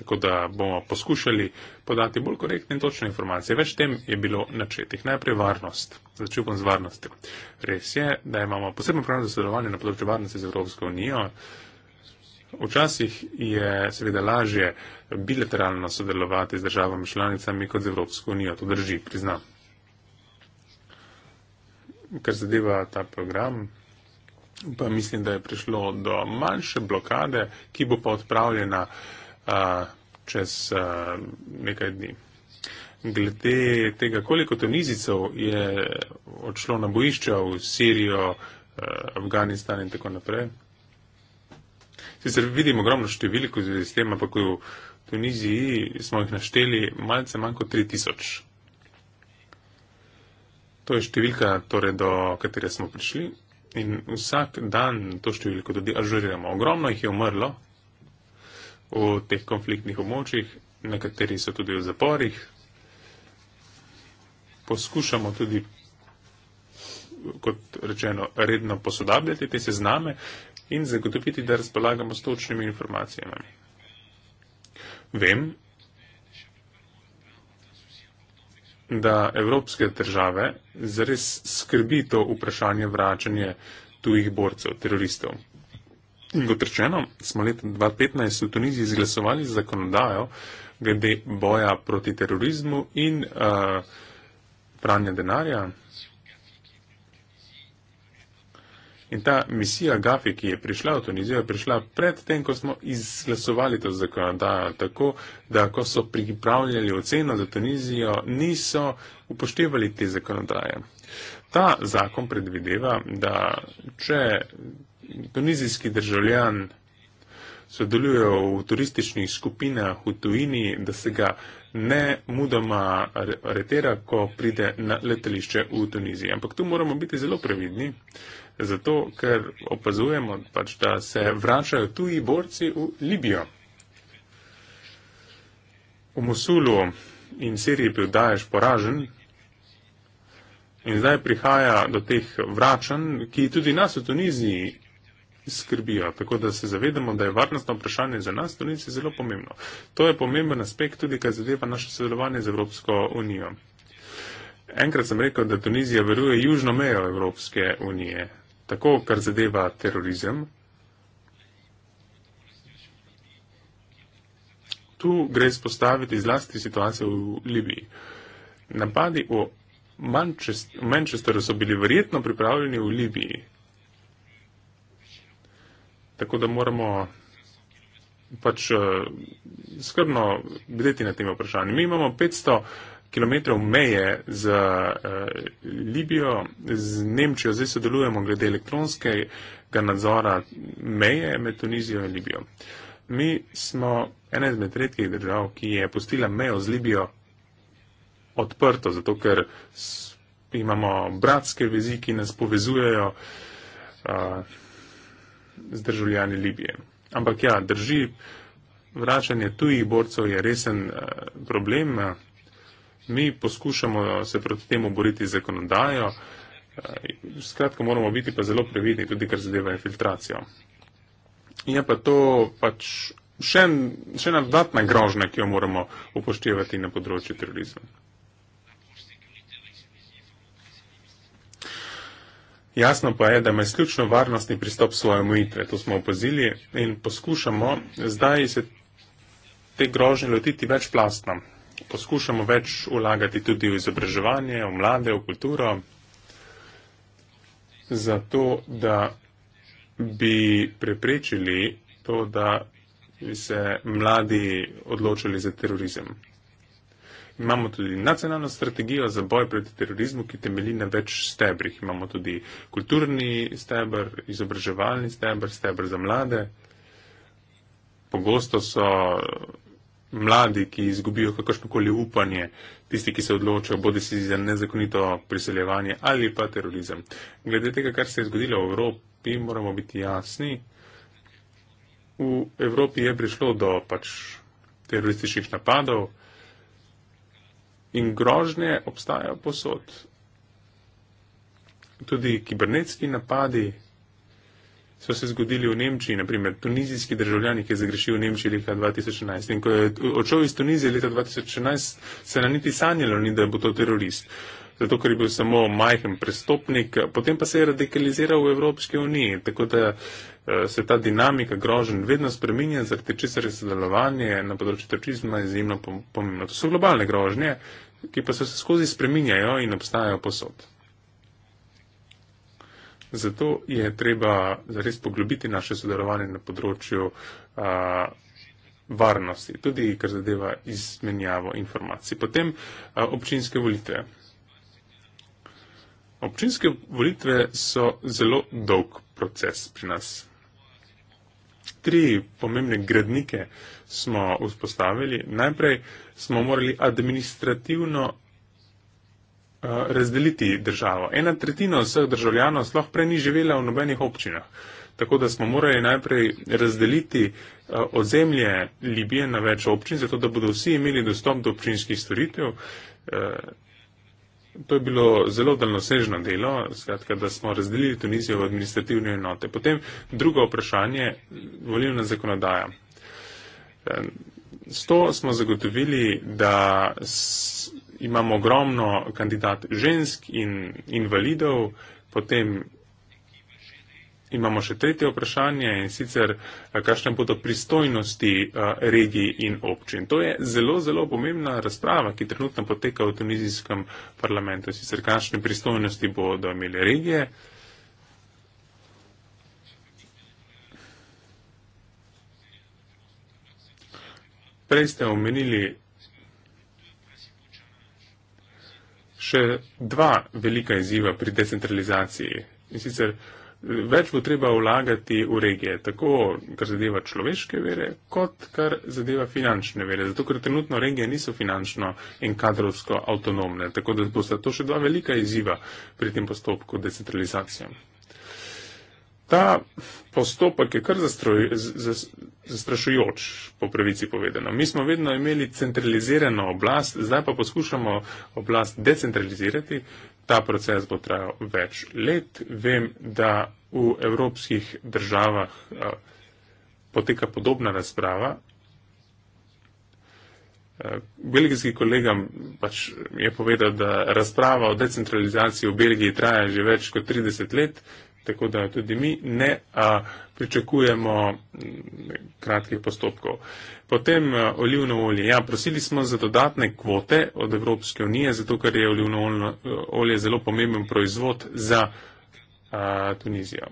Tako da bomo poskušali podati bolj korektne in točne informacije. Več tem je bilo načetih. Najprej varnost. Začel bom z varnostjo. Res je, da imamo posebno program za sodelovanje na področju varnosti z Evropsko unijo. Včasih je seveda lažje bilateralno sodelovati z državami članicami kot z Evropsko unijo. To drži, priznam. Kar zadeva ta program, pa mislim, da je prišlo do manjše blokade, ki bo pa odpravljena a, čez a, nekaj dni. Glede tega, koliko tunizicov je odšlo na bojišča v Sirijo, Afganistan in tako naprej sicer vidimo ogromno številko z tem, ampak v Tuniziji smo jih našteli malce manj kot 3000. To je številka, torej, do katere smo prišli. In vsak dan to številko tudi ažuriramo. Ogromno jih je umrlo v teh konfliktnih območjih, nekateri so tudi v zaporih. Poskušamo tudi, kot rečeno, redno posodabljati te sezname, in zagotoviti, da razpolagamo s točnimi informacijami. Vem, da evropske države zares skrbi to vprašanje vračanje tujih borcev, teroristov. In kot rečeno, smo leta 2015 v Tuniziji izglasovali zakonodajo glede boja proti terorizmu in uh, pranja denarja, In ta misija Gafi, ki je prišla v Tunizijo, je prišla pred tem, ko smo izglasovali to zakonodajo, tako da ko so pripravljali oceno za Tunizijo, niso upoštevali te zakonodaje. Ta zakon predvideva, da če tunizijski državljan sodeluje v turističnih skupinah v tujini, da se ga ne mudoma retira, ko pride na letališče v Tunizijo. Ampak tu moramo biti zelo previdni, zato ker opazujemo, pač, da se vračajo tuji borci v Libijo. V Mosulu in Siriji bil Daješ poražen in zdaj prihaja do teh vračanj, ki tudi nas v Tuniziji skrbijo, tako da se zavedamo, da je varnostno vprašanje za nas v Tunizi zelo pomembno. To je pomemben aspekt tudi, kar zadeva naše sodelovanje z Evropsko unijo. Enkrat sem rekel, da Tunizija veruje južno mejo Evropske unije, tako, kar zadeva terorizem. Tu gre spostaviti zlasti situacijo v Libiji. Napadi v Manchester, Manchesteru so bili verjetno pripravljeni v Libiji. Tako da moramo pač eh, skrbno gledeti na tem vprašanju. Mi imamo 500 km meje z eh, Libijo, z Nemčijo. Zdaj sodelujemo glede elektronskega nadzora meje med Tunizijo in Libijo. Mi smo ena izmed redkih držav, ki je postila mejo z Libijo odprto, zato ker imamo bratske vezi, ki nas povezujejo eh, z državljani Libije. Ampak ja, drži, vračanje tujih borcev je resen eh, problem mi poskušamo se proti temu boriti z zakonodajo. Eh, skratka, moramo biti pa zelo previdni, tudi kar zadeva infiltracijo. Je pa to pač še, en, še ena dodatna grožnja, ki jo moramo upoštevati na področju terorizma. Jasno pa je, da ima izključno varnostni pristop svoje omejitve. To smo opazili in poskušamo zdaj se te grožnje lotiti večplastno poskušamo več ulagati tudi v izobraževanje, v mlade, v kulturo, zato da bi preprečili to, da bi se mladi odločili za terorizem. Imamo tudi nacionalno strategijo za boj proti terorizmu, ki temelji na več stebrih. Imamo tudi kulturni stebr, izobraževalni stebr, stebr za mlade. Pogosto so mladi, ki izgubijo kakršnokoli upanje, tisti, ki se odločajo, bodi si za nezakonito priseljevanje ali pa terorizem. Glede tega, kar se je zgodilo v Evropi, moramo biti jasni. V Evropi je prišlo do pač terorističnih napadov in grožnje obstajajo posod. Tudi kibernetski napadi, so se zgodili v Nemčiji, naprimer tunizijski državljani, ki je zagrešil v Nemčiji leta 2011. In ko je odšel iz Tunizije leta 2011, se na niti sanjalo ni, da bo to terorist. Zato, ker je bil samo majhen prestopnik, potem pa se je radikaliziral v Evropski uniji. Tako da eh, se ta dinamika grožen vedno spreminja, zaradi česar je sodelovanje na področju terorizma izjemno pomembno. To so globalne grožnje, ki pa se skozi spreminjajo in obstajajo posod. Zato je treba zares poglobiti naše sodelovanje na področju a, varnosti, tudi kar zadeva izmenjavo informacij. Potem a, občinske volitve. Občinske volitve so zelo dolg proces pri nas. Tri pomembne gradnike smo vzpostavili. Najprej smo morali administrativno Eh, razdeliti državo. Ena tretjina vseh državljanov sploh prej ni živela v nobenih občinah. Tako da smo morali najprej razdeliti eh, ozemlje Libije na več občin, zato da bodo vsi imeli dostop do občinskih storitev. Eh, to je bilo zelo daljnosežno delo, skratka, da smo razdelili Tunizijo v administrativne enote. Potem drugo vprašanje, volilna zakonodaja. S to smo zagotovili, da imamo ogromno kandidat žensk in invalidov, potem imamo še tretje vprašanje in sicer, kakšne bodo pristojnosti regij in občin. To je zelo, zelo pomembna razprava, ki trenutno poteka v tunizijskem parlamentu. Sicer, kakšne pristojnosti bodo imeli regije? Prej ste omenili še dva velika izziva pri decentralizaciji. In sicer več bo treba vlagati v regije, tako kar zadeva človeške vere, kot kar zadeva finančne vere. Zato, ker trenutno regije niso finančno in kadrovsko avtonomne. Tako da bosta to še dva velika izziva pri tem postopku decentralizacije. Ta postopek je kar zastroj, z, z, zastrašujoč, po pravici povedano. Mi smo vedno imeli centralizirano oblast, zdaj pa poskušamo oblast decentralizirati. Ta proces bo trajal več let. Vem, da v evropskih državah poteka podobna razprava. Belgijski kolega pač je povedal, da razprava o decentralizaciji v Belgiji traja že več kot 30 let tako da tudi mi ne a, pričakujemo m, mm, kratkih postopkov. Potem a, e, olivno olje. Ja, prosili smo za dodatne kvote od Evropske unije, zato ker je olivno olje, olje zelo pomemben proizvod za a, Tunizijo.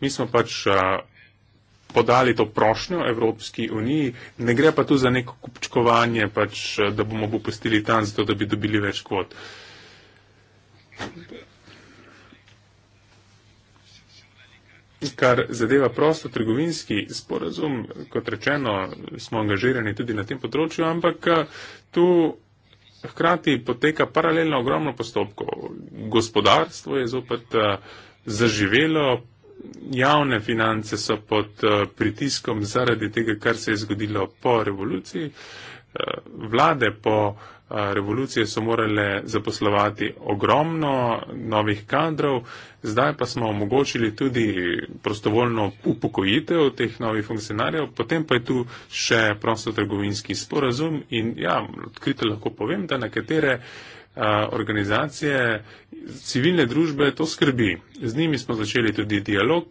Mi smo pač. A, podali to prošnjo Evropski uniji, ne gre pa tu za neko kupčkovanje, pač, e, da bomo popustili tam, zato da bi dobili več kvot. Uh, Kar zadeva prosto trgovinski sporazum, kot rečeno, smo angažirani tudi na tem področju, ampak eh, tu hkrati poteka paralelno ogromno postopkov. Gospodarstvo je zopet eh, zaživelo, javne finance so pod eh, pritiskom zaradi tega, kar se je zgodilo po revoluciji, vlade po revolucije so morale zaposlovati ogromno novih kadrov, zdaj pa smo omogočili tudi prostovoljno upokojitev teh novih funkcionarjev, potem pa je tu še prostotrgovinski sporazum in ja, odkrito lahko povem, da nekatere organizacije, civilne družbe to skrbi. Z njimi smo začeli tudi dialog,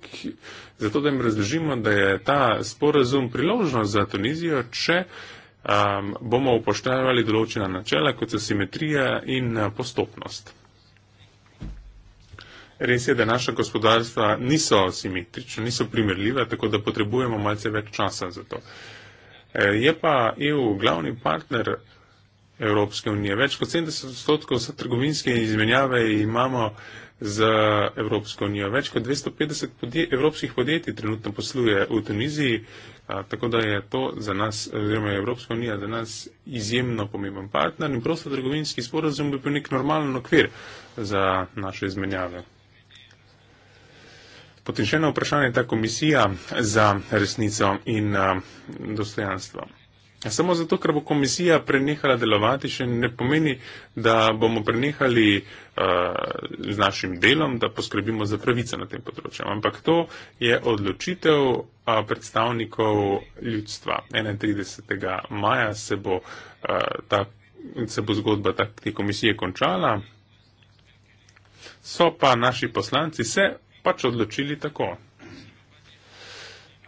zato da jim razložimo, da je ta sporazum priložnost za Tunizijo, če um, bomo upoštevali določena načela, kot so simetrija in eh, postopnost. Res je, da naša gospodarstva niso simetrična, niso primerljiva, tako da potrebujemo malce več časa za to. Eh, je pa EU glavni partner Evropske unije. Več kot 70 odstotkov vse trgovinske izmenjave imamo z Evropsko unijo. Več kot 250 podje evropskih podjetij trenutno posluje v Tuniziji, tako da je to za nas, oziroma Evropska unija, za nas izjemno pomemben partner in prostotrgovinski sporazum bi bil nek normalen okvir za naše izmenjave. Potem še eno vprašanje, ta komisija za resnico in a, dostojanstvo. Samo zato, ker bo komisija prenehala delovati, še ne pomeni, da bomo prenehali uh, z našim delom, da poskrbimo za pravice na tem področju. Ampak to je odločitev uh, predstavnikov ljudstva. 31. maja se bo, uh, ta, se bo zgodba ta, te komisije končala. So pa naši poslanci se pač odločili tako.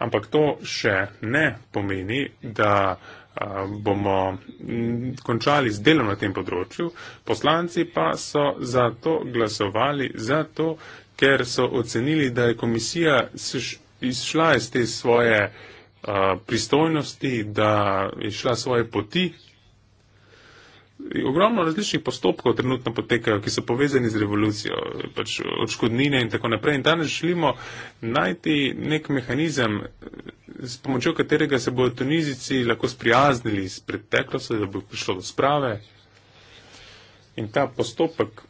Ampak to še ne pomeni, da bomo končali z delom na tem področju, poslanci pa so za to glasovali, zato, ker so ocenili, da je komisija izšla iz te svoje pristojnosti, da je šla svoje poti. Ogromno različnih postopkov trenutno potekajo, ki so povezani z revolucijo, pač odškodnine in tako naprej. In danes želimo najti nek mehanizem s pomočjo katerega se bodo tunizici lahko sprijaznili s preteklostjo, da bo prišlo do sprave. In ta postopek,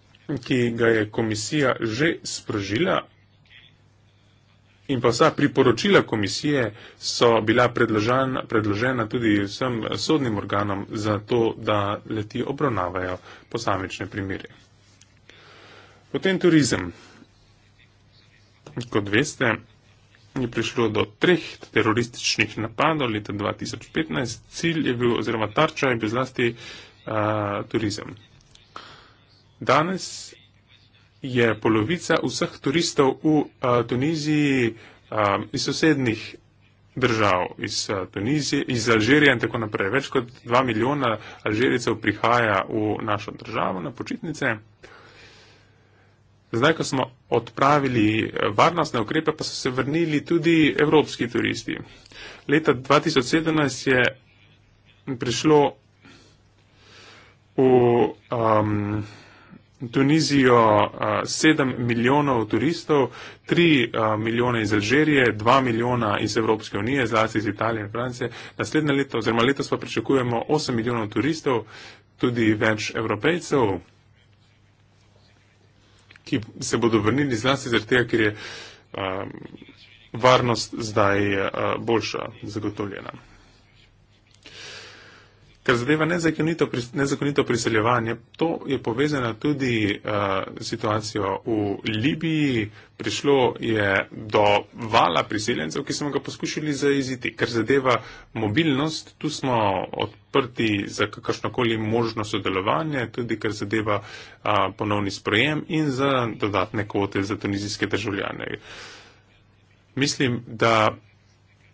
ki ga je komisija že sprožila, in pa vsa priporočila komisije so bila predložena, predložena tudi vsem sodnim organom za to, da leti obravnavajo posamične primere. Potem turizem. Kot veste, je prišlo do treh terorističnih napadov leta 2015. Cilj je bil oziroma tarča je bil zlasti a, eh, turizem. Danes je polovica vseh turistov v a, eh, Tuniziji a, eh, iz sosednjih držav, iz a, Tunizije, iz Alžirije in tako naprej. Več kot dva milijona Alžircev prihaja v našo državo na počitnice. A, Zdaj, ko smo odpravili eh, varnostne ukrepe, pa so se vrnili tudi evropski turisti. Leta 2017 je prišlo v um, Tunizijo uh, eh, 7 milijonov turistov, 3 uh, eh, milijone iz Alžirije, 2 milijona iz Evropske unije, zlasti iz Italije in Francije. Naslednje leto, oziroma letos pa pričakujemo 8 milijonov turistov, tudi več evropejcev ki se bodo vrnili zlasti zaradi tega, ker je um, varnost zdaj uh, boljša zagotovljena. Ker zadeva nezakonito, nezakonito priseljevanje, to je povezano tudi uh, situacijo v Libiji. Prišlo je do vala priseljencev, ki smo ga poskušali zaiziti. Ker zadeva mobilnost, tu smo odprti za kakršnokoli možno sodelovanje, tudi ker zadeva uh, ponovni sprojem in za dodatne kvote za tunizijske državljane. Mislim, da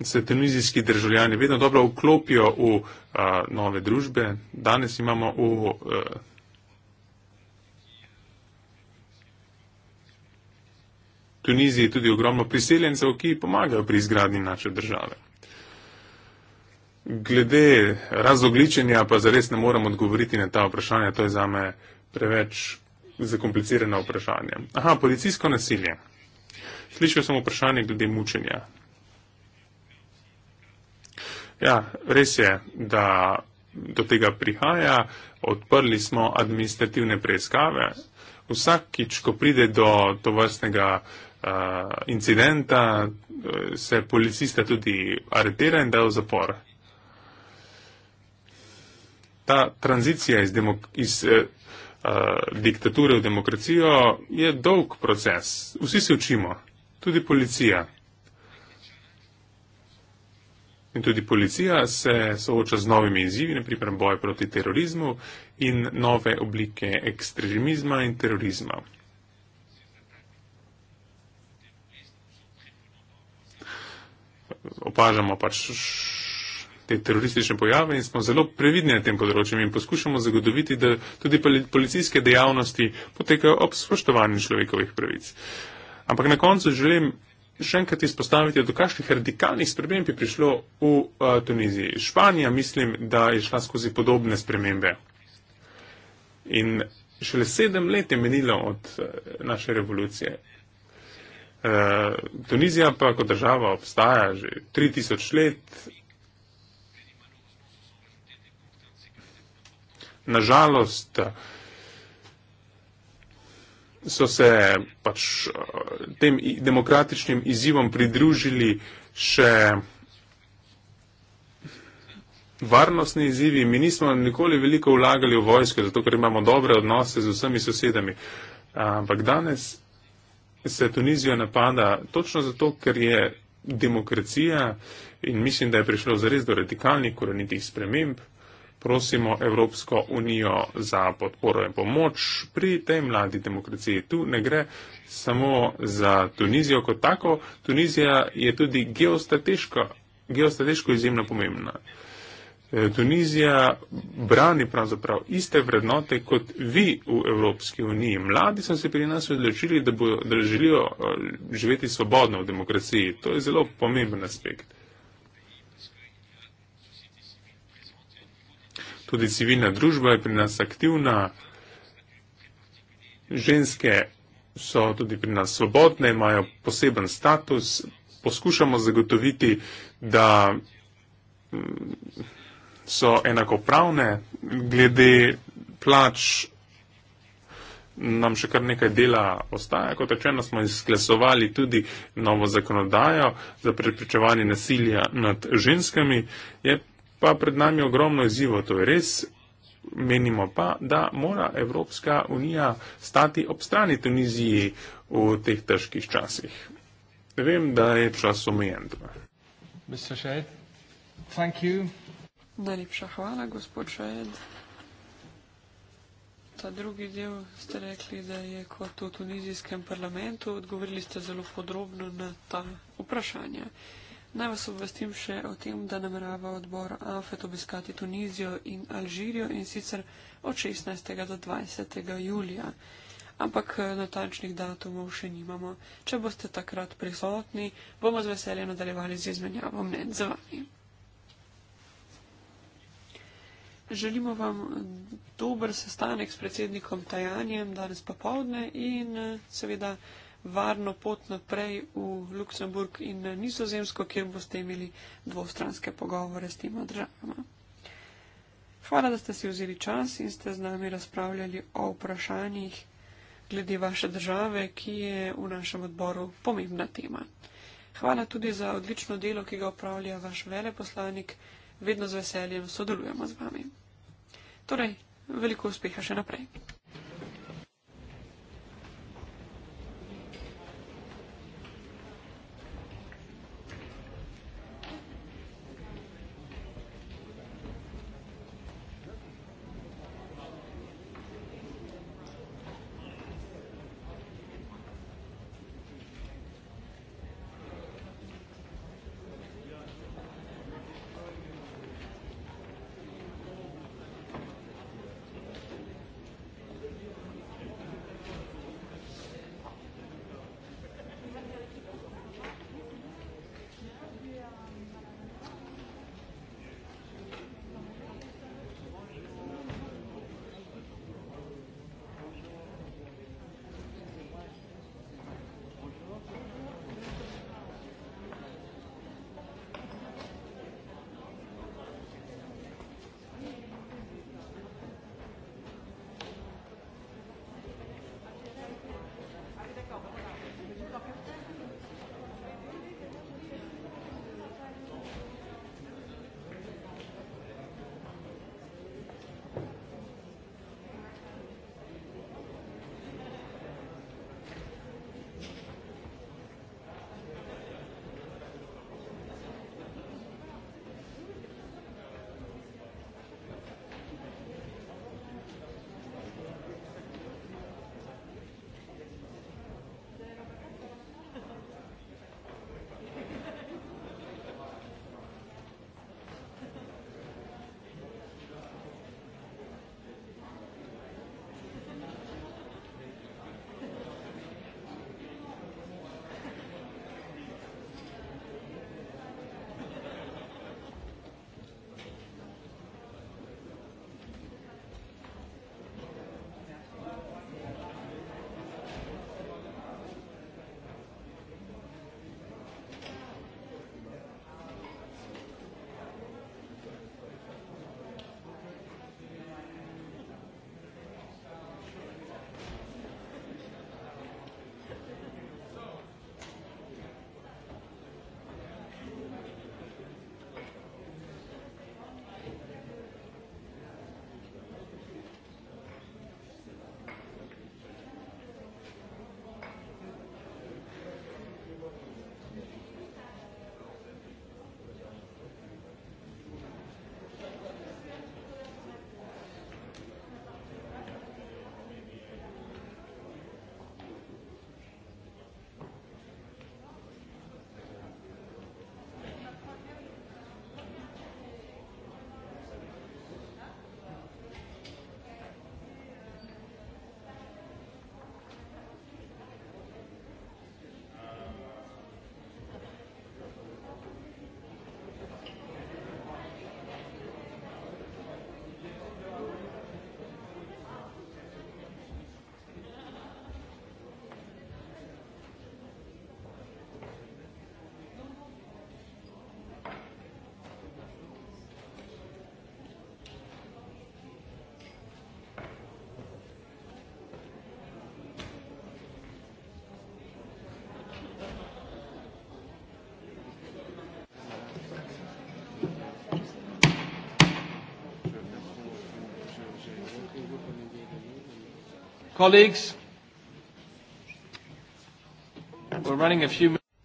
se tunizijski državljani vedno dobro vklopijo v uh, nove družbe. Danes imamo v. Uh, Tuniziji tudi ogromno priseljencev, ki pomagajo pri izgradnji naše države. Glede razogličenja pa zares ne moram odgovoriti na ta vprašanja, to je za me preveč zakomplicirano vprašanje. Aha, policijsko nasilje. Slišal sem vprašanje glede mučenja. Ja, res je, da do tega prihaja. Odprli smo administrativne preiskave. Vsakič, ko pride do to vrstnega uh, eh, incidenta, eh, se policista tudi aretira in da je v zapor. Ta tranzicija iz, demok- iz uh, uh, diktature v demokracijo je dolg proces. Vsi se učimo, tudi policija. In tudi policija se sooča z novimi izzivi, naprimer boj proti terorizmu in nove oblike ekstremizma in terorizma. Opažamo pač te teroristične pojave in smo zelo previdni na tem področju in poskušamo zagotoviti, da tudi policijske dejavnosti potekajo ob spoštovanju človekovih pravic. Ampak na koncu želim še enkrat izpostaviti, do kakšnih radikalnih sprememb je prišlo v uh, Tuniziji. Španija, mislim, da je šla skozi podobne spremembe. In šele sedem let je menilo od uh, naše revolucije. Uh, Tunizija pa kot država obstaja že 3000 let. Nažalost, uh, so se pač eh, tem demokratičnim izzivom pridružili še varnostni izzivi. Mi nismo nikoli veliko vlagali v vojske, zato ker imamo dobre odnose z vsemi sosedami. Ampak danes se Tunizijo napada točno zato, ker je demokracija in mislim, da je prišlo zares do radikalnih korenitih sprememb prosimo Evropsko unijo za podporo in pomoč pri tej mladi demokraciji. Tu ne gre samo za Tunizijo kot tako, Tunizija je tudi geostrateško, geostrateško izjemno pomembna. E, Tunizija brani pravzaprav iste vrednote kot vi v Evropski uniji. Mladi so se pri nas odločili, da, bo, da želijo e, živeti svobodno v demokraciji. To je zelo pomemben aspekt. Tudi civilna družba je pri nas aktivna, ženske so tudi pri nas svobodne, imajo poseben status. Poskušamo zagotoviti, da mm, so enakopravne glede plač. Nam še kar nekaj dela ostaja, kot rečeno, smo izglasovali tudi novo zakonodajo za preprečevanje nasilja nad ženskami, je pa pred nami ogromno izzivo, to je res. Menimo pa, da mora Evropska unija stati ob strani Tuniziji v teh težkih časih. Vem, da je čas omejen. Najlepša hvala, gospod Šajed. Ta drugi del ste rekli, da je kot v tunizijskem parlamentu. Odgovorili ste zelo podrobno na ta vprašanja. Naj vas obvestim še o tem, da namerava odbor AFET obiskati Tunizijo in Alžirijo in sicer od 16. do 20. julija. Ampak eh, natančnih datumov še nimamo. Če boste takrat prisotni, bomo z veseljem nadaljevali z izmenjavo mnen za vami. Želimo vam dober sestanek s predsednikom Tajanjem danes popovdne in eh, seveda varno pot naprej v Luksemburg in na nizozemsko, kjer boste imeli dvostranske pogovore s tema državama. Hvala, da ste si vzeli čas in ste z nami razpravljali o vprašanjih glede vaše države, ki je v našem odboru pomembna tema. Hvala tudi za odlično delo, ki ga upravlja vaš veleposlanik. Vedno z veseljem sodelujemo z vami. Torej, veliko uspeha še naprej.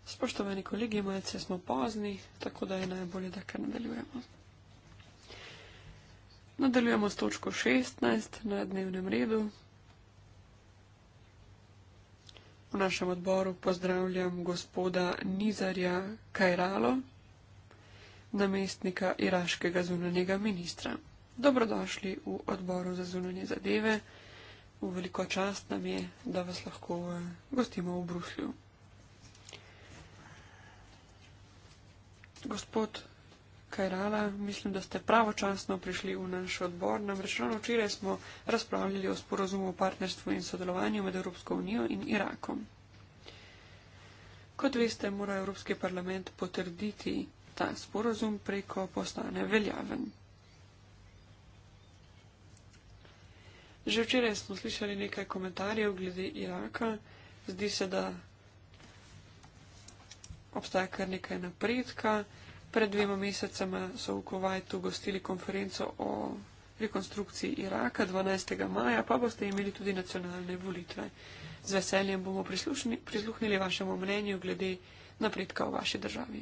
Spoštovani kolegi, malce smo pozni, tako da je najbolje, da kar nadaljujemo. Nadaljujemo s točko 16 na dnevnem redu. V našem odboru pozdravljam gospoda Nizarja Kajralo, namestnika iraškega zunanjega ministra. Dobrodošli v odboru za zunanje zadeve v veliko čast nam je, da vas lahko eh, gostimo v Bruslju. Gospod Kajrala, mislim, da ste pravočasno prišli v naš odbor. Namreč ravno včeraj smo razpravljali o sporozumu o partnerstvu in sodelovanju med Evropsko unijo in Irakom. Kot veste, mora Evropski parlament potrditi ta sporozum preko postane veljaven. Že včeraj smo slišali nekaj komentarjev glede Iraka. Zdi se, da obstaja kar nekaj napredka. Pred dvema mesecema so v Kovajtu gostili konferenco o rekonstrukciji Iraka 12. maja, pa boste imeli tudi nacionalne volitve. Z veseljem bomo prisluhnili vašemu mnenju glede napredka v vaši državi.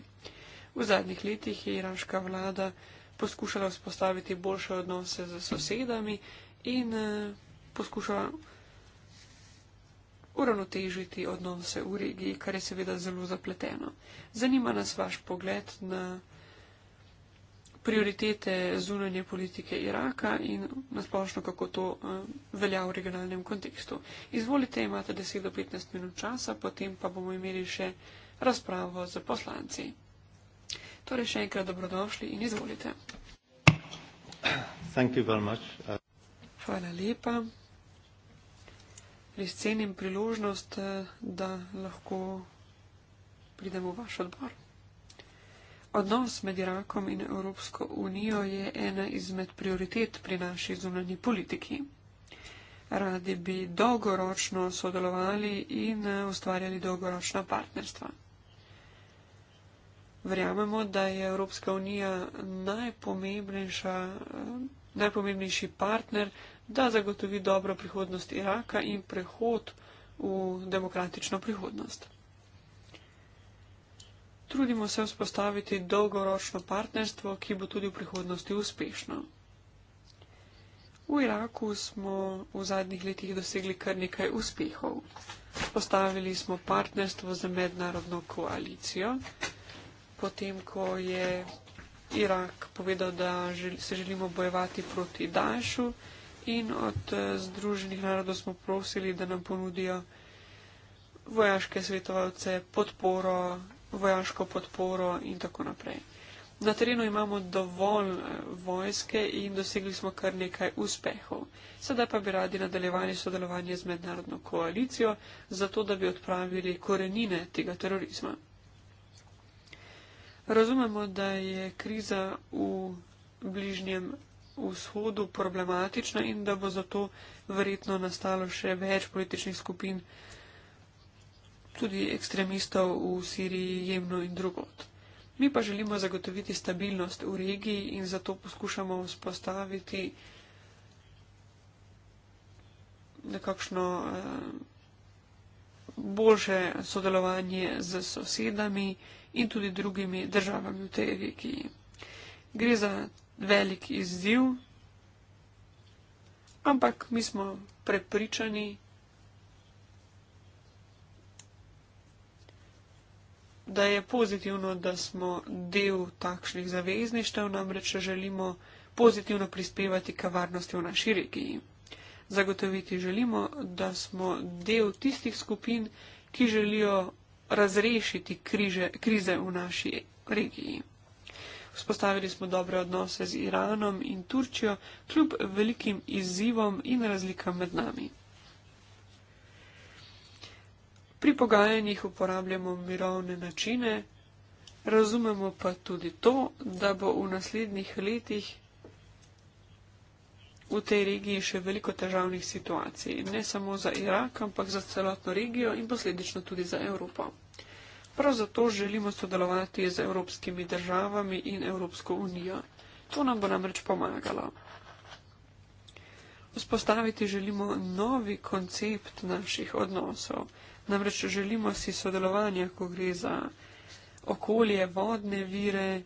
V zadnjih letih je iraška vlada poskušala vzpostaviti boljše odnose z sosedami in eh, poskuša uravnotežiti odnose v regiji, kar je seveda zelo zapleteno. Zanima nas vaš pogled na prioritete zunanje politike Iraka in nasplošno, kako to eh, velja v regionalnem kontekstu. Izvolite, imate 10 do 15 minut časa, potem pa bomo imeli še razpravo z poslanci. Torej še enkrat dobrodošli in izvolite. Thank you very much. Uh... Hvala lepa. Res cenim priložnost, eh, da lahko pridemo v vaš odbor. Odnos med Irakom in Evropsko unijo je ena izmed prioritet pri naši zunanji politiki. Radi bi dolgoročno sodelovali in eh, ustvarjali dolgoročna partnerstva. Verjamemo, da je Evropska unija eh, najpomembnejši partner da zagotovi dobro prihodnost Iraka in prehod v demokratično prihodnost. Trudimo se vzpostaviti dolgoročno partnerstvo, ki bo tudi v prihodnosti uspešno. V Iraku smo v zadnjih letih dosegli kar nekaj uspehov. Postavili smo partnerstvo za mednarodno koalicijo, potem ko je Irak povedal, da se želimo bojevati proti Dašu in od eh, Združenih narodov smo prosili, da nam ponudijo vojaške svetovalce, podporo, vojaško podporo in tako naprej. Na terenu imamo dovolj eh, vojske in dosegli smo kar nekaj uspehov. Sedaj pa bi radi nadaljevali sodelovanje z mednarodno koalicijo, zato da bi odpravili korenine tega terorizma. Razumemo, da je kriza v bližnjem vzhodu problematična in da bo zato verjetno nastalo še več političnih skupin, tudi ekstremistov v Siriji, Jemnu in drugot. Mi pa želimo zagotoviti stabilnost v regiji in zato poskušamo vzpostaviti nekakšno eh, boljše sodelovanje z sosedami in tudi drugimi državami v tej regiji. Gre za velik izziv, ampak mi smo prepričani, da je pozitivno, da smo del takšnih zavezništev, namreč želimo pozitivno prispevati k varnosti v naši regiji. Zagotoviti želimo, da smo del tistih skupin, ki želijo razrešiti križe, krize v naši regiji. Vzpostavili smo dobre odnose z Iranom in Turčijo, kljub velikim izzivom in razlikam med nami. Pri pogajanjih uporabljamo mirovne načine, razumemo pa tudi to, da bo v naslednjih letih v tej regiji še veliko težavnih situacij, ne samo za Irak, ampak za celotno regijo in posledično tudi za Evropo. Prav zato želimo sodelovati z evropskimi državami in Evropsko unijo. To nam bo namreč pomagalo. Vzpostaviti želimo novi koncept naših odnosov. Namreč želimo si sodelovanja, ko gre za okolje, vodne vire,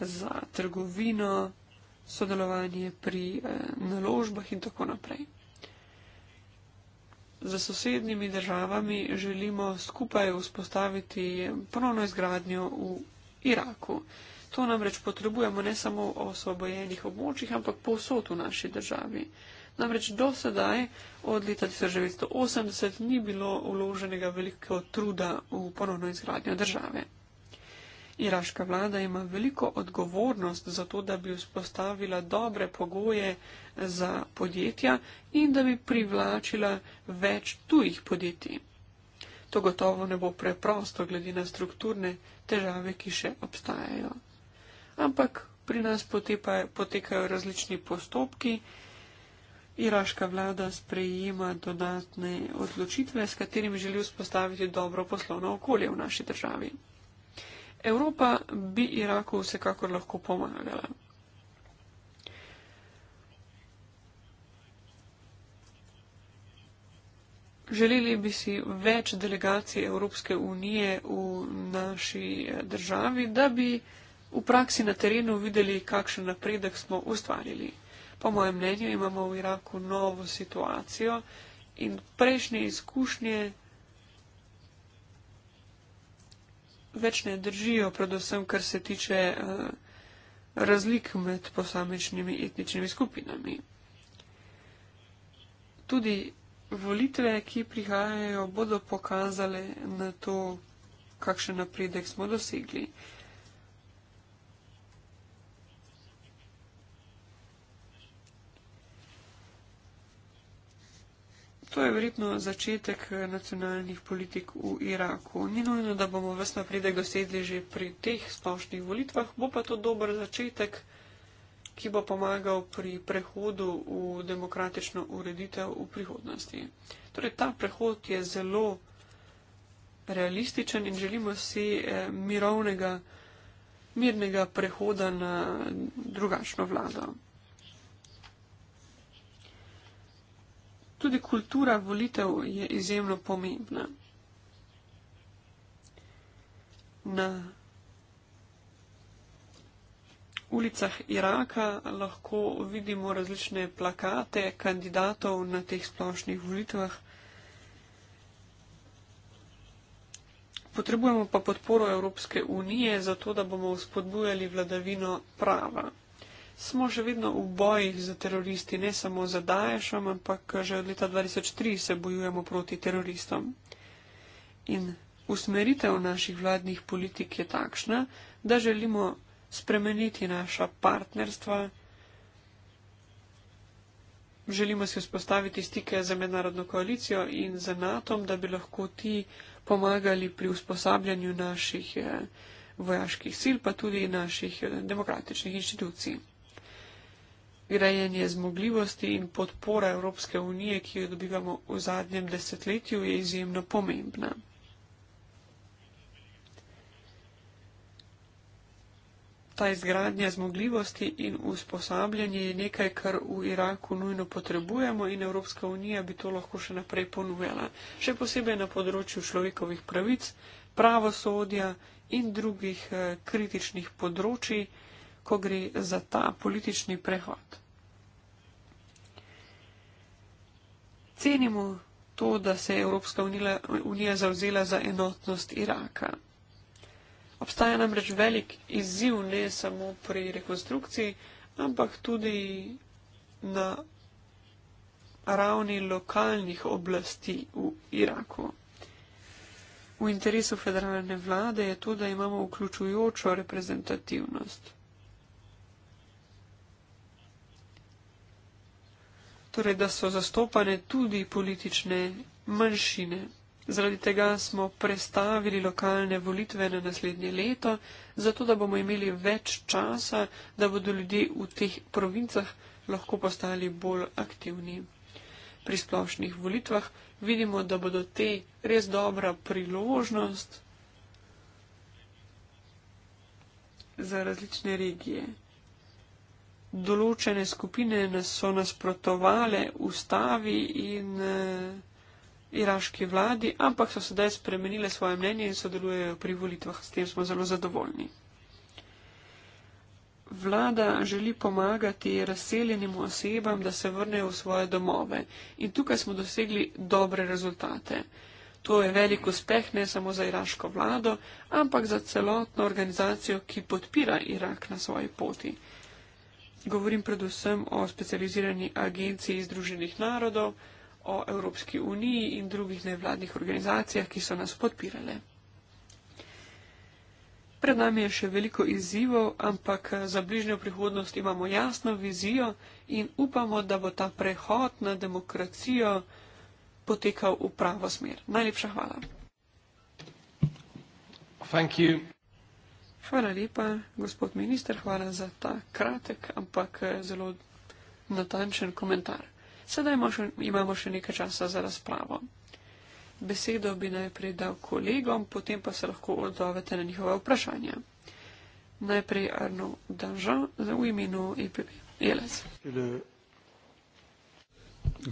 za trgovino, sodelovanje pri eh, naložbah in tako naprej. Z sosednjimi državami želimo skupaj vzpostaviti ponovno izgradnjo v Iraku. To namreč potrebujemo ne samo v osvobojenih območjih, ampak povsod v naši državi. Namreč do sedaj, od leta 1980, ni bilo vloženega veliko truda v ponovno izgradnjo države. Iraška vlada ima veliko odgovornost za to, da bi vzpostavila dobre pogoje za podjetja in da bi privlačila več tujih podjetij. To gotovo ne bo preprosto, glede na strukturne težave, ki še obstajajo. Ampak pri nas potekajo različni postopki. Iraška vlada sprejema dodatne odločitve, s katerimi želi vzpostaviti dobro poslovno okolje v naši državi. Evropa bi Iraku vsekakor lahko pomagala. Želeli bi si več delegacij Evropske unije v naši eh, državi, da bi v praksi na terenu videli, kakšen napredek smo ustvarili. Po mojem mnenju imamo v Iraku novo situacijo in prejšnje izkušnje več ne držijo, predvsem kar se tiče eh, razlik med posamečnimi etničnimi skupinami. Tudi volitve, ki prihajajo, bodo pokazale na to, kakšen napredek smo dosegli. To je verjetno začetek eh, nacionalnih politik v Iraku. Ni nujno, da bomo ves napredek dosedli že pri teh splošnih volitvah, bo pa to dober začetek, ki bo pomagal pri prehodu v demokratično ureditev v prihodnosti. Torej, ta prehod je zelo realističen in želimo si eh, mirovnega, mirnega prehoda na drugačno vlado. tudi kultura volitev je izjemno pomembna. Na ulicah Iraka lahko vidimo različne plakate kandidatov na teh splošnih volitvah. Potrebujemo pa podporo Evropske unije za to, da bomo spodbujali vladavino prava smo še vedno v bojih z teroristi, ne samo za Daješom, ampak že od leta 2003 se bojujemo proti teroristom. In usmeritev naših vladnih politik je takšna, da želimo spremeniti naša partnerstva, želimo si vzpostaviti stike z mednarodno koalicijo in z NATO, da bi lahko ti pomagali pri usposabljanju naših eh, vojaških sil, pa tudi naših eh, demokratičnih inštitucij. Grajenje zmogljivosti in podpora Evropske unije, ki jo dobivamo v zadnjem desetletju, je izjemno pomembna. Ta izgradnja zmogljivosti in usposabljanje je nekaj, kar v Iraku nujno potrebujemo in Evropska unija bi to lahko še naprej ponujala, še posebej na področju človekovih pravic, pravosodja in drugih eh, kritičnih področji, ko gre za ta politični prehod. cenimo to, da se je Evropska unija, unija zavzela za enotnost Iraka. Obstaja namreč velik izziv ne samo pri rekonstrukciji, ampak tudi na ravni lokalnih oblasti v Iraku. V interesu federalne vlade je to, da imamo vključujočo reprezentativnost. torej da so zastopane tudi politične manjšine. Zaradi tega smo prestavili lokalne volitve na naslednje leto, zato da bomo imeli več časa, da bodo ljudje v teh provincah lahko postali bolj aktivni. Pri splošnih volitvah vidimo, da bodo te res dobra priložnost za različne regije določene skupine so nasprotovale ustavi in uh, iraški vladi, ampak so sedaj spremenile svoje mnenje in sodelujejo pri volitvah. S tem smo zelo zadovoljni. Vlada želi pomagati razseljenim osebam, da se vrnejo v svoje domove. In tukaj smo dosegli dobre rezultate. To je velik uspeh ne samo za iraško vlado, ampak za celotno organizacijo, ki podpira Irak na svoji poti. Govorim predvsem o specializirani agenciji Združenih narodov, o Evropski uniji in drugih nevladnih organizacijah, ki so nas podpirale. Pred nami je še veliko izzivov, ampak eh, za bližnjo prihodnost imamo jasno vizijo in upamo, da bo ta prehod na demokracijo potekal v pravo smer. Najlepša hvala. Thank you. Hvala lepa, gospod minister, hvala za ta kratek, ampak eh, zelo natančen komentar. Sedaj imamo še, imamo še nekaj časa za razpravo. Besedo bi najprej dal kolegom, potem pa se lahko odzovete na njihova vprašanja. Najprej Arno Danžan v imenu EPP. Jelec.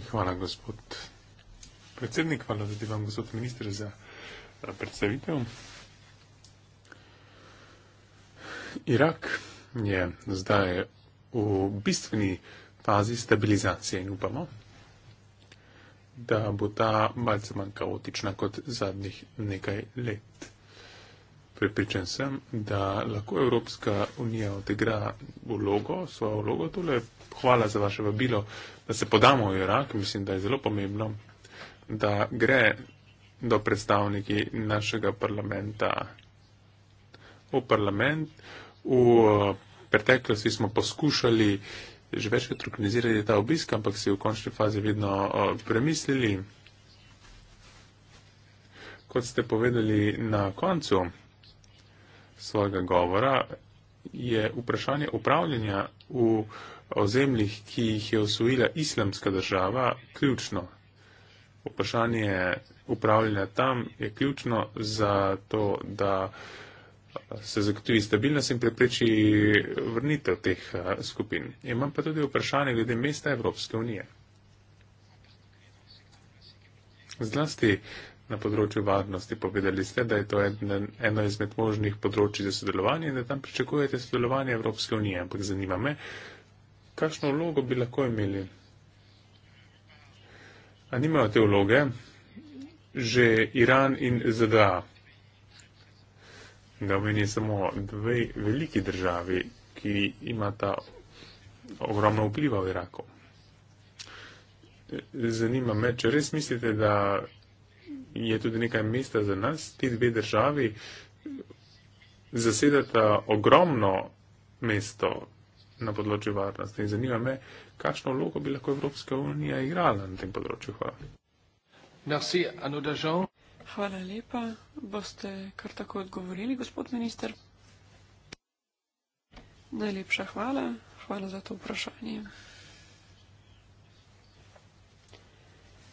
Hvala, gospod predsednik, hvala tudi vam, gospod minister, za eh, predstavitev. Irak je zdaj v bistveni fazi stabilizacije in upamo, da bo ta malce manj kaotična kot zadnjih nekaj let. Pripričan sem, da lahko Evropska unija odigra vlogo, svojo vlogo. Tole hvala za vaše vabilo, da se podamo v Irak. Mislim, da je zelo pomembno, da gre do predstavniki našega parlamenta v parlament. V eh, preteklosti smo poskušali že večkrat organizirati ta obisk, ampak si v končni fazi vedno eh, premislili. Kot ste povedali na koncu svojega govora, je vprašanje upravljanja v ozemljih, ki jih je osvojila islamska država, ključno. Vprašanje upravljanja tam je ključno za to, da uh, se zagotovi stabilnost in prepreči vrnitev teh skupin. Imam pa tudi vprašanje glede mesta Evropske unije. Zlasti na področju varnosti povedali ste, da je to eno izmed možnih področji za sodelovanje in da tam pričakujete sodelovanje Evropske unije. Ampak zanima me, kakšno vlogo bi lahko imeli? A nimajo te vloge že Iran in ZDA? da omenim samo dve veliki državi, ki imata ogromno vpliva v Iraku. Zanima me, če res mislite, da je tudi nekaj mesta za nas, ti dve državi zasedata ogromno mesto na področju varnosti. In zanima me, kakšno vlogo bi lahko Evropska unija igrala na tem področju. Hvala. Merci à nos agents. Hvala lepa. Boste kar tako odgovorili, gospod minister? Najlepša hvala. Hvala za to vprašanje.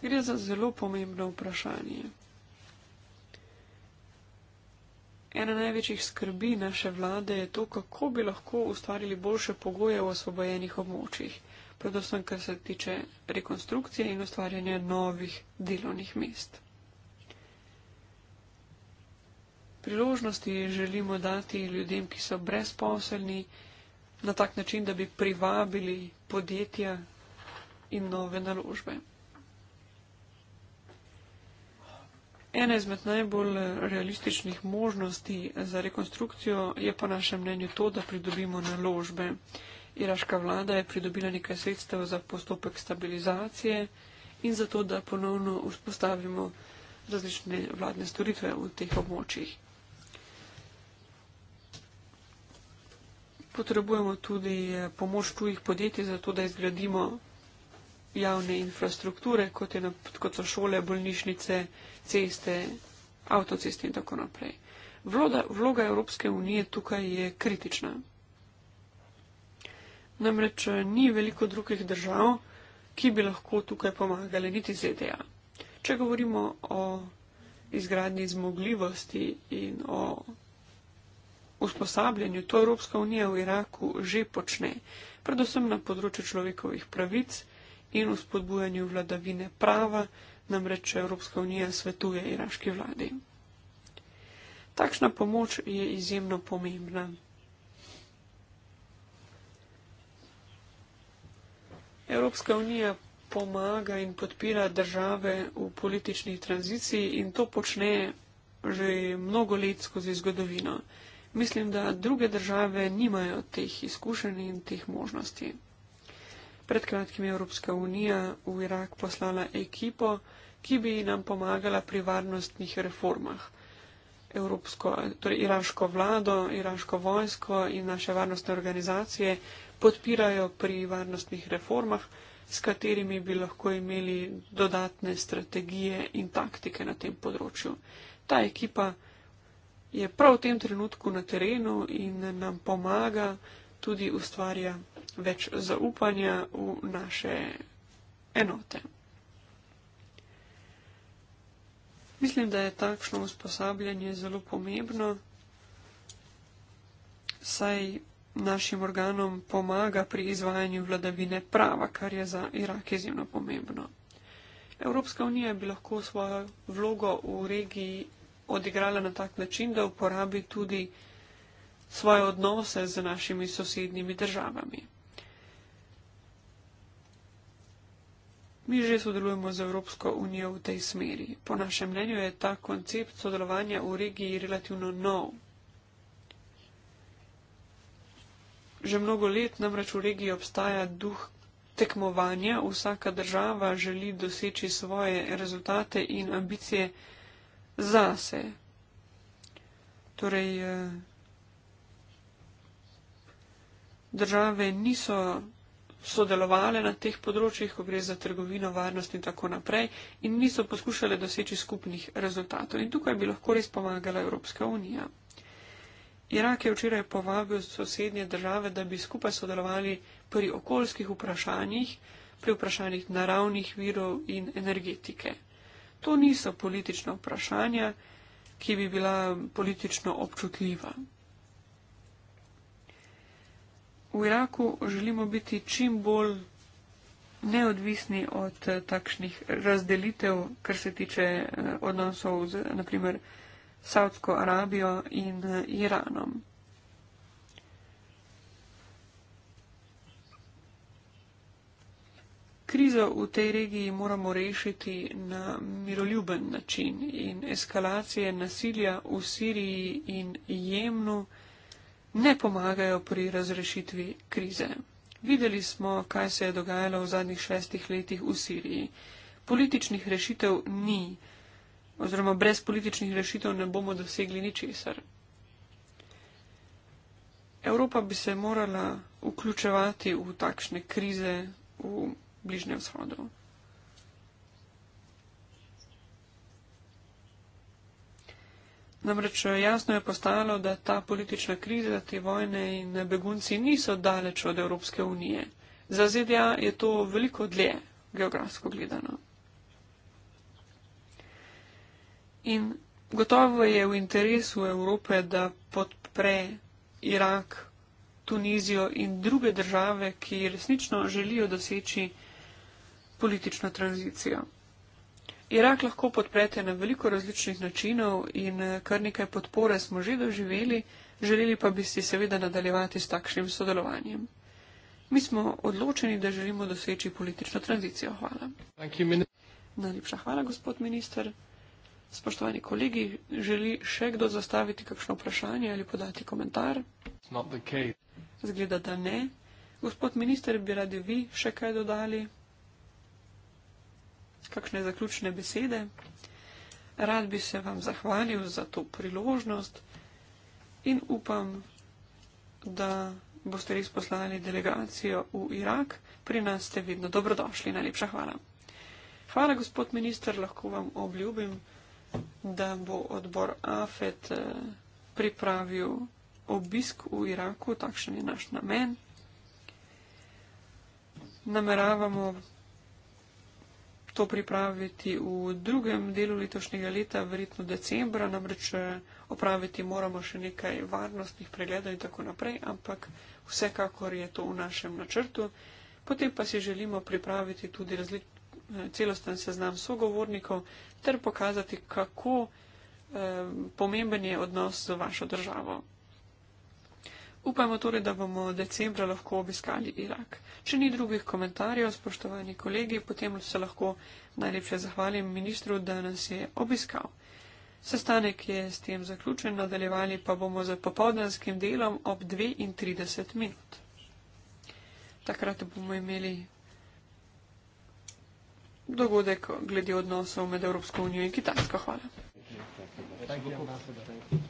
Gre za zelo pomembno vprašanje. Ena največjih skrbi naše vlade je to, kako bi lahko ustvarili boljše pogoje v osvobojenih območjih, predvsem kar se tiče rekonstrukcije in ustvarjanja novih delovnih mest. priložnosti želimo dati ljudem, ki so brezposelni, na tak način, da bi privabili podjetja in nove naložbe. Ena izmed najbolj realističnih možnosti za rekonstrukcijo je po našem mnenju to, da pridobimo naložbe. Iraška vlada je pridobila nekaj sredstev za postopek stabilizacije in za to, da ponovno vzpostavimo različne vladne storitve v teh območjih. potrebujemo tudi eh, pomoč tujih podjetij, zato da izgradimo javne infrastrukture, kot, je, kot so šole, bolnišnice, ceste, avtoceste in tako naprej. Vloga, vloga Evropske unije tukaj je kritična. Namreč eh, ni veliko drugih držav, ki bi lahko tukaj pomagali, niti ZDA. Če govorimo o izgradnji zmogljivosti in o usposabljanju to Evropska unija v Iraku že počne, predvsem na področju človekovih pravic in v spodbujanju vladavine prava, namreč Evropska unija svetuje iraški vladi. Takšna pomoč je izjemno pomembna. Evropska unija pomaga in podpira države v politični tranziciji in to počne že mnogo let skozi zgodovino. Mislim, da druge države nimajo teh izkušenj in teh možnosti. Pred kratkim je Evropska unija v Irak poslala ekipo, ki bi nam pomagala pri varnostnih reformah. Evropsko, torej iraško vlado, iraško vojsko in naše varnostne organizacije podpirajo pri varnostnih reformah, s katerimi bi lahko imeli dodatne strategije in taktike na tem področju. Ta ekipa je prav v tem trenutku na terenu in nam pomaga, tudi ustvarja več zaupanja v naše enote. Mislim, da je takšno usposabljanje zelo pomembno, saj našim organom pomaga pri izvajanju vladavine prava, kar je za Irak izjemno pomembno. Evropska unija bi lahko svojo vlogo v regiji odigrala na tak način, da uporabi tudi svoje odnose z našimi sosednjimi državami. Mi že sodelujemo z Evropsko unijo v tej smeri. Po našem mnenju je ta koncept sodelovanja v regiji relativno nov. Že mnogo let namreč v regiji obstaja duh tekmovanja, vsaka država želi doseči svoje rezultate in ambicije zase. Torej, eh, države niso sodelovali na teh področjih, ko gre za trgovino, varnost in tako naprej in niso poskušali doseči skupnih rezultatov. In tukaj bi lahko res pomagala Evropska unija. Irak je včeraj povabil sosednje države, da bi skupaj sodelovali pri okoljskih vprašanjih, pri vprašanjih naravnih virov in energetike. To niso politična vprašanja, ki bi bila politično občutljiva. V Iraku želimo biti čim bolj neodvisni od eh, takšnih razdelitev, kar se tiče eh, odnosov z, naprimer, Saudsko Arabijo in eh, Iranom. Krizo v tej regiji moramo rešiti na miroljuben način in eskalacije nasilja v Siriji in Jemnu ne pomagajo pri razrešitvi krize. Videli smo, kaj se je dogajalo v zadnjih šestih letih v Siriji. Političnih rešitev ni, oziroma brez političnih rešitev ne bomo dosegli ničesar. Evropa bi se morala vključevati v takšne krize, v bližnjem vzhodu. Namreč jasno je postalo, da ta politična kriza, te vojne in begunci niso daleč od Evropske unije. Za ZDA je to veliko dlje, geografsko gledano. In gotovo je v interesu Evrope, da podpre Irak, Tunizijo in druge države, ki resnično želijo doseči politično tranzicijo. Irak lahko podprete na veliko različnih načinov in eh, kar nekaj podpore smo že doživeli, želeli pa bi si seveda nadaljevati s takšnim sodelovanjem. Mi smo odločeni, da želimo doseči politično tranzicijo. Hvala. Najlepša hvala, gospod minister. Spoštovani kolegi, želi še kdo zastaviti kakšno vprašanje ali podati komentar? Zgleda, da ne. Gospod minister, bi radi vi še kaj dodali? kakšne zaključne besede. Rad bi se vam zahvalil za to priložnost in upam, da boste res poslali delegacijo v Irak. Pri nas ste vedno dobrodošli. Najlepša hvala. Hvala, gospod minister, lahko vam obljubim, da bo odbor AFET eh, pripravil obisk v Iraku, takšen je naš namen. Nameravamo to pripraviti v drugem delu letošnjega leta, verjetno decembra, namreč eh, opraviti moramo še nekaj varnostnih pregledov in tako naprej, ampak vsekakor je to v našem načrtu. Potem pa si želimo pripraviti tudi različ, eh, celosten seznam sogovornikov ter pokazati, kako eh, pomemben je odnos z vašo državo. Upamo torej, da bomo decembra lahko obiskali Irak. Če ni drugih komentarjev, spoštovani kolegi, potem se lahko najlepše zahvalim ministru, da nas je obiskal. Sestanek je s tem zaključen, nadaljevali pa bomo z popovdanskim delom ob 32 minut. Takrat bomo imeli dogodek glede odnosov med Evropsko unijo in Kitajsko. Hvala. Thank you. Thank you. Thank you.